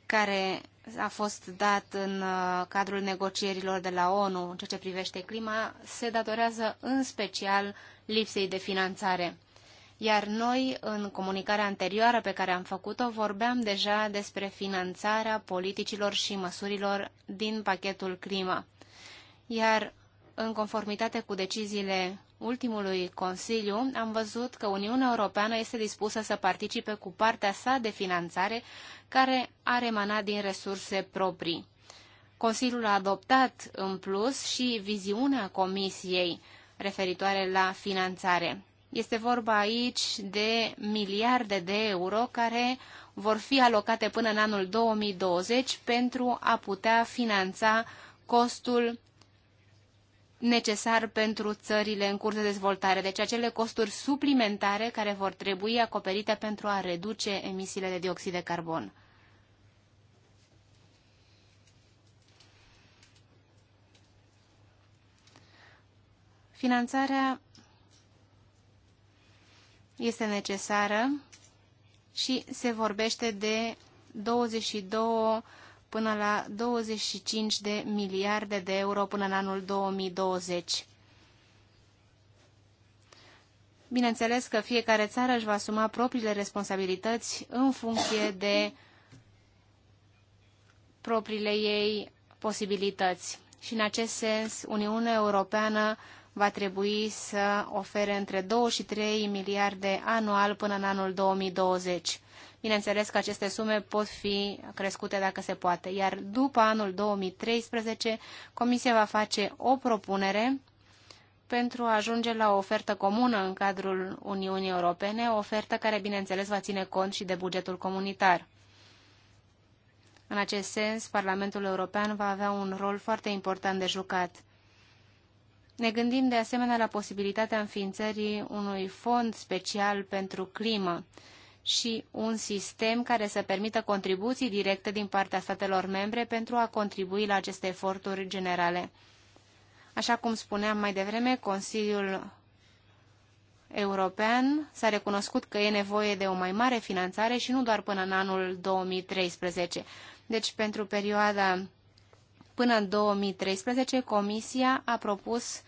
care a fost dat în uh, cadrul negocierilor de la ONU în ceea ce privește clima se datorează în special lipsei de finanțare. Iar noi, în comunicarea anterioară pe care am făcut-o, vorbeam deja despre finanțarea politicilor și măsurilor din pachetul climă. Iar în conformitate cu deciziile ultimului Consiliu, am văzut că Uniunea Europeană este dispusă să participe cu partea sa de finanțare care a emana din resurse proprii. Consiliul a adoptat în plus și viziunea Comisiei referitoare la finanțare. Este vorba aici de miliarde de euro care vor fi alocate până în anul 2020 pentru a putea finanța costul necesar pentru țările în curs de dezvoltare, deci acele costuri suplimentare care vor trebui acoperite pentru a reduce emisiile de dioxid de carbon. Finanțarea este necesară și se vorbește de 22 până la 25 de miliarde de euro până în anul 2020. Bineînțeles că fiecare țară își va asuma propriile responsabilități în funcție de propriile ei posibilități. Și în acest sens, Uniunea Europeană va trebui să ofere între 2 și 3 miliarde anual până în anul 2020. Bineînțeles că aceste sume pot fi crescute dacă se poate, iar după anul 2013 Comisia va face o propunere pentru a ajunge la o ofertă comună în cadrul Uniunii Europene, o ofertă care, bineînțeles, va ține cont și de bugetul comunitar. În acest sens, Parlamentul European va avea un rol foarte important de jucat. Ne gândim de asemenea la posibilitatea înființării unui fond special pentru climă și un sistem care să permită contribuții directe din partea statelor membre pentru a contribui la aceste eforturi generale. Așa cum spuneam mai devreme, Consiliul European s-a recunoscut că e nevoie de o mai mare finanțare și nu doar până în anul 2013. Deci, pentru perioada Până în 2013, Comisia a propus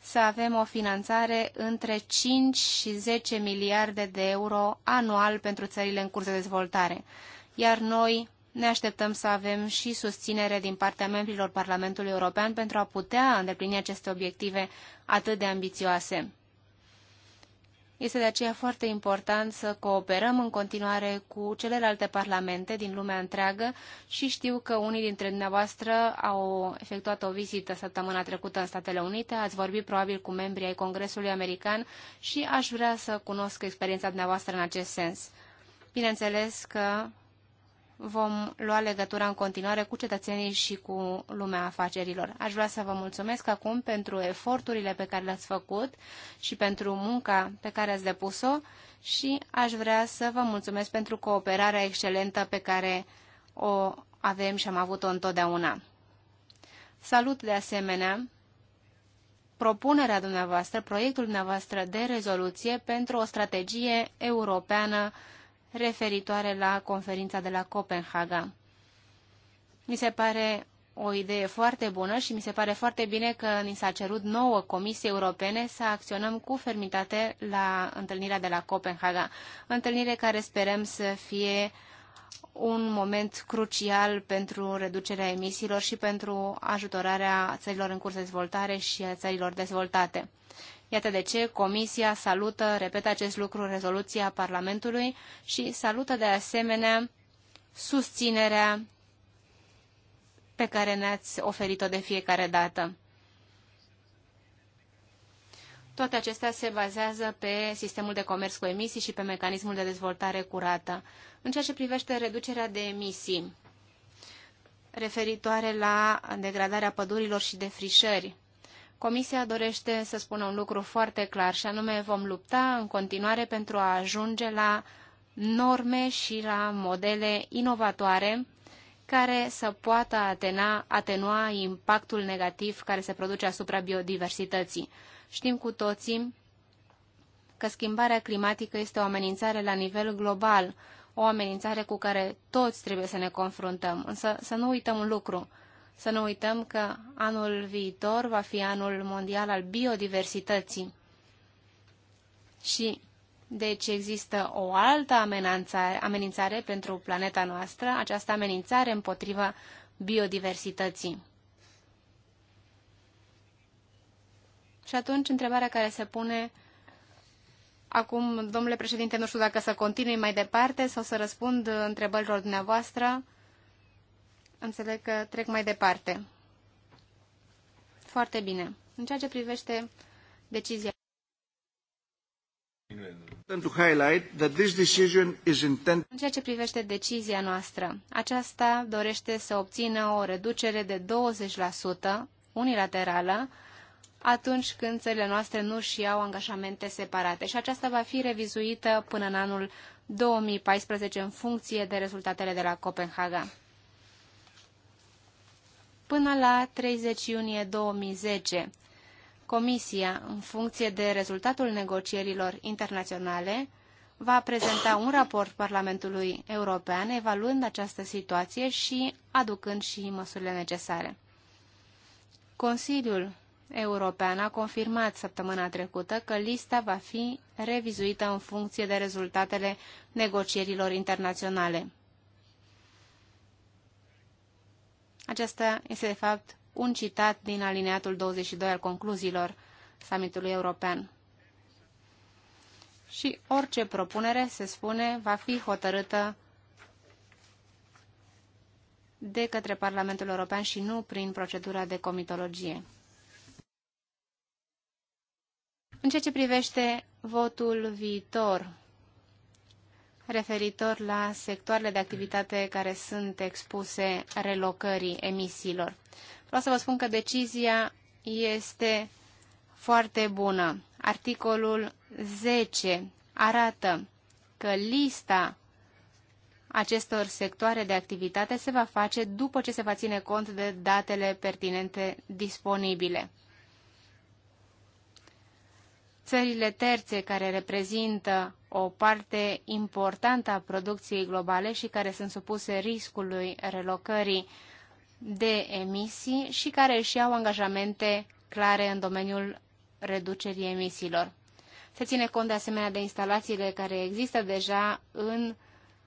să avem o finanțare între 5 și 10 miliarde de euro anual pentru țările în curs de dezvoltare, iar noi ne așteptăm să avem și susținere din partea membrilor Parlamentului European pentru a putea îndeplini aceste obiective atât de ambițioase. Este de aceea foarte important să cooperăm în continuare cu celelalte parlamente din lumea întreagă și știu că unii dintre dumneavoastră au efectuat o vizită săptămâna trecută în Statele Unite, ați vorbit probabil cu membrii ai Congresului American și aș vrea să cunosc experiența dumneavoastră în acest sens. Bineînțeles că vom lua legătura în continuare cu cetățenii și cu lumea afacerilor. Aș vrea să vă mulțumesc acum pentru eforturile pe care le-ați făcut și pentru munca pe care ați depus-o și aș vrea să vă mulțumesc pentru cooperarea excelentă pe care o avem și am avut-o întotdeauna. Salut de asemenea propunerea dumneavoastră, proiectul dumneavoastră de rezoluție pentru o strategie europeană referitoare la conferința de la Copenhaga. Mi se pare o idee foarte bună și mi se pare foarte bine că ni s-a cerut nouă Comisie Europene să acționăm cu fermitate la întâlnirea de la Copenhaga, întâlnire care sperăm să fie un moment crucial pentru reducerea emisiilor și pentru ajutorarea țărilor în curs de dezvoltare și a țărilor dezvoltate. Iată de ce Comisia salută, repet acest lucru, în rezoluția Parlamentului și salută de asemenea susținerea pe care ne-ați oferit-o de fiecare dată. Toate acestea se bazează pe sistemul de comerț cu emisii și pe mecanismul de dezvoltare curată. În ceea ce privește reducerea de emisii referitoare la degradarea pădurilor și defrișări, Comisia dorește să spună un lucru foarte clar și anume vom lupta în continuare pentru a ajunge la norme și la modele inovatoare care să poată atena, atenua impactul negativ care se produce asupra biodiversității. Știm cu toții că schimbarea climatică este o amenințare la nivel global, o amenințare cu care toți trebuie să ne confruntăm. Însă să nu uităm un lucru – să nu uităm că anul viitor va fi anul mondial al biodiversității. Și deci există o altă amenințare, amenințare pentru planeta noastră, această amenințare împotriva biodiversității. Și atunci întrebarea care se pune acum, domnule președinte, nu știu dacă să continui mai departe sau să răspund întrebărilor dumneavoastră. Înțeleg că trec mai departe. Foarte bine. În ceea ce privește decizia. În ceea ce privește decizia noastră, aceasta dorește să obțină o reducere de 20% unilaterală atunci când țările noastre nu și au angajamente separate. Și aceasta va fi revizuită până în anul 2014 în funcție de rezultatele de la Copenhaga până la 30 iunie 2010. Comisia, în funcție de rezultatul negocierilor internaționale, va prezenta un raport Parlamentului European evaluând această situație și aducând și măsurile necesare. Consiliul European a confirmat săptămâna trecută că lista va fi revizuită în funcție de rezultatele negocierilor internaționale. Acesta este, de fapt, un citat din alineatul 22 al concluziilor summitului european. Și orice propunere, se spune, va fi hotărâtă de către Parlamentul European și nu prin procedura de comitologie. În ceea ce privește votul viitor referitor la sectoarele de activitate care sunt expuse relocării emisiilor. Vreau să vă spun că decizia este foarte bună. Articolul 10 arată că lista acestor sectoare de activitate se va face după ce se va ține cont de datele pertinente disponibile țările terțe care reprezintă o parte importantă a producției globale și care sunt supuse riscului relocării de emisii și care își iau angajamente clare în domeniul reducerii emisiilor. Se ține cont de asemenea de instalațiile care există deja în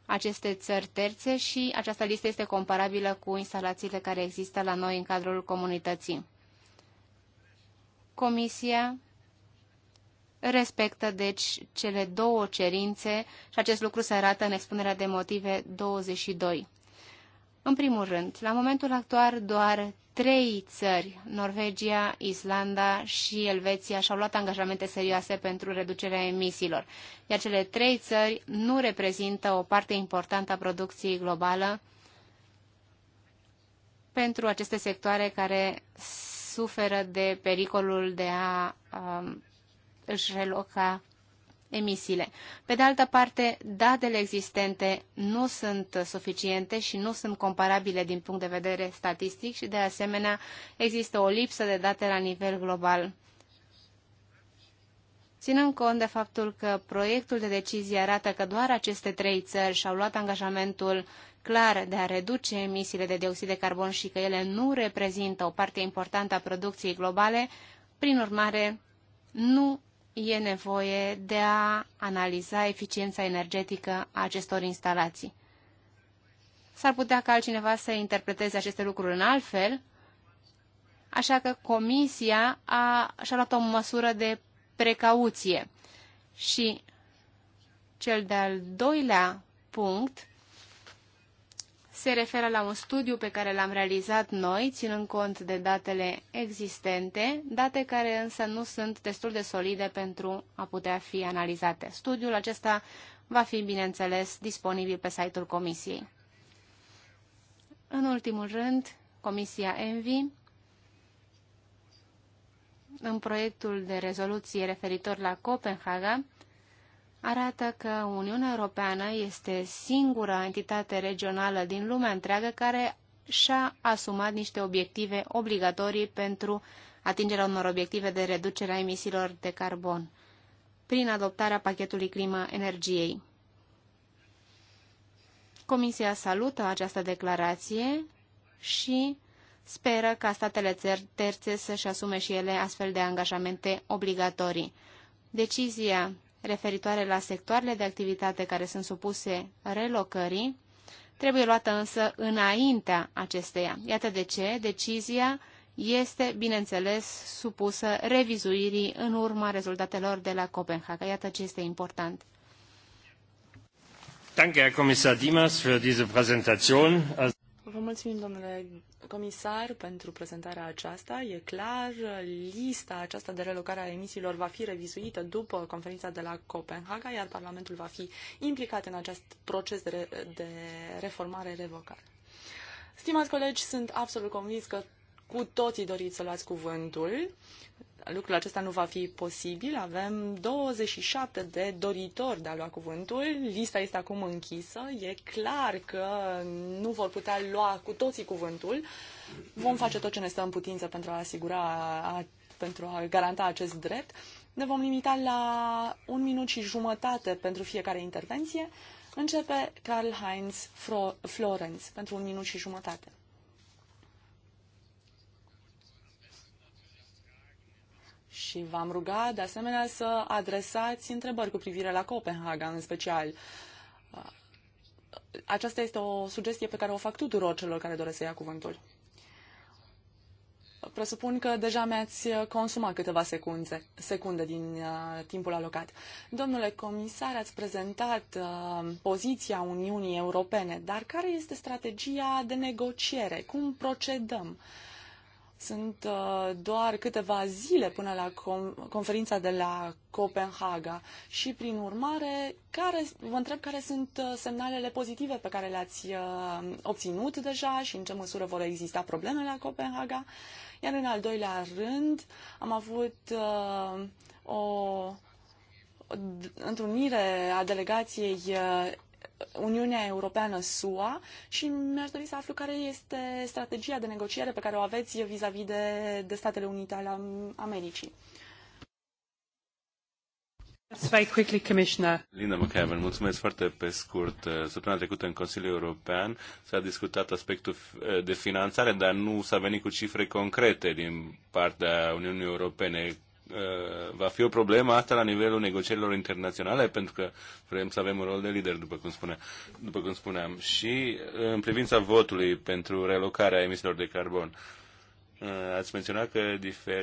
aceste țări terțe și această listă este comparabilă cu instalațiile care există la noi în cadrul comunității. Comisia respectă, deci, cele două cerințe și acest lucru se arată în expunerea de motive 22. În primul rând, la momentul actual doar trei țări, Norvegia, Islanda și Elveția, și-au luat angajamente serioase pentru reducerea emisiilor, iar cele trei țări nu reprezintă o parte importantă a producției globală pentru aceste sectoare care suferă de pericolul de a um, își reloca emisiile. Pe de altă parte, datele existente nu sunt suficiente și nu sunt comparabile din punct de vedere statistic și, de asemenea, există o lipsă de date la nivel global. Ținând cont de faptul că proiectul de decizie arată că doar aceste trei țări și-au luat angajamentul clar de a reduce emisiile de dioxid de carbon și că ele nu reprezintă o parte importantă a producției globale, prin urmare, nu e nevoie de a analiza eficiența energetică a acestor instalații. S-ar putea ca altcineva să interpreteze aceste lucruri în altfel, așa că Comisia a, și-a luat o măsură de precauție. Și cel de-al doilea punct se referă la un studiu pe care l-am realizat noi, ținând cont de datele existente, date care însă nu sunt destul de solide pentru a putea fi analizate. Studiul acesta va fi, bineînțeles, disponibil pe site-ul Comisiei. În ultimul rând, Comisia ENVI, în proiectul de rezoluție referitor la Copenhaga, arată că Uniunea Europeană este singura entitate regională din lumea întreagă care și-a asumat niște obiective obligatorii pentru atingerea unor obiective de reducere a emisiilor de carbon prin adoptarea pachetului climă-energiei. Comisia salută această declarație și speră ca statele terțe să-și asume și ele astfel de angajamente obligatorii. Decizia referitoare la sectoarele de activitate care sunt supuse relocării trebuie luată însă înaintea acesteia. Iată de ce decizia este, bineînțeles, supusă revizuirii în urma rezultatelor de la Copenhaga. Iată ce este important. Danke, Herr Kommissar Dimas, für diese Präsentation. Vă mulțumim, domnule comisar, pentru prezentarea aceasta. E clar, lista aceasta de relocare a emisiilor va fi revizuită după conferința de la Copenhaga, iar Parlamentul va fi implicat în acest proces de, re- de reformare-revocare. Stimați colegi, sunt absolut convins că cu toții doriți să luați cuvântul lucrul acesta nu va fi posibil. Avem 27 de doritori de a lua cuvântul. Lista este acum închisă. E clar că nu vor putea lua cu toții cuvântul. Vom face tot ce ne stă în putință pentru a asigura, a, pentru a garanta acest drept. Ne vom limita la un minut și jumătate pentru fiecare intervenție. Începe Karl-Heinz Florenz pentru un minut și jumătate. și v-am rugat de asemenea să adresați întrebări cu privire la Copenhaga în special. Uh, aceasta este o sugestie pe care o fac tuturor celor care doresc să ia cuvântul. Presupun că deja mi-ați consumat câteva secunde, secunde din uh, timpul alocat. Domnule comisar, ați prezentat uh, poziția Uniunii Europene, dar care este strategia de negociere? Cum procedăm? Uh, sunt uh, doar câteva zile până la conferința de la Copenhaga și, prin urmare, care, vă întreb care sunt uh, semnalele pozitive pe care le-ați uh, obținut deja și în ce măsură vor exista probleme la Copenhaga. Iar în al doilea rând am avut uh, o întrunire a delegației Uniunea Europeană SUA și mi-aș dori să aflu care este strategia de negociere pe care o aveți vis-a-vis de, de Statele Unite ale Americii. Very quickly, Commissioner. Linda McCavern, mulțumesc foarte pe scurt. Săptămâna trecută în Consiliul European s-a discutat aspectul de finanțare, dar nu s-a venit cu cifre concrete din partea Uniunii Europene Eh, va fi o problemă asta la nivelul negocierilor internaționale, pentru că vrem să avem un rol de lider, după cum, spune, după cum spuneam. Și eh, în privința votului pentru relocarea emisiilor de carbon, eh, ați menționat că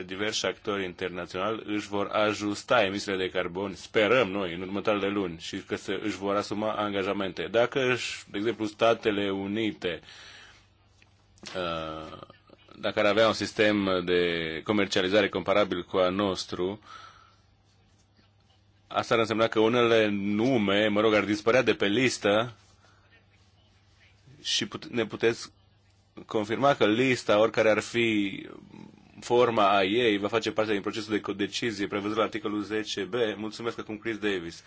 diversi actori internaționali își vor ajusta emisiile de carbon, sperăm noi, în următoarele luni, și că se, își vor asuma angajamente. Dacă, de exemplu, Statele Unite uh, dacă ar avea un sistem de comercializare comparabil cu al nostru, asta ar însemna că unele nume, mă rog, ar dispărea de pe listă și put- ne puteți confirma că lista, oricare ar fi forma a ei, va face parte din procesul de codecizie prevăzut la articolul 10b. Mulțumesc acum Chris Davis.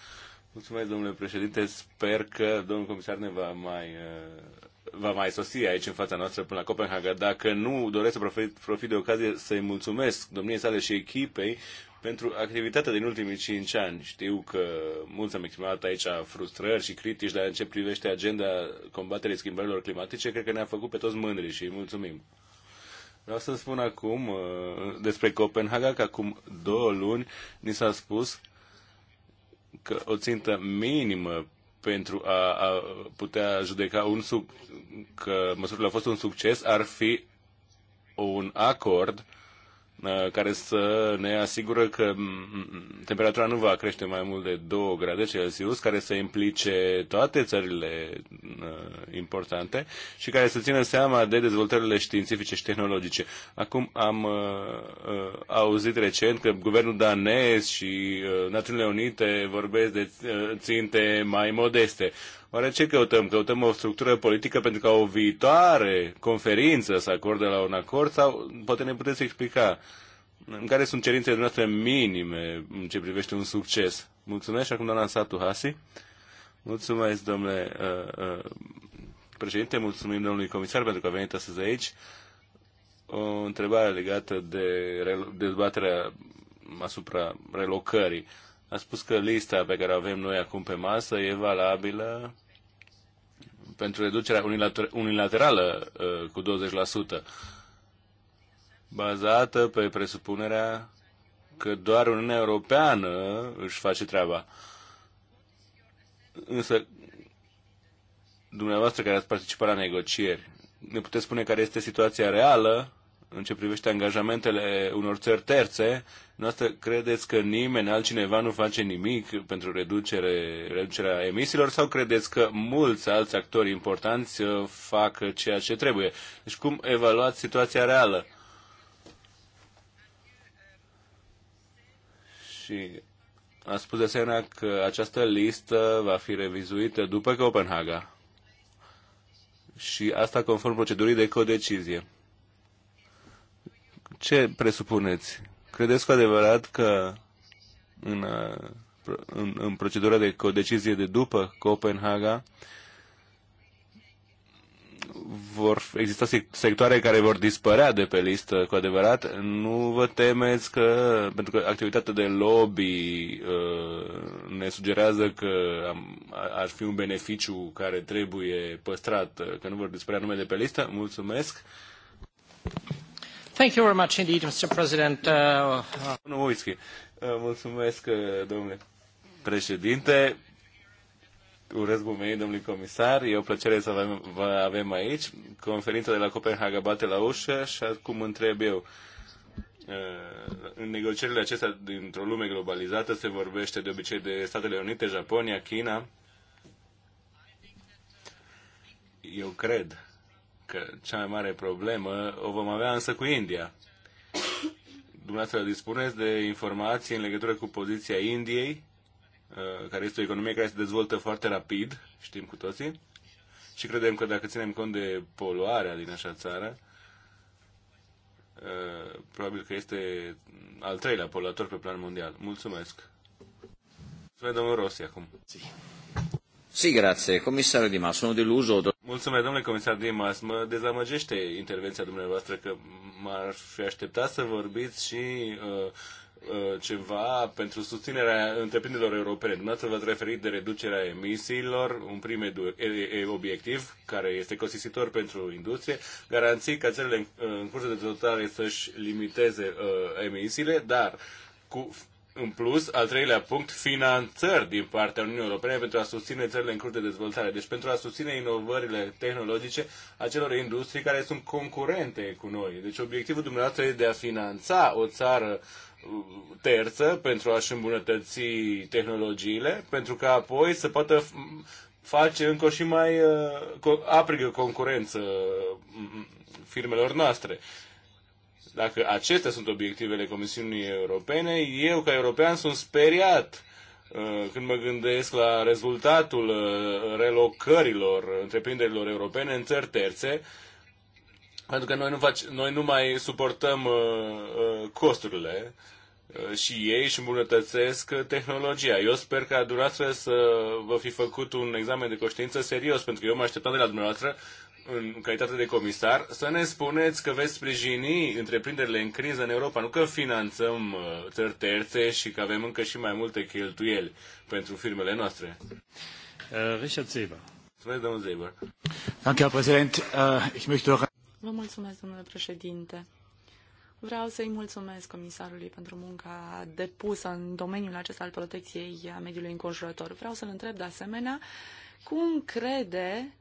Mulțumesc, domnule președinte. Sper că domnul comisar ne va mai uh, va mai sosi aici în fața noastră până la Copenhaga. Dacă nu doresc să profit, profit de ocazie să-i mulțumesc domniei sale și echipei pentru activitatea din ultimii cinci ani. Știu că mulți am exprimat aici frustrări și critici, dar în ce privește agenda combaterii schimbărilor climatice, cred că ne-a făcut pe toți mândri și îi mulțumim. Vreau să spun acum uh, despre Copenhaga, că acum două luni ni s-a spus că o țintă minimă pentru a, a putea judeca un sub, că măsurile au fost un succes, ar fi un acord Uh, care să ne asigură că mm, mm, temperatura nu va crește mai mult de 2 grade Celsius, care să implice toate țările uh, importante și care să țină seama de dezvoltările științifice și tehnologice. Acum am uh, auzit recent că guvernul danez și Națiunile Unite vorbesc de ținte mai modeste. Oare ce căutăm? Căutăm o structură politică pentru ca o viitoare conferință să acorde la un acord sau poate ne puteți explica în care sunt cerințele noastre minime în ce privește un succes? Mulțumesc și acum doamna Satu Hasi. Mulțumesc, domnule uh, uh, președinte, mulțumim domnului comisar pentru că a venit astăzi aici. O întrebare legată de dezbaterea asupra relocării. Uh, a spus că lista pe care o avem noi acum pe masă e valabilă pentru reducerea unilater- unilaterală uh, cu 20%, bazată pe presupunerea că doar Uniunea Europeană își face treaba. Însă, dumneavoastră care ați participat la negocieri, ne puteți spune care este situația reală în ce privește angajamentele unor țări terțe, noastră credeți că nimeni altcineva nu face nimic pentru reducere, reducerea emisiilor sau credeți că mulți alți actori importanți uh, fac ceea ce trebuie? Deci cum evaluați situația reală? Și a spus de asemenea că această listă va fi revizuită după Copenhaga. Și asta conform procedurii de codecizie ce presupuneți? Credeți cu adevărat că în, în, în procedura de co-decizie de după Copenhaga vor exista sectoare care vor dispărea de pe listă cu adevărat? Nu vă temeți că, pentru că activitatea de lobby uh, ne sugerează că ar fi un beneficiu care trebuie păstrat, că nu vor dispărea nume de pe listă? Mulțumesc! mulțumesc, domnule președinte. Urez bun venit, domnului comisar. E o plăcere să vă avem aici. Conferința de la Copenhaga bate la ușă și acum întreb eu. Uh, în negocierile acestea dintr-o lume globalizată se vorbește de obicei de Statele Unite, Japonia, China. Eu cred că cea mai mare problemă o vom avea însă cu India. Dumneavoastră dispuneți de informații în legătură cu poziția Indiei, uh, care este o economie care se dezvoltă foarte rapid, știm cu toții, și credem că dacă ținem cont de poluarea din așa țară, uh, probabil că este al treilea poluator pe plan mondial. Mulțumesc! Mulțumesc, domnul Rossi, acum. Sì, grazie. Commissario Di Ma, sono deluso. Mulțumesc, domnule comisar Dimas. Mă dezamăgește intervenția dumneavoastră că m-ar fi așteptat să vorbiți și uh, uh, ceva pentru susținerea întreprinderilor europene. Dumneavoastră v-ați referit de reducerea emisiilor, un prim edu- e- e- obiectiv care este consistitor pentru industrie, garanții ca țările în, în curs de dezvoltare să-și limiteze uh, emisiile, dar cu în plus, al treilea punct, finanțări din partea Uniunii Europene pentru a susține țările în curs de dezvoltare. Deci pentru a susține inovările tehnologice acelor industrii care sunt concurente cu noi. Deci obiectivul dumneavoastră este de a finanța o țară uh, terță pentru a-și îmbunătăți tehnologiile, pentru că apoi să poată face încă și mai uh, aprigă concurență firmelor noastre. Dacă acestea sunt obiectivele Comisiunii Europene, eu ca european sunt speriat uh, când mă gândesc la rezultatul uh, relocărilor întreprinderilor europene în țări terțe, pentru că noi nu, fac, noi nu mai suportăm uh, costurile și ei își îmbunătățesc tehnologia. Eu sper că dumneavoastră să vă fi făcut un examen de conștiință serios, pentru că eu mă așteptam de la dumneavoastră în calitate de comisar, să ne spuneți că veți sprijini întreprinderile în criză în Europa, nu că finanțăm uh, țări terțe și că avem încă și mai multe cheltuieli pentru firmele noastre. Uh, Richard Seber. Mulțumesc, domnul Seber. Danke, Herr Präsident. Äh, ich möchte Vă mulțumesc, domnule președinte. Vreau să-i mulțumesc comisarului pentru munca depusă în domeniul acesta al protecției a mediului înconjurător. Vreau să-l întreb de asemenea cum crede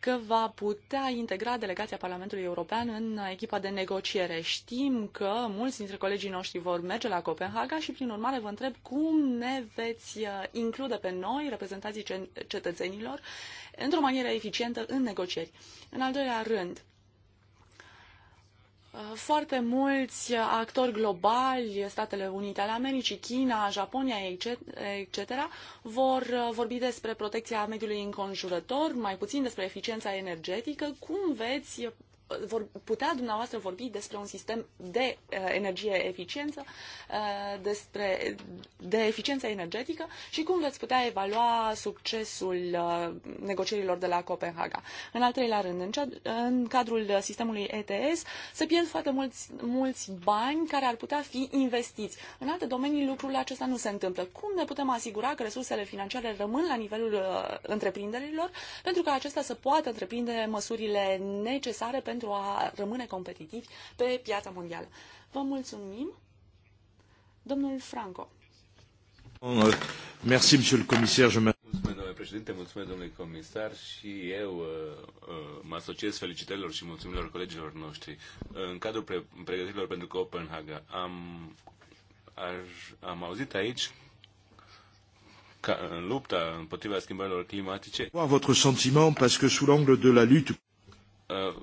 că va putea integra delegația Parlamentului European în echipa de negociere. Știm că mulți dintre colegii noștri vor merge la Copenhaga și, prin urmare, vă întreb cum ne veți uh, include pe noi, reprezentații cetățenilor, într-o manieră eficientă în negocieri. În al doilea rând, Uh, foarte mulți actori globali, Statele Unite ale Americii, China, Japonia, etc., vor uh, vorbi despre protecția mediului înconjurător, mai puțin despre eficiența energetică. Cum veți vor putea dumneavoastră vorbi despre un sistem de uh, energie eficiență, uh, despre, de eficiență energetică și cum veți putea evalua succesul uh, negocierilor de la Copenhaga. În al treilea rând, în, cea, în cadrul sistemului ETS se pierd foarte mulți, mulți bani care ar putea fi investiți. În alte domenii lucrurile acesta nu se întâmplă. Cum ne putem asigura că resursele financiare rămân la nivelul uh, întreprinderilor pentru că acesta să poată întreprinde măsurile necesare pentru pentru a rămâne competitivi pe piața mondială. Vă mulțumim, domnul Franco. Merci, monsieur le commissaire. Je mulțumesc, domnule președinte, mulțumesc, domnule comisar, și eu uh, uh, mă asociez felicitărilor și mulțumirilor colegilor noștri. În cadrul pregătirilor pentru Copenhaga am, aș, am auzit aici ca, în lupta împotriva schimbărilor climatice. votre sentiment parce que sous l'angle de la lutte. Uh,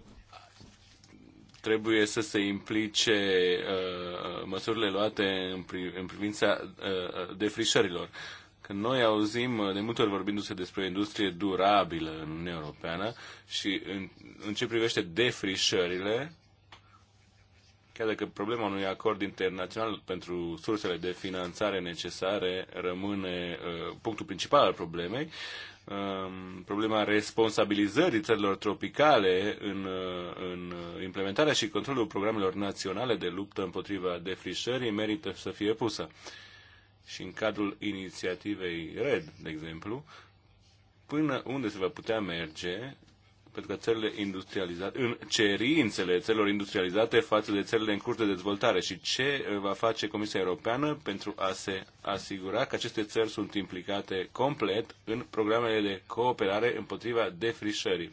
trebuie să se implice uh, uh, măsurile luate în, privința uh, defrișărilor. Când noi auzim de multe ori vorbindu-se despre o industrie durabilă în Uniunea Europeană și în, în ce privește defrișările, chiar dacă problema unui acord internațional pentru sursele de finanțare necesare rămâne uh, punctul principal al problemei, Um, problema responsabilizării țărilor tropicale în, uh, în implementarea și controlul programelor naționale de luptă împotriva defrișării merită să fie pusă. Și în cadrul inițiativei RED, de exemplu, până unde se va putea merge pentru că țările industrializate, în cerințele țărilor industrializate față de țările în curs de dezvoltare și ce va face Comisia Europeană pentru a se asigura că aceste țări sunt implicate complet în programele de cooperare împotriva defrișării.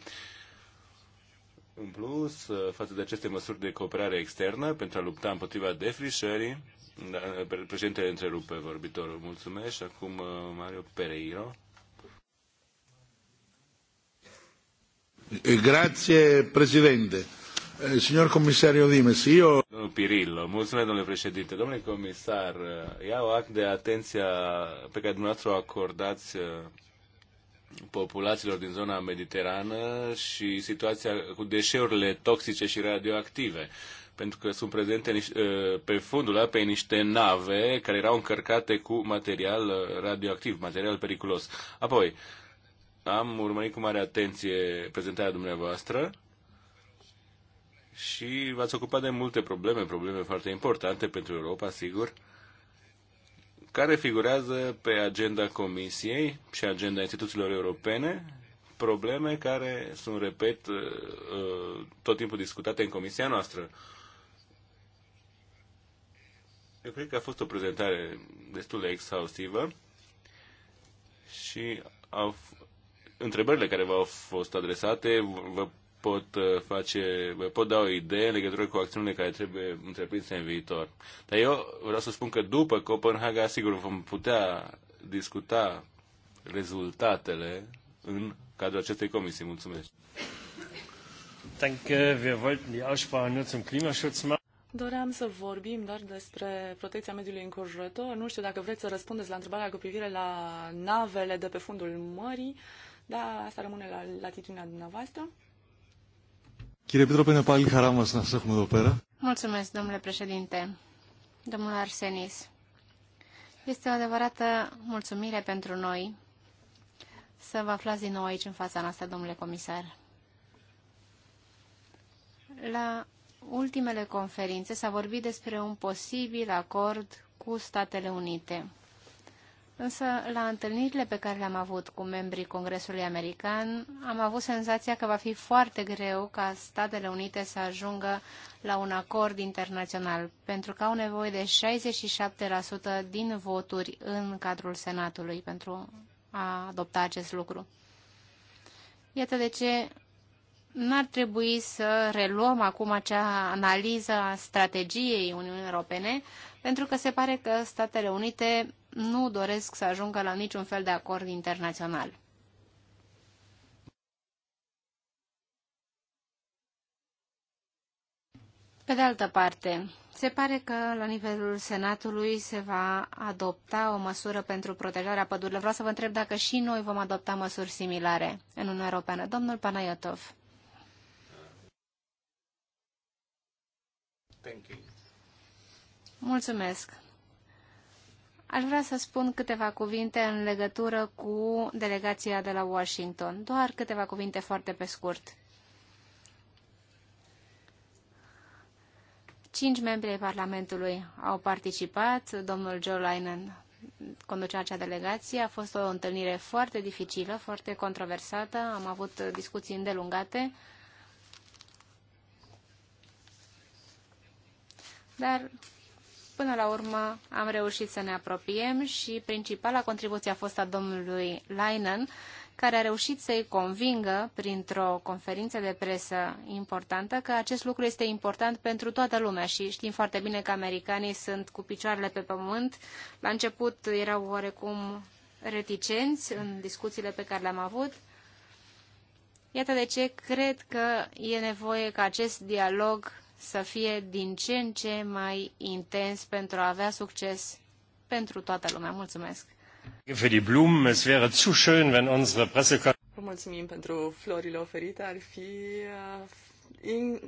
În plus, față de aceste măsuri de cooperare externă pentru a lupta împotriva defrișării, da, președintele întrerupe vorbitorul. Mulțumesc. acum uh, Mario Pereiro. Eh, grazie Presidente. Eh, signor Dimes, Domnul Pirillo, mulțumesc, domnule președinte. Domnule comisar, eh, iau act de atenția pe care dumneavoastră o acordați populațiilor din zona mediterană și situația cu deșeurile toxice și radioactive pentru că sunt prezente pe fundul apei niște nave care erau încărcate cu material radioactiv, material periculos. Apoi, am urmărit cu mare atenție prezentarea dumneavoastră și v-ați ocupat de multe probleme, probleme foarte importante pentru Europa, sigur, care figurează pe agenda Comisiei și agenda instituțiilor europene, probleme care sunt, repet, uh, uh, tot timpul discutate în Comisia noastră. Eu cred că a fost o prezentare destul de exhaustivă și au, întrebările care v-au fost adresate vă pot uh, face, vă pot da o idee în legătură cu acțiunile care trebuie întreprinse în viitor. Dar eu vreau să spun că după Copenhaga, sigur, vom putea discuta rezultatele în cadrul acestei comisii. Mulțumesc! Doream să vorbim doar despre protecția mediului înconjurător. Nu știu dacă vreți să răspundeți la întrebarea cu privire la navele de pe fundul mării. Uh, da, asta rămâne la latitudinea dumneavoastră. Chire Petrope, ne pali harama să ne de operă. Mulțumesc, domnule președinte. Domnul Arsenis, este o adevărată mulțumire pentru noi să vă aflați din nou aici în fața noastră, domnule comisar. La ultimele conferințe s-a vorbit despre un posibil acord cu Statele Unite. Însă, la întâlnirile pe care le-am avut cu membrii Congresului American, am avut senzația că va fi foarte greu ca Statele Unite să ajungă la un acord internațional, pentru că au nevoie de 67% din voturi în cadrul Senatului pentru a adopta acest lucru. Iată de ce n-ar trebui să reluăm acum acea analiză a strategiei Uniunii Europene, pentru că se pare că Statele Unite nu doresc să ajungă la niciun fel de acord internațional. Pe de altă parte, se pare că la nivelul Senatului se va adopta o măsură pentru protejarea pădurilor. Vreau să vă întreb dacă și noi vom adopta măsuri similare în Uniunea Europeană. Domnul Panayotov. Thank you. Mulțumesc. Aș vrea să spun câteva cuvinte în legătură cu delegația de la Washington. Doar câteva cuvinte foarte pe scurt. Cinci membri ai Parlamentului au participat, domnul Joe Linen conducea acea delegație. A fost o întâlnire foarte dificilă, foarte controversată. Am avut discuții îndelungate. Dar Până la urmă am reușit să ne apropiem și principala contribuție a fost a domnului Leinen, care a reușit să-i convingă printr-o conferință de presă importantă că acest lucru este important pentru toată lumea și știm foarte bine că americanii sunt cu picioarele pe pământ. La început erau oarecum reticenți în discuțiile pe care le-am avut. Iată de ce cred că e nevoie ca acest dialog să fie din ce în ce mai intens pentru a avea succes pentru toată lumea. Mulțumesc! Vă mulțumim pentru florile oferite. Ar fi, uh,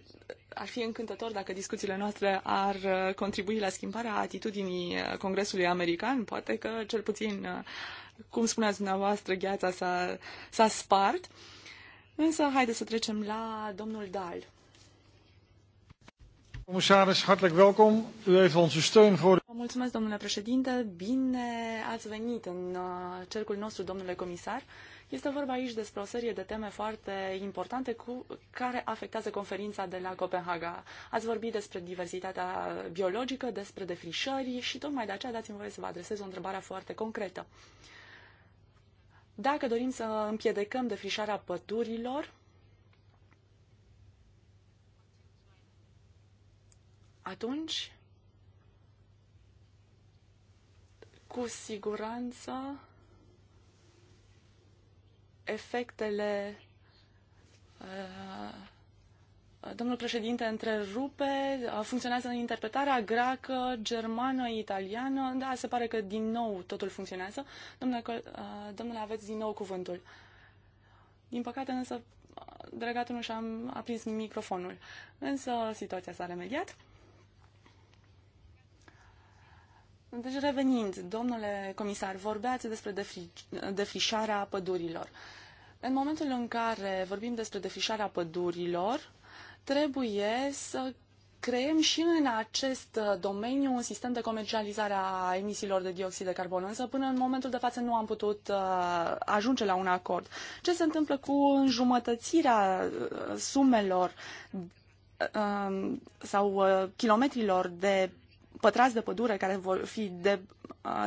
ar fi încântător dacă discuțiile noastre ar uh, contribui la schimbarea atitudinii uh, Congresului American. Poate că, cel puțin, cum spuneați dumneavoastră, gheața s-a, s-a spart. Însă, haideți să trecem la domnul Dal. Commissaris, hartelijk welkom. U heeft onze steun voor... Mulțumesc, domnule președinte. Bine ați venit în uh, cercul nostru, domnule comisar. Este vorba aici despre o serie de teme foarte importante cu, care afectează conferința de la Copenhaga. Ați vorbit despre diversitatea biologică, despre defrișări și tocmai de aceea dați-mi voie să vă adresez o întrebare foarte concretă. Dacă dorim să împiedicăm defrișarea pădurilor, atunci cu siguranță efectele uh, Domnul președinte întrerupe, uh, funcționează în interpretarea greacă, germană, italiană. Da, se pare că din nou totul funcționează. Domnule, uh, domnule aveți din nou cuvântul. Din păcate însă, dragatul nu și-a aprins microfonul. Însă situația s-a remediat. Deci revenind, domnule comisar, vorbeați despre defri- defrișarea pădurilor. În momentul în care vorbim despre defrișarea pădurilor, trebuie să creăm și în acest domeniu un sistem de comercializare a emisiilor de dioxid de carbon, însă până în momentul de față nu am putut uh, ajunge la un acord. Ce se întâmplă cu înjumătățirea uh, sumelor uh, sau kilometrilor de pătrați de pădure care vor fi de,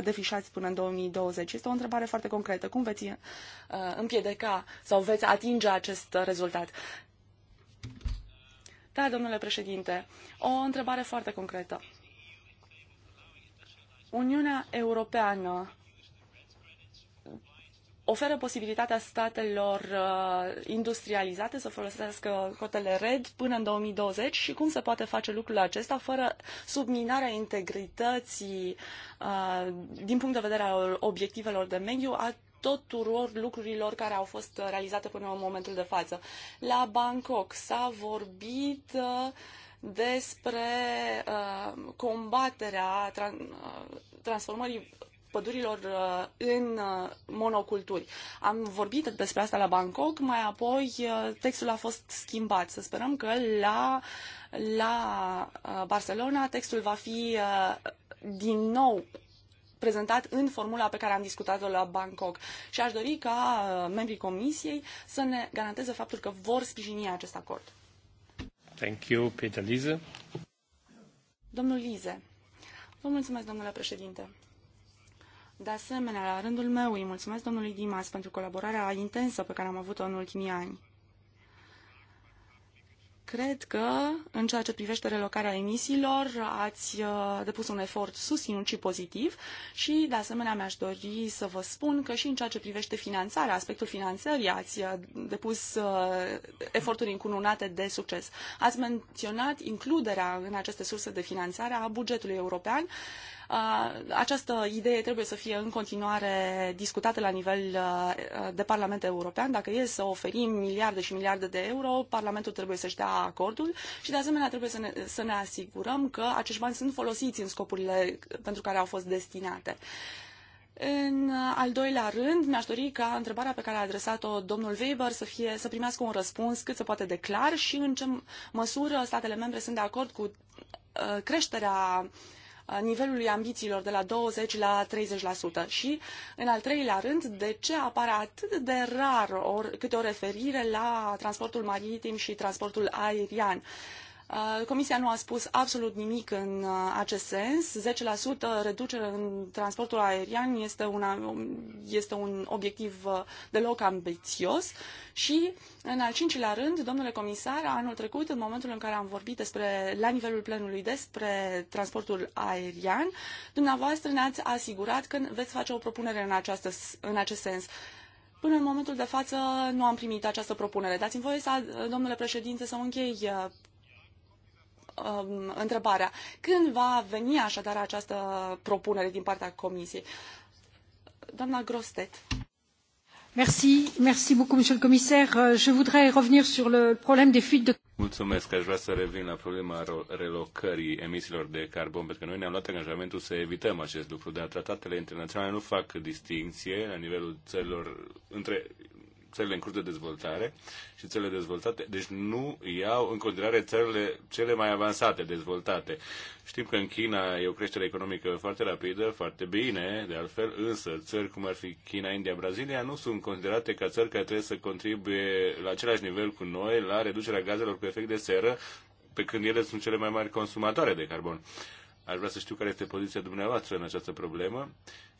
defișați până în 2020? Este o întrebare foarte concretă. Cum veți uh, împiedica sau veți atinge acest rezultat? Da, domnule președinte, o întrebare foarte concretă. Uniunea Europeană oferă posibilitatea statelor uh, industrializate să folosească cotele RED până în 2020 și cum se poate face lucrul acesta fără subminarea integrității uh, din punct de vedere al obiectivelor de mediu a tuturor lucrurilor care au fost realizate până în momentul de față. La Bangkok s-a vorbit uh, despre combaterea transformării pădurilor uh, în uh, monoculturi. Am vorbit despre asta la Bangkok, mai apoi uh, textul a fost schimbat. Să sperăm că la, la Barcelona textul va fi din nou prezentat în formula pe care am discutat-o la Bangkok. Și aș dori ca membrii comisiei să ne garanteze faptul că vor sprijini acest acord. Thank you, Peter Lise. Domnul Lise, Vă mulțumesc, domnule președinte. De asemenea, la rândul meu îi mulțumesc domnului Dimas pentru colaborarea intensă pe care am avut-o în ultimii ani. Cred că, în ceea ce privește relocarea emisiilor, ați uh, depus un efort susținut și pozitiv și, de asemenea, mi-aș dori să vă spun că și în ceea ce privește finanțarea, aspectul finanțării, ați uh, depus uh, eforturi încununate de succes. Ați menționat includerea în aceste surse de finanțare a bugetului european această idee trebuie să fie în continuare discutată la nivel de Parlament European. Dacă e să oferim miliarde și miliarde de euro, Parlamentul trebuie să-și dea acordul și, de asemenea, trebuie să ne, să ne asigurăm că acești bani sunt folosiți în scopurile pentru care au fost destinate. În al doilea rând, mi-aș dori ca întrebarea pe care a adresat-o domnul Weber să, fie, să primească un răspuns cât se poate de clar și în ce măsură statele membre sunt de acord cu creșterea nivelului ambițiilor de la 20 la 30%? Și, în al treilea rând, de ce apare atât de rar or, câte o referire la transportul maritim și transportul aerian? Uh, Comisia nu a spus absolut nimic în uh, acest sens. 10% reducere în transportul aerian este, una, uh, um, este un obiectiv deloc ambițios și, în al cincilea rând, domnule comisar, anul trecut, în momentul în care am vorbit despre, la nivelul plenului despre transportul aerian, dumneavoastră ne-ați asigurat că veți face o propunere în, această, în acest sens. Până în momentul de față nu am primit această propunere. Dați-mi voie, să, domnule președinte, să închei um, întrebarea. Când va veni așadar această propunere din partea Comisiei? Doamna Grostet. Merci, merci beaucoup, monsieur le commissaire. Euh, je voudrais revenir sur le problème des fuites de... Mulțumesc, aș vrea să revin la problema relocării emisiilor de carbon, pentru că noi ne-am luat angajamentul să evităm acest lucru, dar tratatele internaționale nu fac distinție la nivelul țărilor între țările în curs de dezvoltare și țările dezvoltate, deci nu iau în considerare țările cele mai avansate, dezvoltate. Știm că în China e o creștere economică foarte rapidă, foarte bine, de altfel, însă țări cum ar fi China, India, Brazilia nu sunt considerate ca țări care trebuie să contribuie la același nivel cu noi la reducerea gazelor cu efect de seră, pe când ele sunt cele mai mari consumatoare de carbon. Aș vrea să știu care este poziția dumneavoastră în această problemă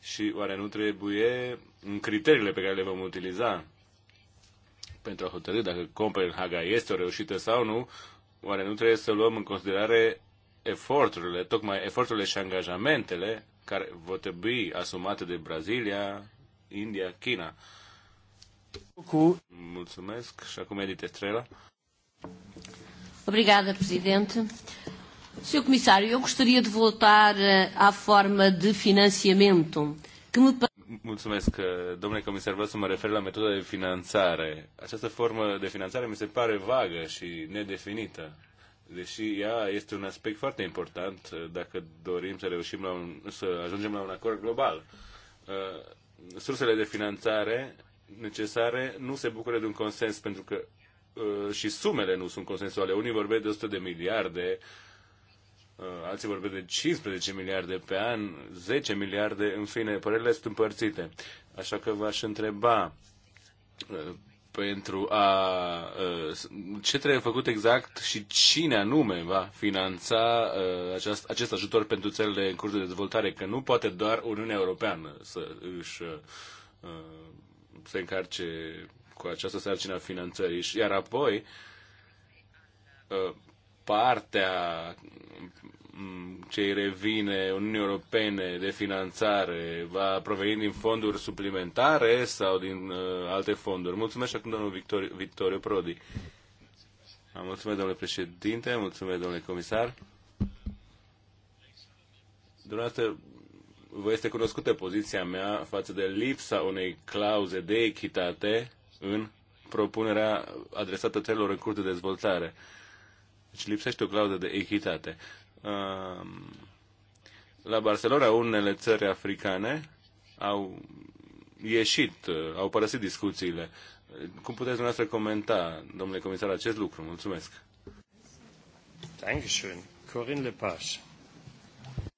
și oare nu trebuie în criteriile pe care le vom utiliza pentru a hotărâi dacă Copenhaga este o reușită sau nu, oare nu trebuie să luăm în considerare eforturile, tocmai eforturile și angajamentele care vor trebui asumate de Brazilia, India, China. Cu... Mulțumesc și acum Edith Estrela. Obrigada, Presidente. Sr. Comissário, eu gostaria de voltar eh, à forma de financiamento, que me parece. Mulțumesc, uh, domnule comisar, vreau să mă refer la metoda de finanțare. Această formă de finanțare mi se pare vagă și nedefinită, deși ea este un aspect foarte important uh, dacă dorim să reușim la un, să ajungem la un acord global. Uh, sursele de finanțare necesare nu se bucură de un consens pentru că și sumele nu sunt consensuale. Unii vorbesc de 100 de miliarde, uh, Uh, alții vorbesc de 15 miliarde pe an, 10 miliarde, în fine, părerile sunt împărțite. Așa că v-aș întreba uh, pentru a uh, ce trebuie făcut exact și cine anume va finanța acest, acest ajutor pentru țările în curs de dezvoltare, că nu poate doar Uniunea Europeană să își se încarce cu această sarcină a finanțării. Iar apoi partea mm, ce îi revine Uniunii Europene de finanțare va proveni din fonduri suplimentare sau din uh, alte fonduri? Mulțumesc acum domnul Victor, Victorio Prodi. Mulțumesc, domnule președinte, mulțumesc, domnule comisar. Dumneavoastră, vă este cunoscută poziția mea față de lipsa unei clauze de echitate în propunerea adresată țărilor în curte de dezvoltare. Uh, deci lipsește o clauză de echitate. La Barcelona, unele țări africane au ieșit, au părăsit discuțiile. Cum puteți dumneavoastră comenta, domnule comisar, acest lucru? Mulțumesc. Dankeschön. Corinne Lepage.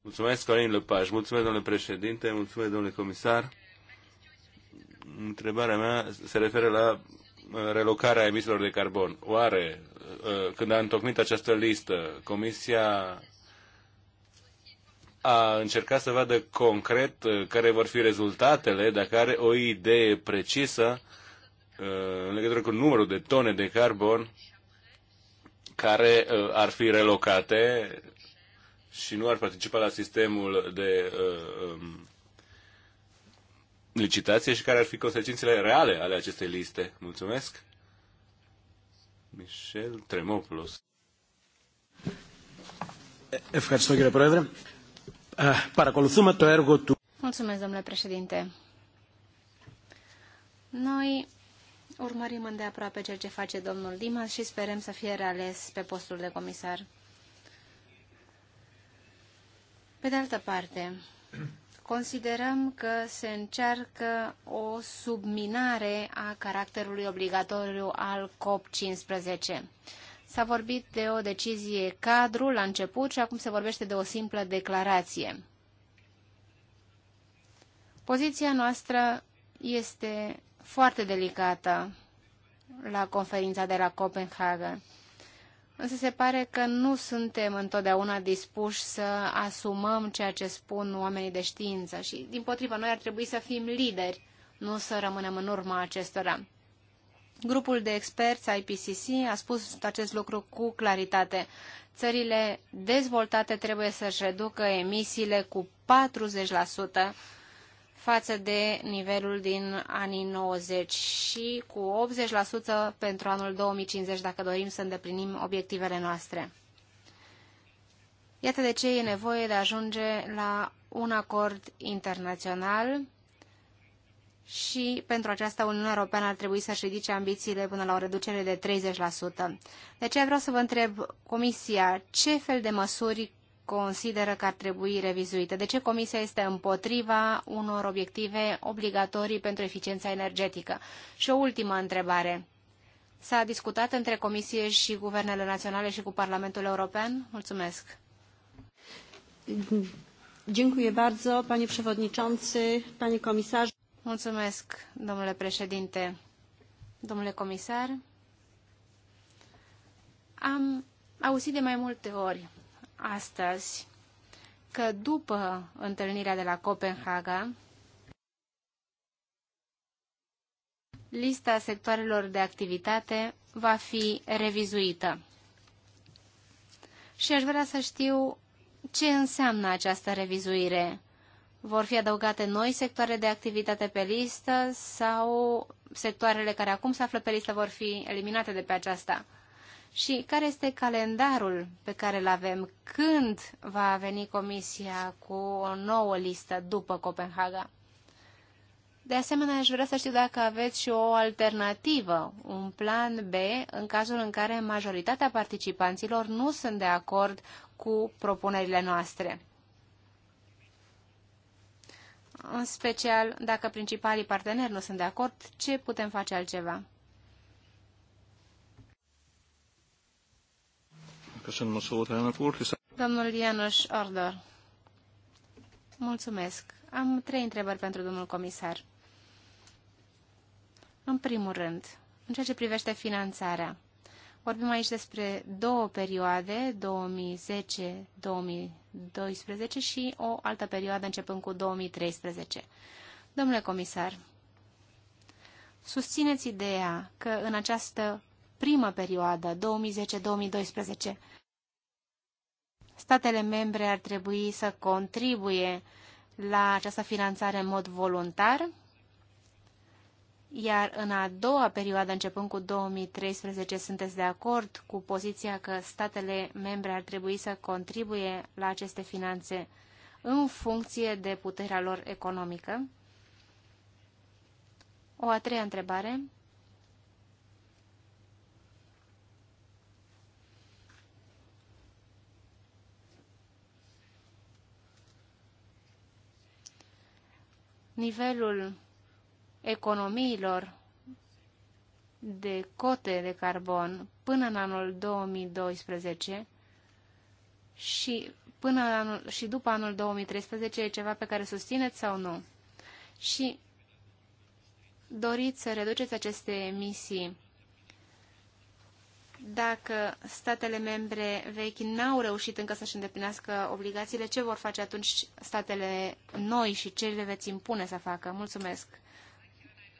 Mulțumesc, Corin Lăpaș. Mulțumesc, domnule președinte. Mulțumesc, domnule comisar. Întrebarea mea se referă la relocarea emisiilor de carbon. Oare Uh, când a întocmit această listă, Comisia a încercat să vadă concret uh, care vor fi rezultatele, dacă are o idee precisă uh, în legătură cu numărul de tone de carbon care ar fi relocate și nu ar participa la sistemul de um, licitație și care ar fi consecințele reale ale acestei liste. Mulțumesc! Michel Tremopoulos. Mulțumesc, domnule președinte. Noi urmărim îndeaproape ceea ce face domnul Dimas și sperăm să fie reales pe postul de comisar. Pe de altă parte, considerăm că se încearcă o subminare a caracterului obligatoriu al COP15. S-a vorbit de o decizie cadru la început și acum se vorbește de o simplă declarație. Poziția noastră este foarte delicată la conferința de la Copenhagen. Însă se pare că nu suntem întotdeauna dispuși să asumăm ceea ce spun oamenii de știință și, din potrivă, noi ar trebui să fim lideri, nu să rămânem în urma acestora. Grupul de experți IPCC a spus acest lucru cu claritate. Țările dezvoltate trebuie să-și reducă emisiile cu 40% față de nivelul din anii 90 și cu 80% pentru anul 2050 dacă dorim să îndeplinim obiectivele noastre. Iată de ce e nevoie de a ajunge la un acord internațional și pentru aceasta Uniunea Europeană ar trebui să-și ridice ambițiile până la o reducere de 30%. De aceea vreau să vă întreb Comisia ce fel de măsuri consideră că ar trebui revizuită? De ce Comisia este împotriva unor obiective obligatorii pentru eficiența energetică? Și o ultimă întrebare. S-a discutat între Comisie și Guvernele Naționale și cu Parlamentul European? Mulțumesc. Dziękuję bardzo, panie przewodniczący, panie komisarz. Mulțumesc, domnule președinte. Domnule comisar, am auzit de mai multe ori astăzi că după întâlnirea de la Copenhaga, lista sectoarelor de activitate va fi revizuită. Și aș vrea să știu ce înseamnă această revizuire. Vor fi adăugate noi sectoare de activitate pe listă sau sectoarele care acum se află pe listă vor fi eliminate de pe aceasta? și care este calendarul pe care îl avem? Când va veni Comisia cu o nouă listă după Copenhaga? De asemenea, aș vrea să știu dacă aveți și o alternativă, un plan B, în cazul în care majoritatea participanților nu sunt de acord cu propunerile noastre. În special, dacă principalii parteneri nu sunt de acord, ce putem face altceva? Domnul János Ardor. Mulțumesc. Am trei întrebări pentru domnul comisar. În primul rând, în ceea ce privește finanțarea, vorbim aici despre două perioade, 2010-2012 și o altă perioadă începând cu 2013. Domnule comisar, susțineți ideea că în această primă perioadă, 2010-2012, statele membre ar trebui să contribuie la această finanțare în mod voluntar, iar în a doua perioadă, începând cu 2013, sunteți de acord cu poziția că statele membre ar trebui să contribuie la aceste finanțe în funcție de puterea lor economică? O a treia întrebare. nivelul economiilor de cote de carbon până în anul 2012 și, până anul, și după anul 2013 e ceva pe care susțineți sau nu? Și doriți să reduceți aceste emisii dacă statele membre vechi n-au reușit încă să-și îndeplinească obligațiile, ce vor face atunci statele noi și ce le veți impune să facă? Mulțumesc!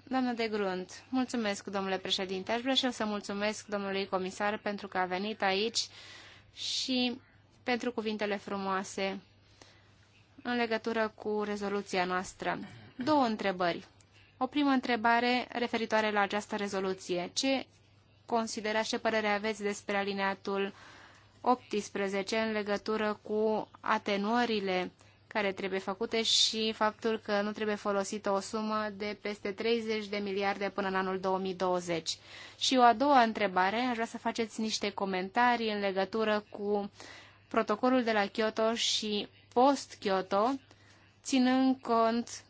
Doamnă de Grunt, mulțumesc, domnule președinte. Aș vrea și eu să mulțumesc domnului comisar pentru că a venit aici și pentru cuvintele frumoase în legătură cu rezoluția noastră. Două întrebări. O primă întrebare referitoare la această rezoluție. Ce considera ce părere aveți despre alineatul 18 în legătură cu atenuările care trebuie făcute și faptul că nu trebuie folosită o sumă de peste 30 de miliarde până în anul 2020. Și o a doua întrebare, aș vrea să faceți niște comentarii în legătură cu protocolul de la Kyoto și post-Kyoto, ținând cont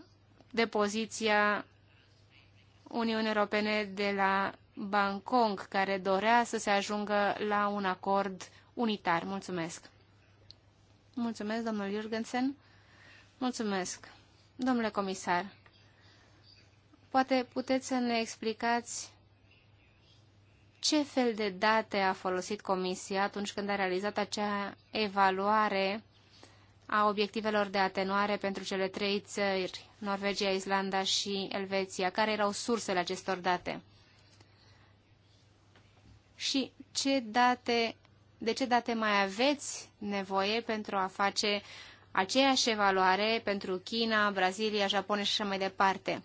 de poziția Uniunii Europene de la Bangkok, care dorea să se ajungă la un acord unitar. Mulțumesc! Mulțumesc, domnul Jurgensen. Mulțumesc, domnule comisar. Poate puteți să ne explicați ce fel de date a folosit Comisia atunci când a realizat acea evaluare a obiectivelor de atenuare pentru cele trei țări, Norvegia, Islanda și Elveția? Care erau sursele acestor date? și ce date, de ce date mai aveți nevoie pentru a face aceeași evaluare pentru China, Brazilia, Japonia și așa mai departe.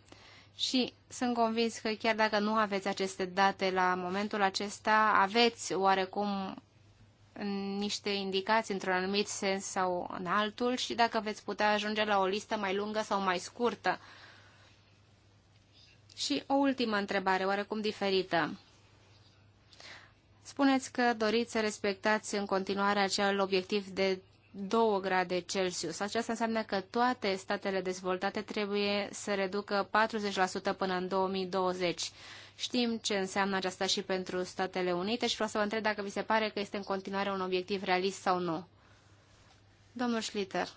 Și sunt convins că chiar dacă nu aveți aceste date la momentul acesta, aveți oarecum niște indicații într-un anumit sens sau în altul și dacă veți putea ajunge la o listă mai lungă sau mai scurtă. Și o ultimă întrebare, oarecum diferită. Spuneți că doriți să respectați în continuare acel obiectiv de 2 grade Celsius. Aceasta înseamnă că toate statele dezvoltate trebuie să reducă 40% până în 2020. Știm ce înseamnă aceasta și pentru Statele Unite și vreau să vă întreb dacă vi se pare că este în continuare un obiectiv realist sau nu. Domnul Schlitter.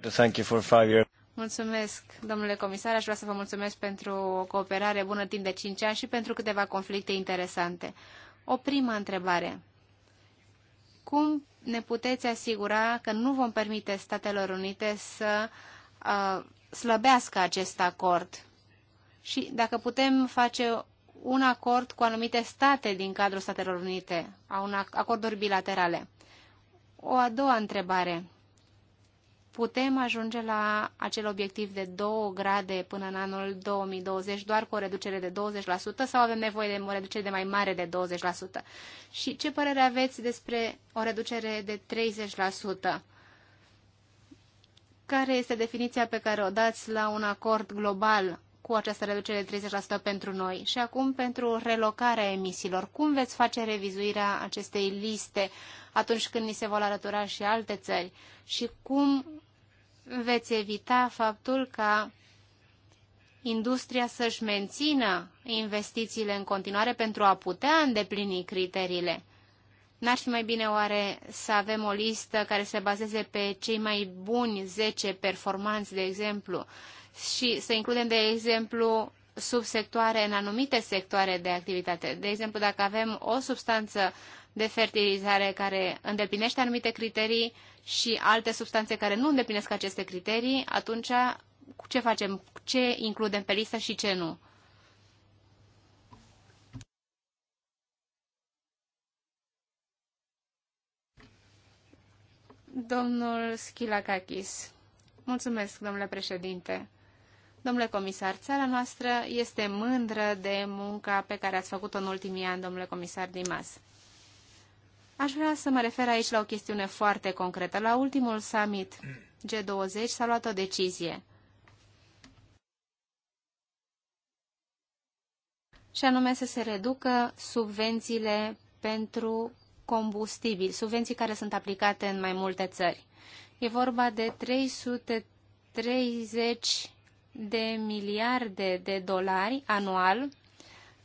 Thank you for five years. Mulțumesc, domnule comisar. Aș vrea să vă mulțumesc pentru o cooperare bună timp de 5 ani și pentru câteva conflicte interesante. O primă întrebare. Cum ne puteți asigura că nu vom permite Statelor Unite să uh, slăbească acest acord? Și dacă putem face un acord cu anumite state din cadrul Statelor Unite, a un acorduri bilaterale. O a doua întrebare putem ajunge la acel obiectiv de 2 grade până în anul 2020 doar cu o reducere de 20% sau avem nevoie de o reducere de mai mare de 20%? Și ce părere aveți despre o reducere de 30%? Care este definiția pe care o dați la un acord global cu această reducere de 30% pentru noi? Și acum pentru relocarea emisiilor. Cum veți face revizuirea acestei liste atunci când ni se vor alătura și alte țări? Și cum veți evita faptul ca industria să-și mențină investițiile în continuare pentru a putea îndeplini criteriile. N-ar fi mai bine oare să avem o listă care se bazeze pe cei mai buni 10 performanți, de exemplu, și să includem, de exemplu, subsectoare în anumite sectoare de activitate. De exemplu, dacă avem o substanță uh, de fertilizare care îndeplinește anumite criterii și alte substanțe care nu îndeplinesc aceste criterii, atunci ce facem, ce includem pe listă și ce nu. Domnul Schilakakis. Mulțumesc, domnule președinte. Domnule comisar, țara noastră este mândră de munca pe care ați făcut-o în ultimii ani, domnule comisar Dimas. Aș vrea să mă refer aici la o chestiune foarte concretă. La ultimul summit G20 s-a luat o decizie. Și anume să se reducă subvențiile pentru combustibil, subvenții care sunt aplicate în mai multe țări. E vorba de 330 de miliarde de dolari anual,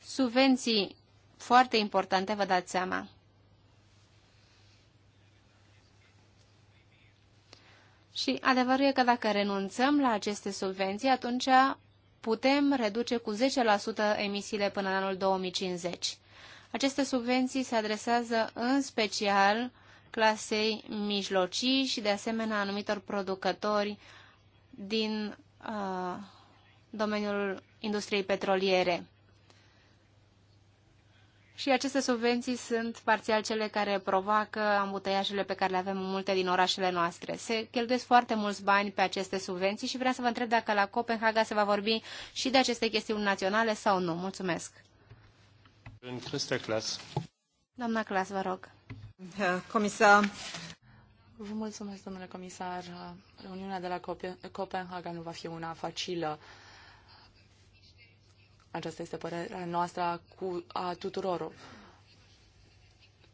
subvenții foarte importante, vă dați seama. Și adevărul e că dacă renunțăm la aceste subvenții, atunci putem reduce cu 10% emisiile până în anul 2050. Aceste subvenții se adresează în special clasei mijlocii și de asemenea anumitor producători din uh, domeniul industriei petroliere. Și aceste subvenții sunt parțial cele care provoacă ambuteiajele pe care le avem în multe din orașele noastre. Se cheltuiesc foarte mulți bani pe aceste subvenții și vreau să vă întreb dacă la Copenhaga se va vorbi și de aceste chestiuni naționale sau nu. Mulțumesc. În Crista Clas. Doamna Clas, vă rog. Comisar. Vă mulțumesc, domnule comisar. Reuniunea de la Copenhaga nu va fi una facilă. Aceasta este părerea noastră cu a tuturor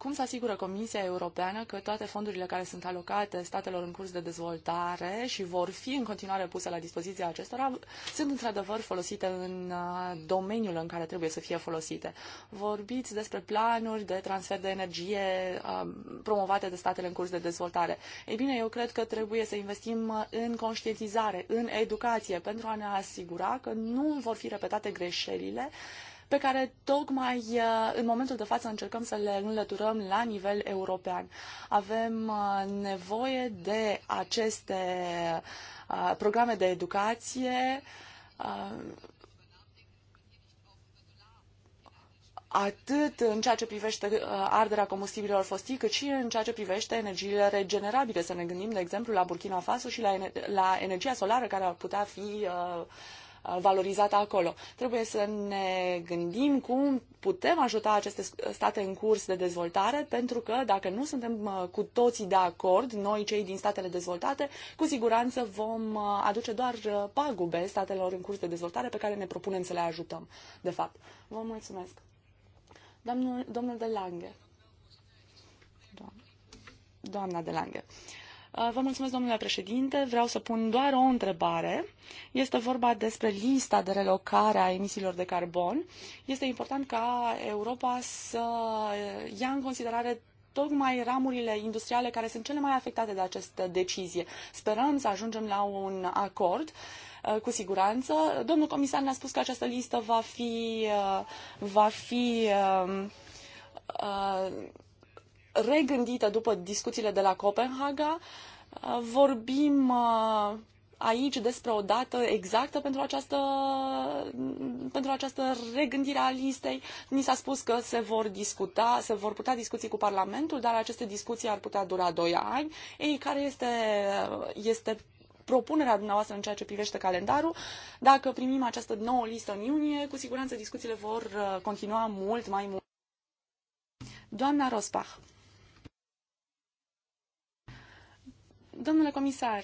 cum se asigură Comisia Europeană că toate fondurile care sunt alocate statelor în curs de dezvoltare și vor fi în continuare puse la dispoziția acestora sunt într-adevăr folosite în uh, domeniul în care trebuie să fie folosite? Vorbiți despre planuri de transfer de energie uh, promovate de statele în curs de dezvoltare. Ei bine, eu cred că trebuie să investim uh, în conștientizare, în educație, pentru a ne asigura că nu vor fi repetate greșelile pe care tocmai uh, în momentul de față încercăm să le înlăturăm la nivel european. Avem uh, nevoie de aceste uh, programe de educație atât în ceea ce privește arderea combustibililor fosili, cât și în ceea ce privește energiile regenerabile. Să ne gândim, de exemplu, la Burkina Faso și la, la energia solară care ar putea fi uh, Uh, valorizată acolo. Trebuie să ne gândim cum putem ajuta aceste state în curs de dezvoltare, pentru că dacă nu suntem uh, cu toții de acord, noi cei din statele dezvoltate, cu siguranță vom uh, aduce doar pagube statelor în curs de dezvoltare pe care ne propunem să le ajutăm, de fapt. Vă mulțumesc. Domnul, domnul de Lange. Doamna, de Lange. Uh, Uh, vă mulțumesc, domnule președinte. Vreau să pun doar o întrebare. Este vorba despre lista de relocare a emisiilor de carbon. Este important ca Europa să ia în considerare tocmai ramurile industriale care sunt cele mai afectate de această decizie. Sperăm să ajungem la un acord uh, cu siguranță. Domnul comisar ne-a spus că această listă va fi, uh, va fi uh, uh, regândită după discuțiile de la Copenhaga. Uh, vorbim uh, aici despre o dată exactă pentru această, pentru această regândire a listei. Ni s-a spus că se vor discuta, se vor putea discuții cu Parlamentul, dar aceste discuții ar putea dura 2 ani. Ei, care este, este propunerea dumneavoastră în ceea ce privește calendarul. Dacă primim această nouă listă în iunie, cu siguranță discuțiile vor uh, continua mult mai mult. Doamna Rospach. Domnule comisar,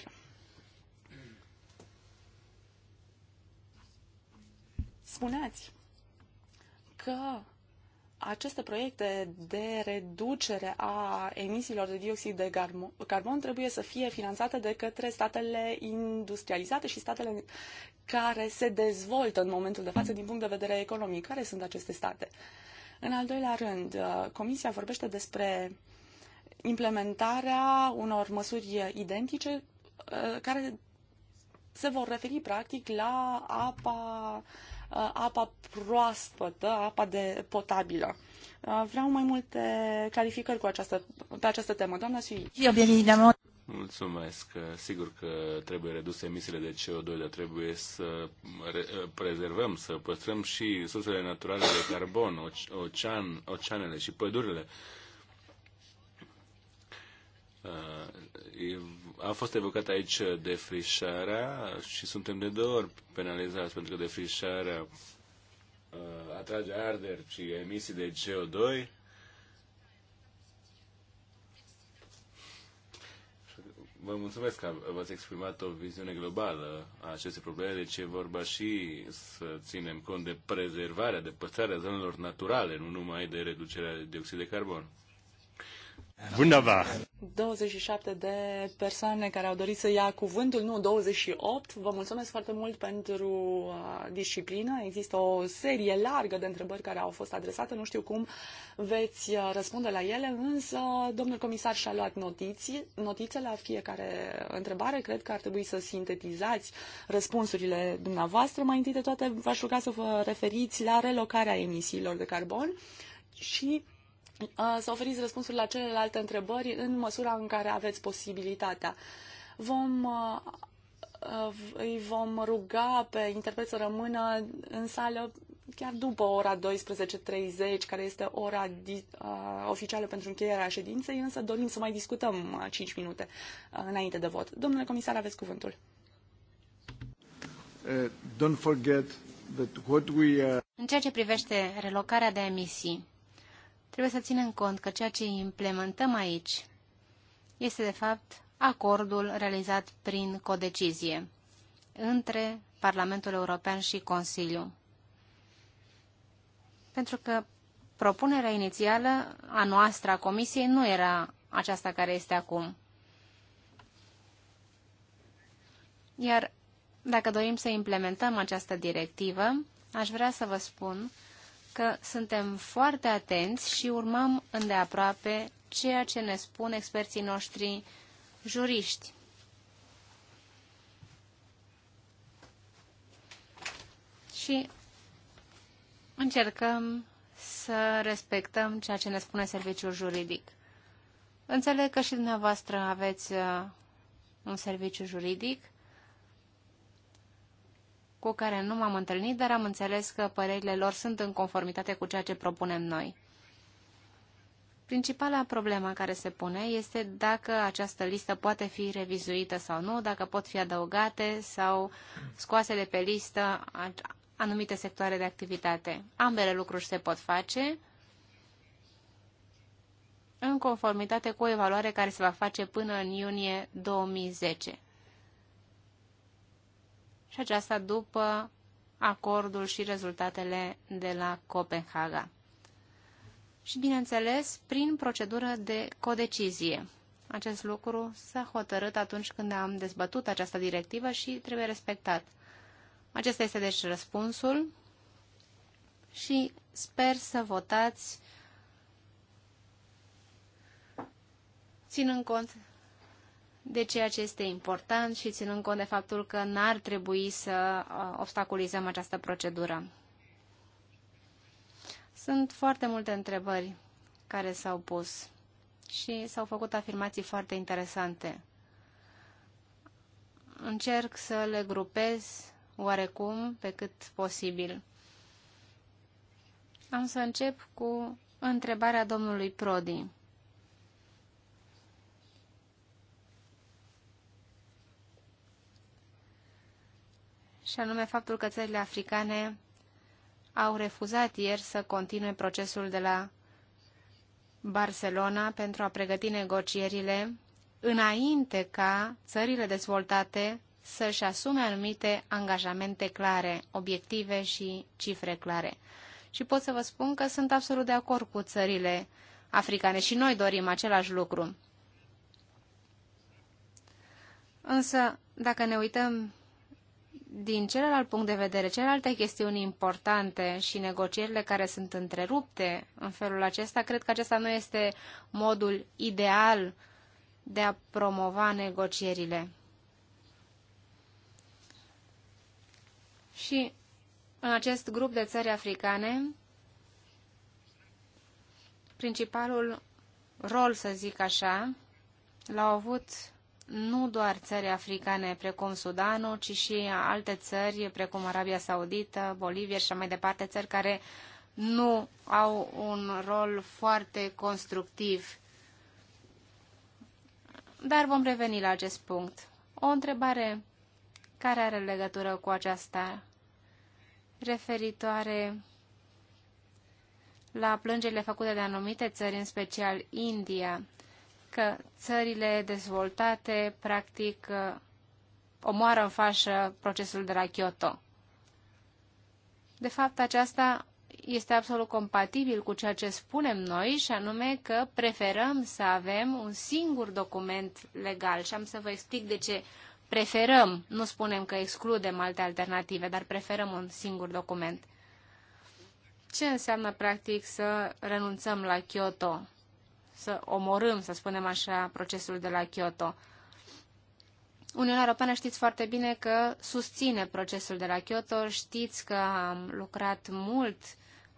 spuneați că aceste proiecte de reducere a emisiilor de dioxid de carbon trebuie să fie finanțate de către statele industrializate și statele care se dezvoltă în momentul de față din punct de vedere economic. Care sunt aceste state? În al doilea rând, uh, Comisia vorbește despre uh, implementarea unor măsuri identice uh, care se vor referi practic la apa, uh, apa proaspătă, apa de potabilă. Uh, vreau mai multe clarificări cu această, pe această temă. Doamna Sui. Mulțumesc. Sigur că trebuie reduse emisiile de CO2, dar trebuie să prezervăm, să păstrăm și sursele naturale de carbon, ocean, oceanele și pădurile Uh, a fost evocat aici defrișarea și suntem de două ori penalizați pentru că defrișarea uh, atrage arderi și emisii de CO2. Vă mulțumesc că v-ați exprimat o viziune globală a acestei probleme, deci e vorba și să ținem cont de prezervarea, de păstrarea zonelor naturale, nu numai de reducerea de dioxid de carbon. Wunderbar. 27 de persoane care au dorit să ia cuvântul, nu 28. Vă mulțumesc foarte mult pentru uh, disciplină. Există o serie largă de întrebări care au fost adresate. Nu știu cum veți uh, răspunde la ele, însă domnul comisar și-a luat notiții, notițe la fiecare întrebare. Cred că ar trebui să sintetizați răspunsurile dumneavoastră. Mai întâi de toate v-aș ruga să vă referiți la relocarea emisiilor de carbon și să oferiți răspunsuri la celelalte întrebări în măsura în care aveți posibilitatea. Vom îi vom ruga pe interpret să rămână în sală chiar după ora 12.30, care este ora oficială pentru încheierea ședinței, însă dorim să mai discutăm 5 minute înainte de vot. Domnule comisar, aveți cuvântul. Uh, don't forget that what we, uh... În ceea ce privește relocarea de emisii, Trebuie să ținem cont că ceea ce implementăm aici este, de fapt, acordul realizat prin codecizie între Parlamentul European și Consiliu. Pentru că propunerea inițială a noastră, a Comisiei, nu era aceasta care este acum. Iar dacă dorim să implementăm această directivă, aș vrea să vă spun că suntem foarte atenți și urmăm îndeaproape ceea ce ne spun experții noștri juriști. Și încercăm să respectăm ceea ce ne spune serviciul juridic. Înțeleg că și dumneavoastră aveți uh, un serviciu juridic cu care nu m-am întâlnit, dar am înțeles că părerile lor sunt în conformitate cu ceea ce propunem noi. Principala problemă care se pune este dacă această listă poate fi revizuită sau nu, dacă pot fi adăugate sau scoase de pe listă anumite sectoare de activitate. Ambele lucruri se pot face în conformitate cu o evaluare care se va face până în iunie 2010 și aceasta după acordul și rezultatele de la Copenhaga. Și, bineînțeles, prin procedură de codecizie. Acest lucru s-a hotărât atunci când am dezbătut această directivă și trebuie respectat. Acesta este deci răspunsul și sper să votați ținând cont de ceea ce este important și ținând cont de faptul că n-ar trebui să uh, obstaculizăm această procedură. Sunt foarte multe întrebări care s-au pus și s-au făcut afirmații foarte interesante. Încerc să le grupez oarecum pe cât posibil. Am să încep cu întrebarea domnului Prodi. și anume faptul că țările africane au refuzat ieri să continue procesul de la Barcelona pentru a pregăti negocierile înainte ca țările dezvoltate să-și asume anumite angajamente clare, obiective și cifre clare. Și pot să vă spun că sunt absolut de acord cu țările africane și noi dorim același lucru. Însă, dacă ne uităm din celălalt punct de vedere, celelalte chestiuni importante și negocierile care sunt întrerupte în felul acesta, cred că acesta nu este modul ideal de a promova negocierile. Și în acest grup de țări africane, principalul rol, să zic așa, l-au avut nu doar țări africane precum Sudanul, ci și alte țări precum Arabia Saudită, Bolivia și mai departe, țări care nu au un rol foarte constructiv. Dar vom reveni la acest punct. O întrebare care are legătură cu aceasta referitoare la plângerile făcute de anumite țări, în special India, că țările dezvoltate, practic, uh, omoară în fașă procesul de la Kyoto. De fapt, aceasta este absolut compatibil cu ceea ce spunem noi și anume că preferăm să avem un singur document legal și am să vă explic de ce preferăm, nu spunem că excludem alte alternative, dar preferăm un singur document. Ce înseamnă practic să renunțăm la Kyoto? să omorâm, să spunem așa, procesul de la Kyoto. Uniunea Europeană știți foarte bine că susține procesul de la Kyoto, știți că am lucrat mult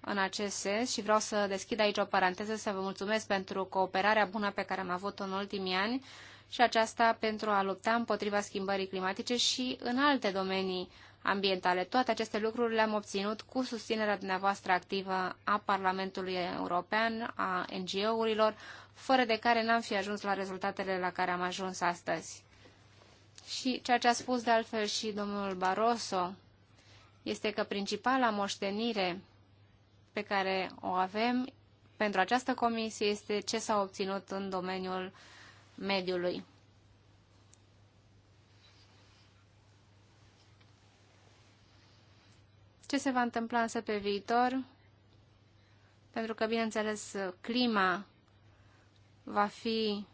în acest sens și vreau să deschid aici o paranteză să vă mulțumesc pentru cooperarea bună pe care am avut-o în ultimii ani și aceasta pentru a lupta împotriva schimbării climatice și în alte domenii ambientale. Toate aceste lucruri le-am obținut cu susținerea dumneavoastră activă a Parlamentului European, a NGO-urilor, fără de care n-am fi ajuns la rezultatele la care am ajuns astăzi. Și ceea ce a spus de altfel și domnul Barroso este că principala moștenire pe care o avem pentru această comisie este ce s-a obținut în domeniul mediului. Ce se va întâmpla însă pe viitor? Pentru că, bineînțeles, clima va fi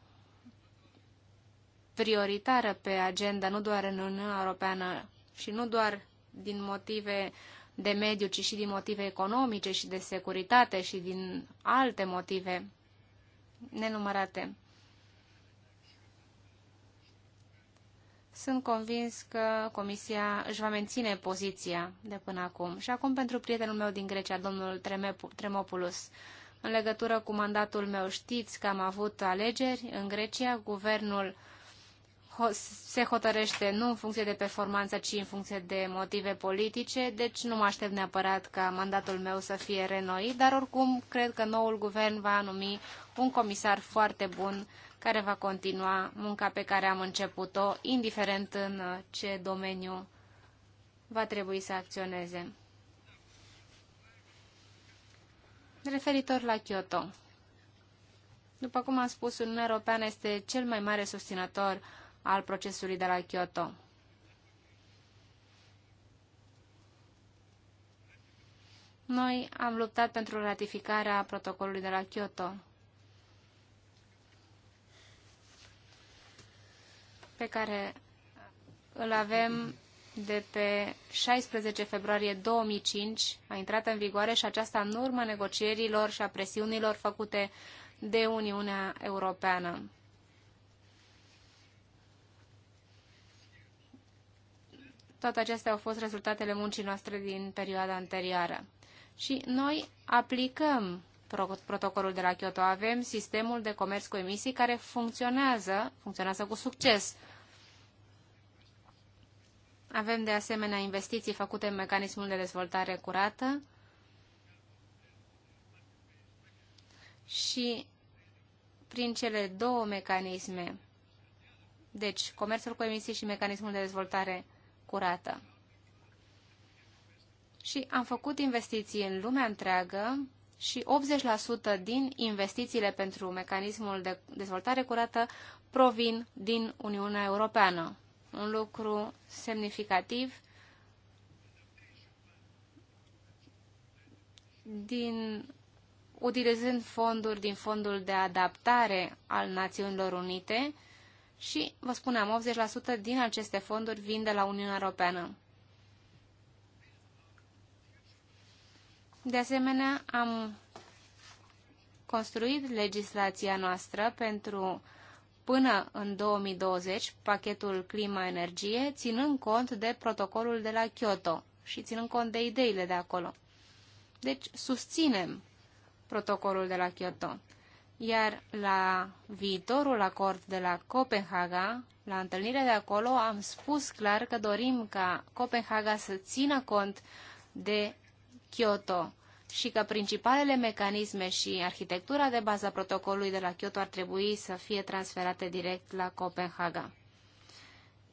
prioritară pe agenda, nu doar în Uniunea Europeană și nu doar din motive de mediu, ci și din motive economice și de securitate și din alte motive nenumărate. Sunt convins că Comisia își va menține poziția de până acum. Și acum pentru prietenul meu din Grecia, domnul Tremopoulos. În legătură cu mandatul meu, știți că am avut alegeri în Grecia. Guvernul se hotărăște nu în funcție de performanță, ci în funcție de motive politice, deci nu mă aștept neapărat ca mandatul meu să fie renoit, dar oricum cred că noul guvern va numi un comisar foarte bun care va continua munca pe care am început-o, indiferent în uh, ce domeniu va trebui să acționeze. Referitor la Kyoto. După cum am spus, Uniunea Europeană este cel mai mare susținător al procesului de la Kyoto. Noi am luptat pentru ratificarea protocolului de la Kyoto. pe care îl avem de pe 16 februarie 2005 a intrat în vigoare și aceasta în urma negocierilor și a presiunilor făcute de Uniunea Europeană. Toate acestea au fost rezultatele muncii noastre din perioada anterioară. Și noi aplicăm protocolul de la Kyoto, avem sistemul de comerț cu emisii care funcționează, funcționează cu succes. Avem de asemenea investiții făcute în mecanismul de dezvoltare curată și prin cele două mecanisme, deci comerțul cu emisii și mecanismul de dezvoltare curată. Și am făcut investiții în lumea întreagă și 80% din investițiile pentru mecanismul de dezvoltare curată provin din Uniunea Europeană. Un lucru semnificativ din utilizând fonduri din fondul de adaptare al Națiunilor Unite și, vă spuneam, 80% din aceste fonduri vin de la Uniunea Europeană. De asemenea, am construit legislația noastră pentru până în 2020 pachetul clima-energie, ținând cont de protocolul de la Kyoto și ținând cont de ideile de acolo. Deci susținem protocolul de la Kyoto. Iar la viitorul acord de la Copenhaga, la întâlnirea de acolo, am spus clar că dorim ca Copenhaga să țină cont de Kyoto și că principalele mecanisme și arhitectura de bază a protocolului de la Kyoto ar trebui să fie transferate direct la Copenhaga.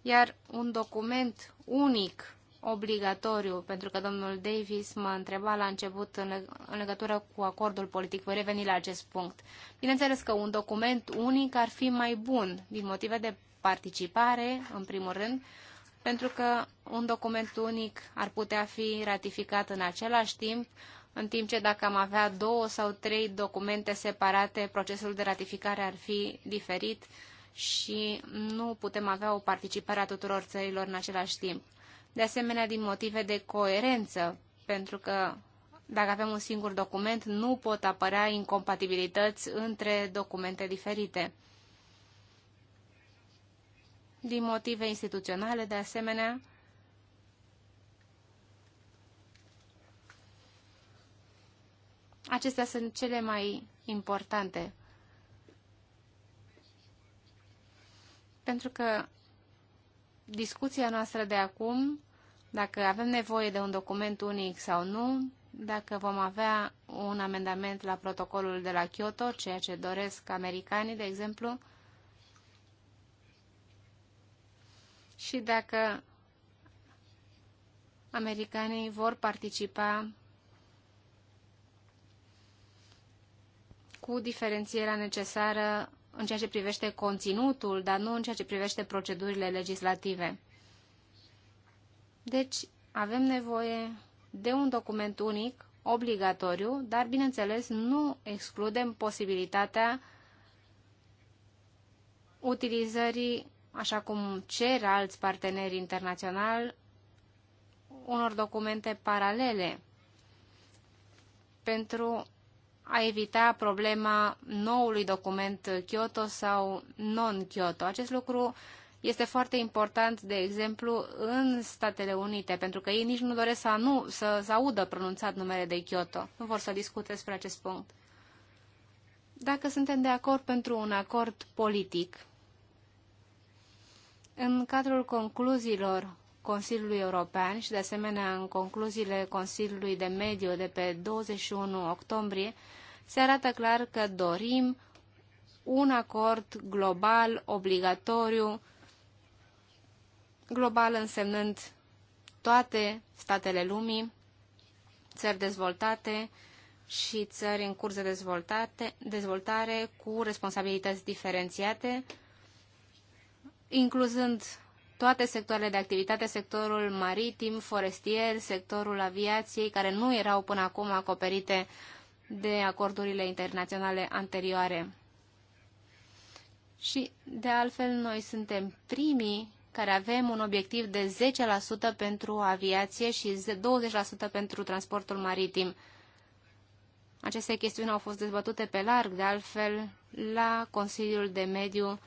Iar un document unic, obligatoriu, pentru că domnul Davis mă întreba la început în, leg în legătură cu acordul politic, voi reveni la acest punct. Bineînțeles că un document unic ar fi mai bun din motive de participare, în primul rând, pentru că un document unic ar putea fi ratificat în același timp, în timp ce dacă am avea două sau trei documente separate, procesul de ratificare ar fi diferit și nu putem avea o participare a tuturor țărilor în același timp. De asemenea, din motive de coerență, pentru că dacă avem un singur document, nu pot apărea incompatibilități între documente diferite din motive instituționale, de asemenea, Acestea sunt cele mai importante. Pentru că discuția noastră de acum, dacă avem nevoie de un document unic sau nu, dacă vom avea un amendament la protocolul de la Kyoto, ceea ce doresc americanii, de exemplu, și dacă americanii vor participa cu diferențierea necesară în ceea ce privește conținutul, dar nu în ceea ce privește procedurile legislative. Deci, avem nevoie de un document unic, obligatoriu, dar, bineînțeles, nu excludem posibilitatea utilizării așa cum cer alți parteneri internaționali, unor documente paralele pentru a evita problema noului document Kyoto sau non-Kyoto. Acest lucru este foarte important, de exemplu, în Statele Unite, pentru că ei nici nu doresc să, nu, să, să audă pronunțat numele de Kyoto. Nu vor să discute despre acest punct. Dacă suntem de acord pentru un acord politic, în cadrul concluziilor Consiliului European și, de asemenea, în concluziile Consiliului de Mediu de pe 21 octombrie, se arată clar că dorim un acord global, obligatoriu, global însemnând toate statele lumii, țări dezvoltate și țări în curs de dezvoltare cu responsabilități diferențiate, incluzând toate sectoarele de activitate, sectorul maritim, forestier, sectorul aviației, care nu erau până acum acoperite de acordurile internaționale anterioare. Și, de altfel, noi suntem primii care avem un obiectiv de 10% pentru aviație și 20% pentru transportul maritim. Aceste chestiuni au fost dezbătute pe larg, de altfel, la Consiliul de Mediu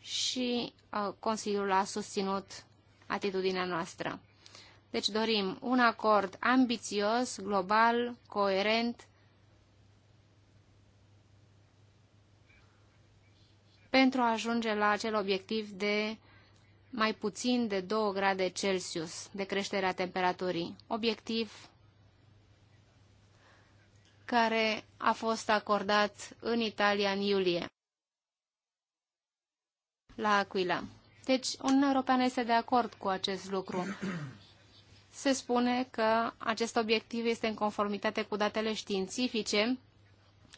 și uh, Consiliul a susținut atitudinea noastră. Deci dorim un acord ambițios, global, coerent, pentru a ajunge la acel obiectiv de mai puțin de 2 grade Celsius de creșterea temperaturii. Obiectiv care a fost acordat în Italia în iulie la Aquila. Deci, Uniunea Europeană este de acord cu acest lucru. Se spune că acest obiectiv este în conformitate cu datele științifice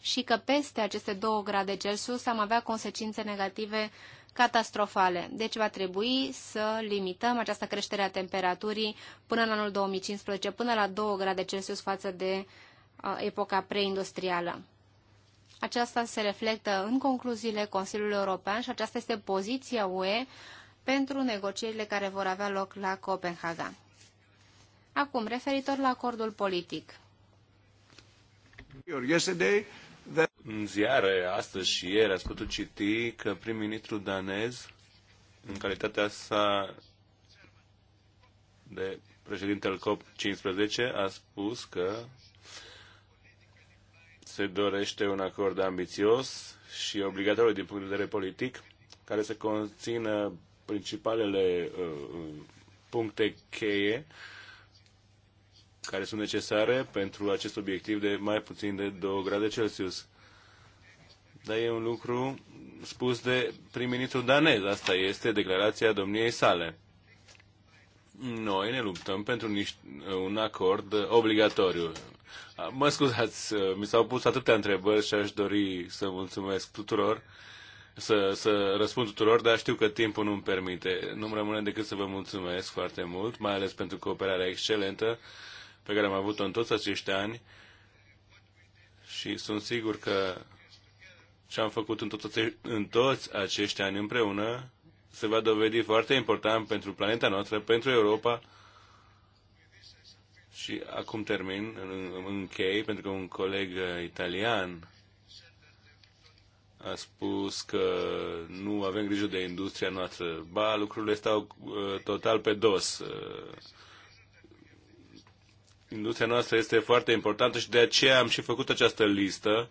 și că peste aceste 2 grade Celsius am avea consecințe negative catastrofale. Deci va trebui să limităm această creștere a temperaturii până în anul 2015, până la 2 grade Celsius față de uh, epoca preindustrială. Aceasta se reflectă în concluziile Consiliului European și aceasta este poziția UE pentru negocierile care vor avea loc la Copenhaga. Acum, referitor la acordul politic. În ziare, astăzi și ieri, ați putut citi că prim-ministru danez, în calitatea sa de președintele COP15, a spus că se dorește un acord ambițios și obligatoriu din punct de vedere politic, care să conțină principalele uh, uh puncte cheie care sunt necesare pentru acest obiectiv de mai puțin de 2 grade Celsius. Dar e un lucru spus de prim-ministru danez. Asta este declarația domniei sale. Noi ne luptăm pentru niște, un acord obligatoriu Ah, mă scuzați, eh, mi s-au pus atâtea întrebări și aș dori să mulțumesc tuturor, să, să răspund tuturor, dar știu că timpul nu-mi permite. Nu-mi rămâne decât să vă mulțumesc foarte mult, mai ales pentru cooperarea excelentă pe care am avut-o în toți acești ani și sunt sigur că ce am făcut în toți, în toți acești ani împreună se va dovedi foarte important pentru planeta noastră, pentru Europa, și acum termin, închei, pentru că un coleg uh, italian a spus că nu avem grijă de industria noastră. Ba, lucrurile stau uh, total pe dos. Uh, industria noastră este foarte importantă și de aceea am și făcut această listă,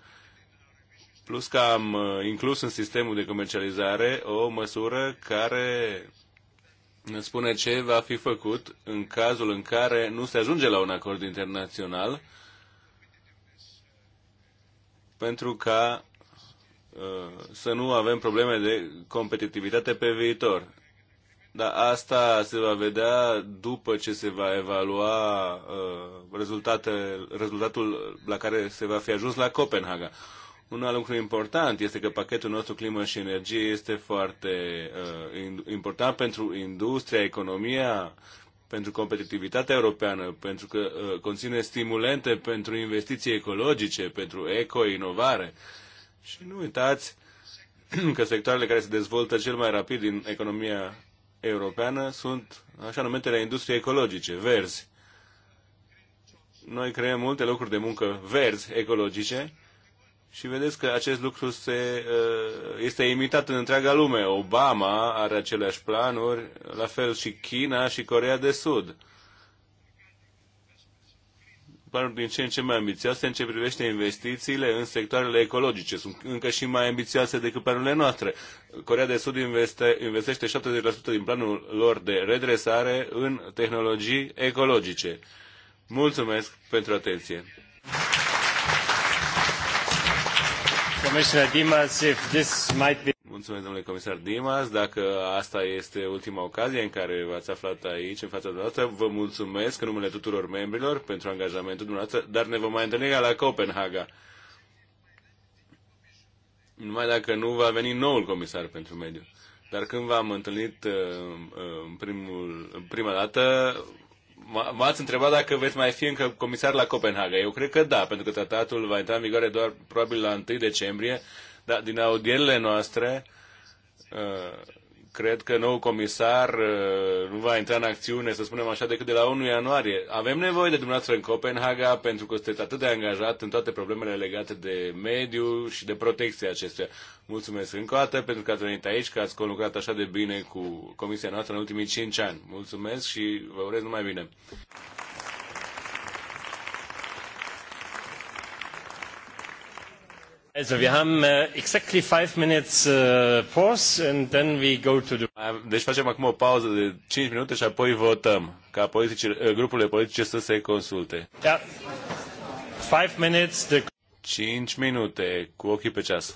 plus că am inclus în sistemul de comercializare o măsură care ne spune ce va fi făcut în cazul în care nu se ajunge la un acord internațional pentru ca uh, să nu avem probleme de competitivitate pe viitor. Dar asta se va vedea după ce se va evalua uh, rezultate, rezultatul la care se va fi ajuns la Copenhaga. Un alt lucru important este că pachetul nostru climă și energie este foarte uh, important pentru industria, economia, pentru competitivitatea europeană, pentru că uh, conține stimulente pentru investiții ecologice, pentru eco-inovare. Și nu uitați <clears throat> că sectoarele care se dezvoltă cel mai rapid din economia europeană sunt așa numitele industrie ecologice, verzi. Noi creăm multe locuri de muncă verzi, ecologice, și vedeți că acest lucru se, uh, este imitat în întreaga lume. Obama are aceleași planuri, la fel și China și Corea de Sud. Planuri din ce în ce mai ambițioase în ce privește investițiile în sectoarele ecologice. Sunt încă și mai ambițioase decât planurile noastre. Corea de Sud investe, investește 70% din planul lor de redresare în tehnologii ecologice. Mulțumesc pentru atenție! Mulțumesc, domnule comisar Dimas. Dacă asta este ultima ocazie în care v-ați aflat aici, în fața dumneavoastră, vă mulțumesc în numele tuturor membrilor pentru angajamentul dumneavoastră, dar ne vom mai întâlni la Copenhaga. Numai dacă nu va veni noul comisar pentru mediu. Dar când v-am întâlnit uh, uh, în, primul, în prima dată, m-ați întrebat dacă veți mai fi încă comisar la Copenhaga. Eu cred că da, pentru că tratatul va intra în vigoare doar probabil la 1 decembrie, dar din audierile noastre uh, cred că nou comisar uh, nu va intra în acțiune, să spunem așa, decât de la 1 ianuarie. Avem nevoie de dumneavoastră în Copenhaga pentru că sunteți atât de angajat în toate problemele legate de mediu și de protecția acestuia. Mulțumesc încă o dată pentru că ați venit aici, că ați conlucrat așa de bine cu comisia noastră în ultimii 5 ani. Mulțumesc și vă urez numai bine. Deci facem acum o pauză de 5 minute și apoi votăm ca politici, uh, grupurile politice să se consulte. 5 minute cu ochii pe ceas.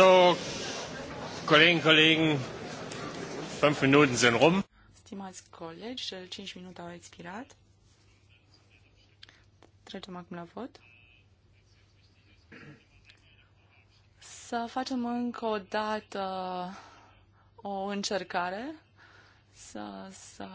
So, Kolleginnen, Kollegen, fünf Minuten sind rum. Stimați colegi, cele 5 minute au expirat. Trecem acum la vot. Să facem încă o dată o încercare să, să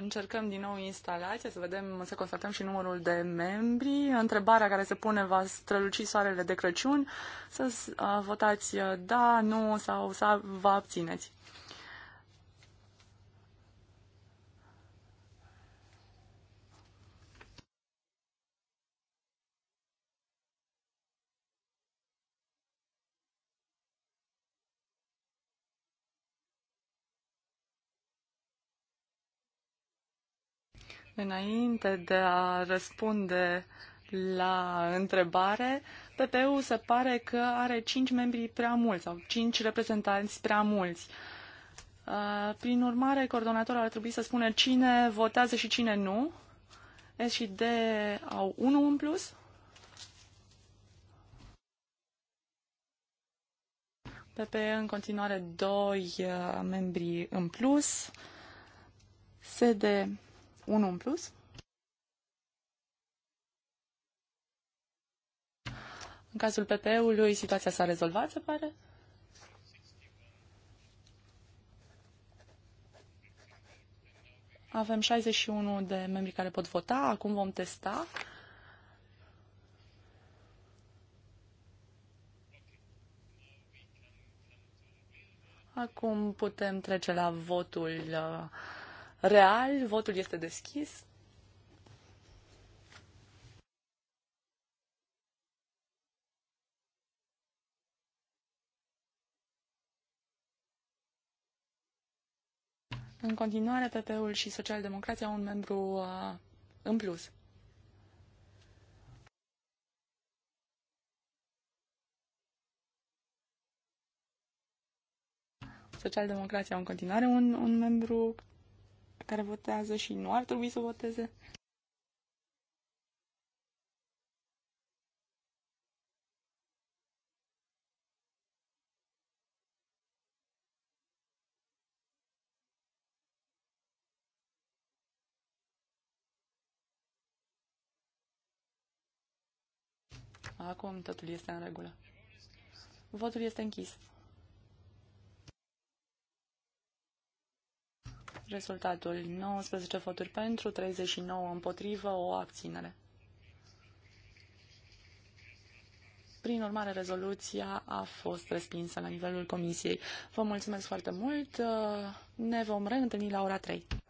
încercăm din nou instalația, să vedem, să constatăm și numărul de membri. Întrebarea care se pune va străluci soarele de Crăciun, să uh, votați uh, da, nu sau să vă abțineți. Înainte de a răspunde la întrebare, PPU se pare că are cinci membri prea mulți sau cinci reprezentanți prea mulți. Prin urmare, coordonatorul ar trebui să spună cine votează și cine nu. S și D au unul în plus. PP în continuare doi membri în plus. SD 1 în plus. În cazul PP-ului, situația s-a rezolvat, se pare? Avem 61 de membri care pot vota. Acum vom testa. Acum putem trece la votul uh, real. Votul este deschis. În continuare, PP-ul și Socialdemocrația au un membru uh, în plus. Socialdemocrația au în continuare un, un membru care votează și nu ar trebui să voteze. Acum totul este în regulă. Votul este închis. Rezultatul 19 voturi pentru, 39 împotrivă, o abținere. Prin urmare, rezoluția a fost respinsă la nivelul comisiei. Vă mulțumesc foarte mult. Ne vom reîntâlni la ora 3.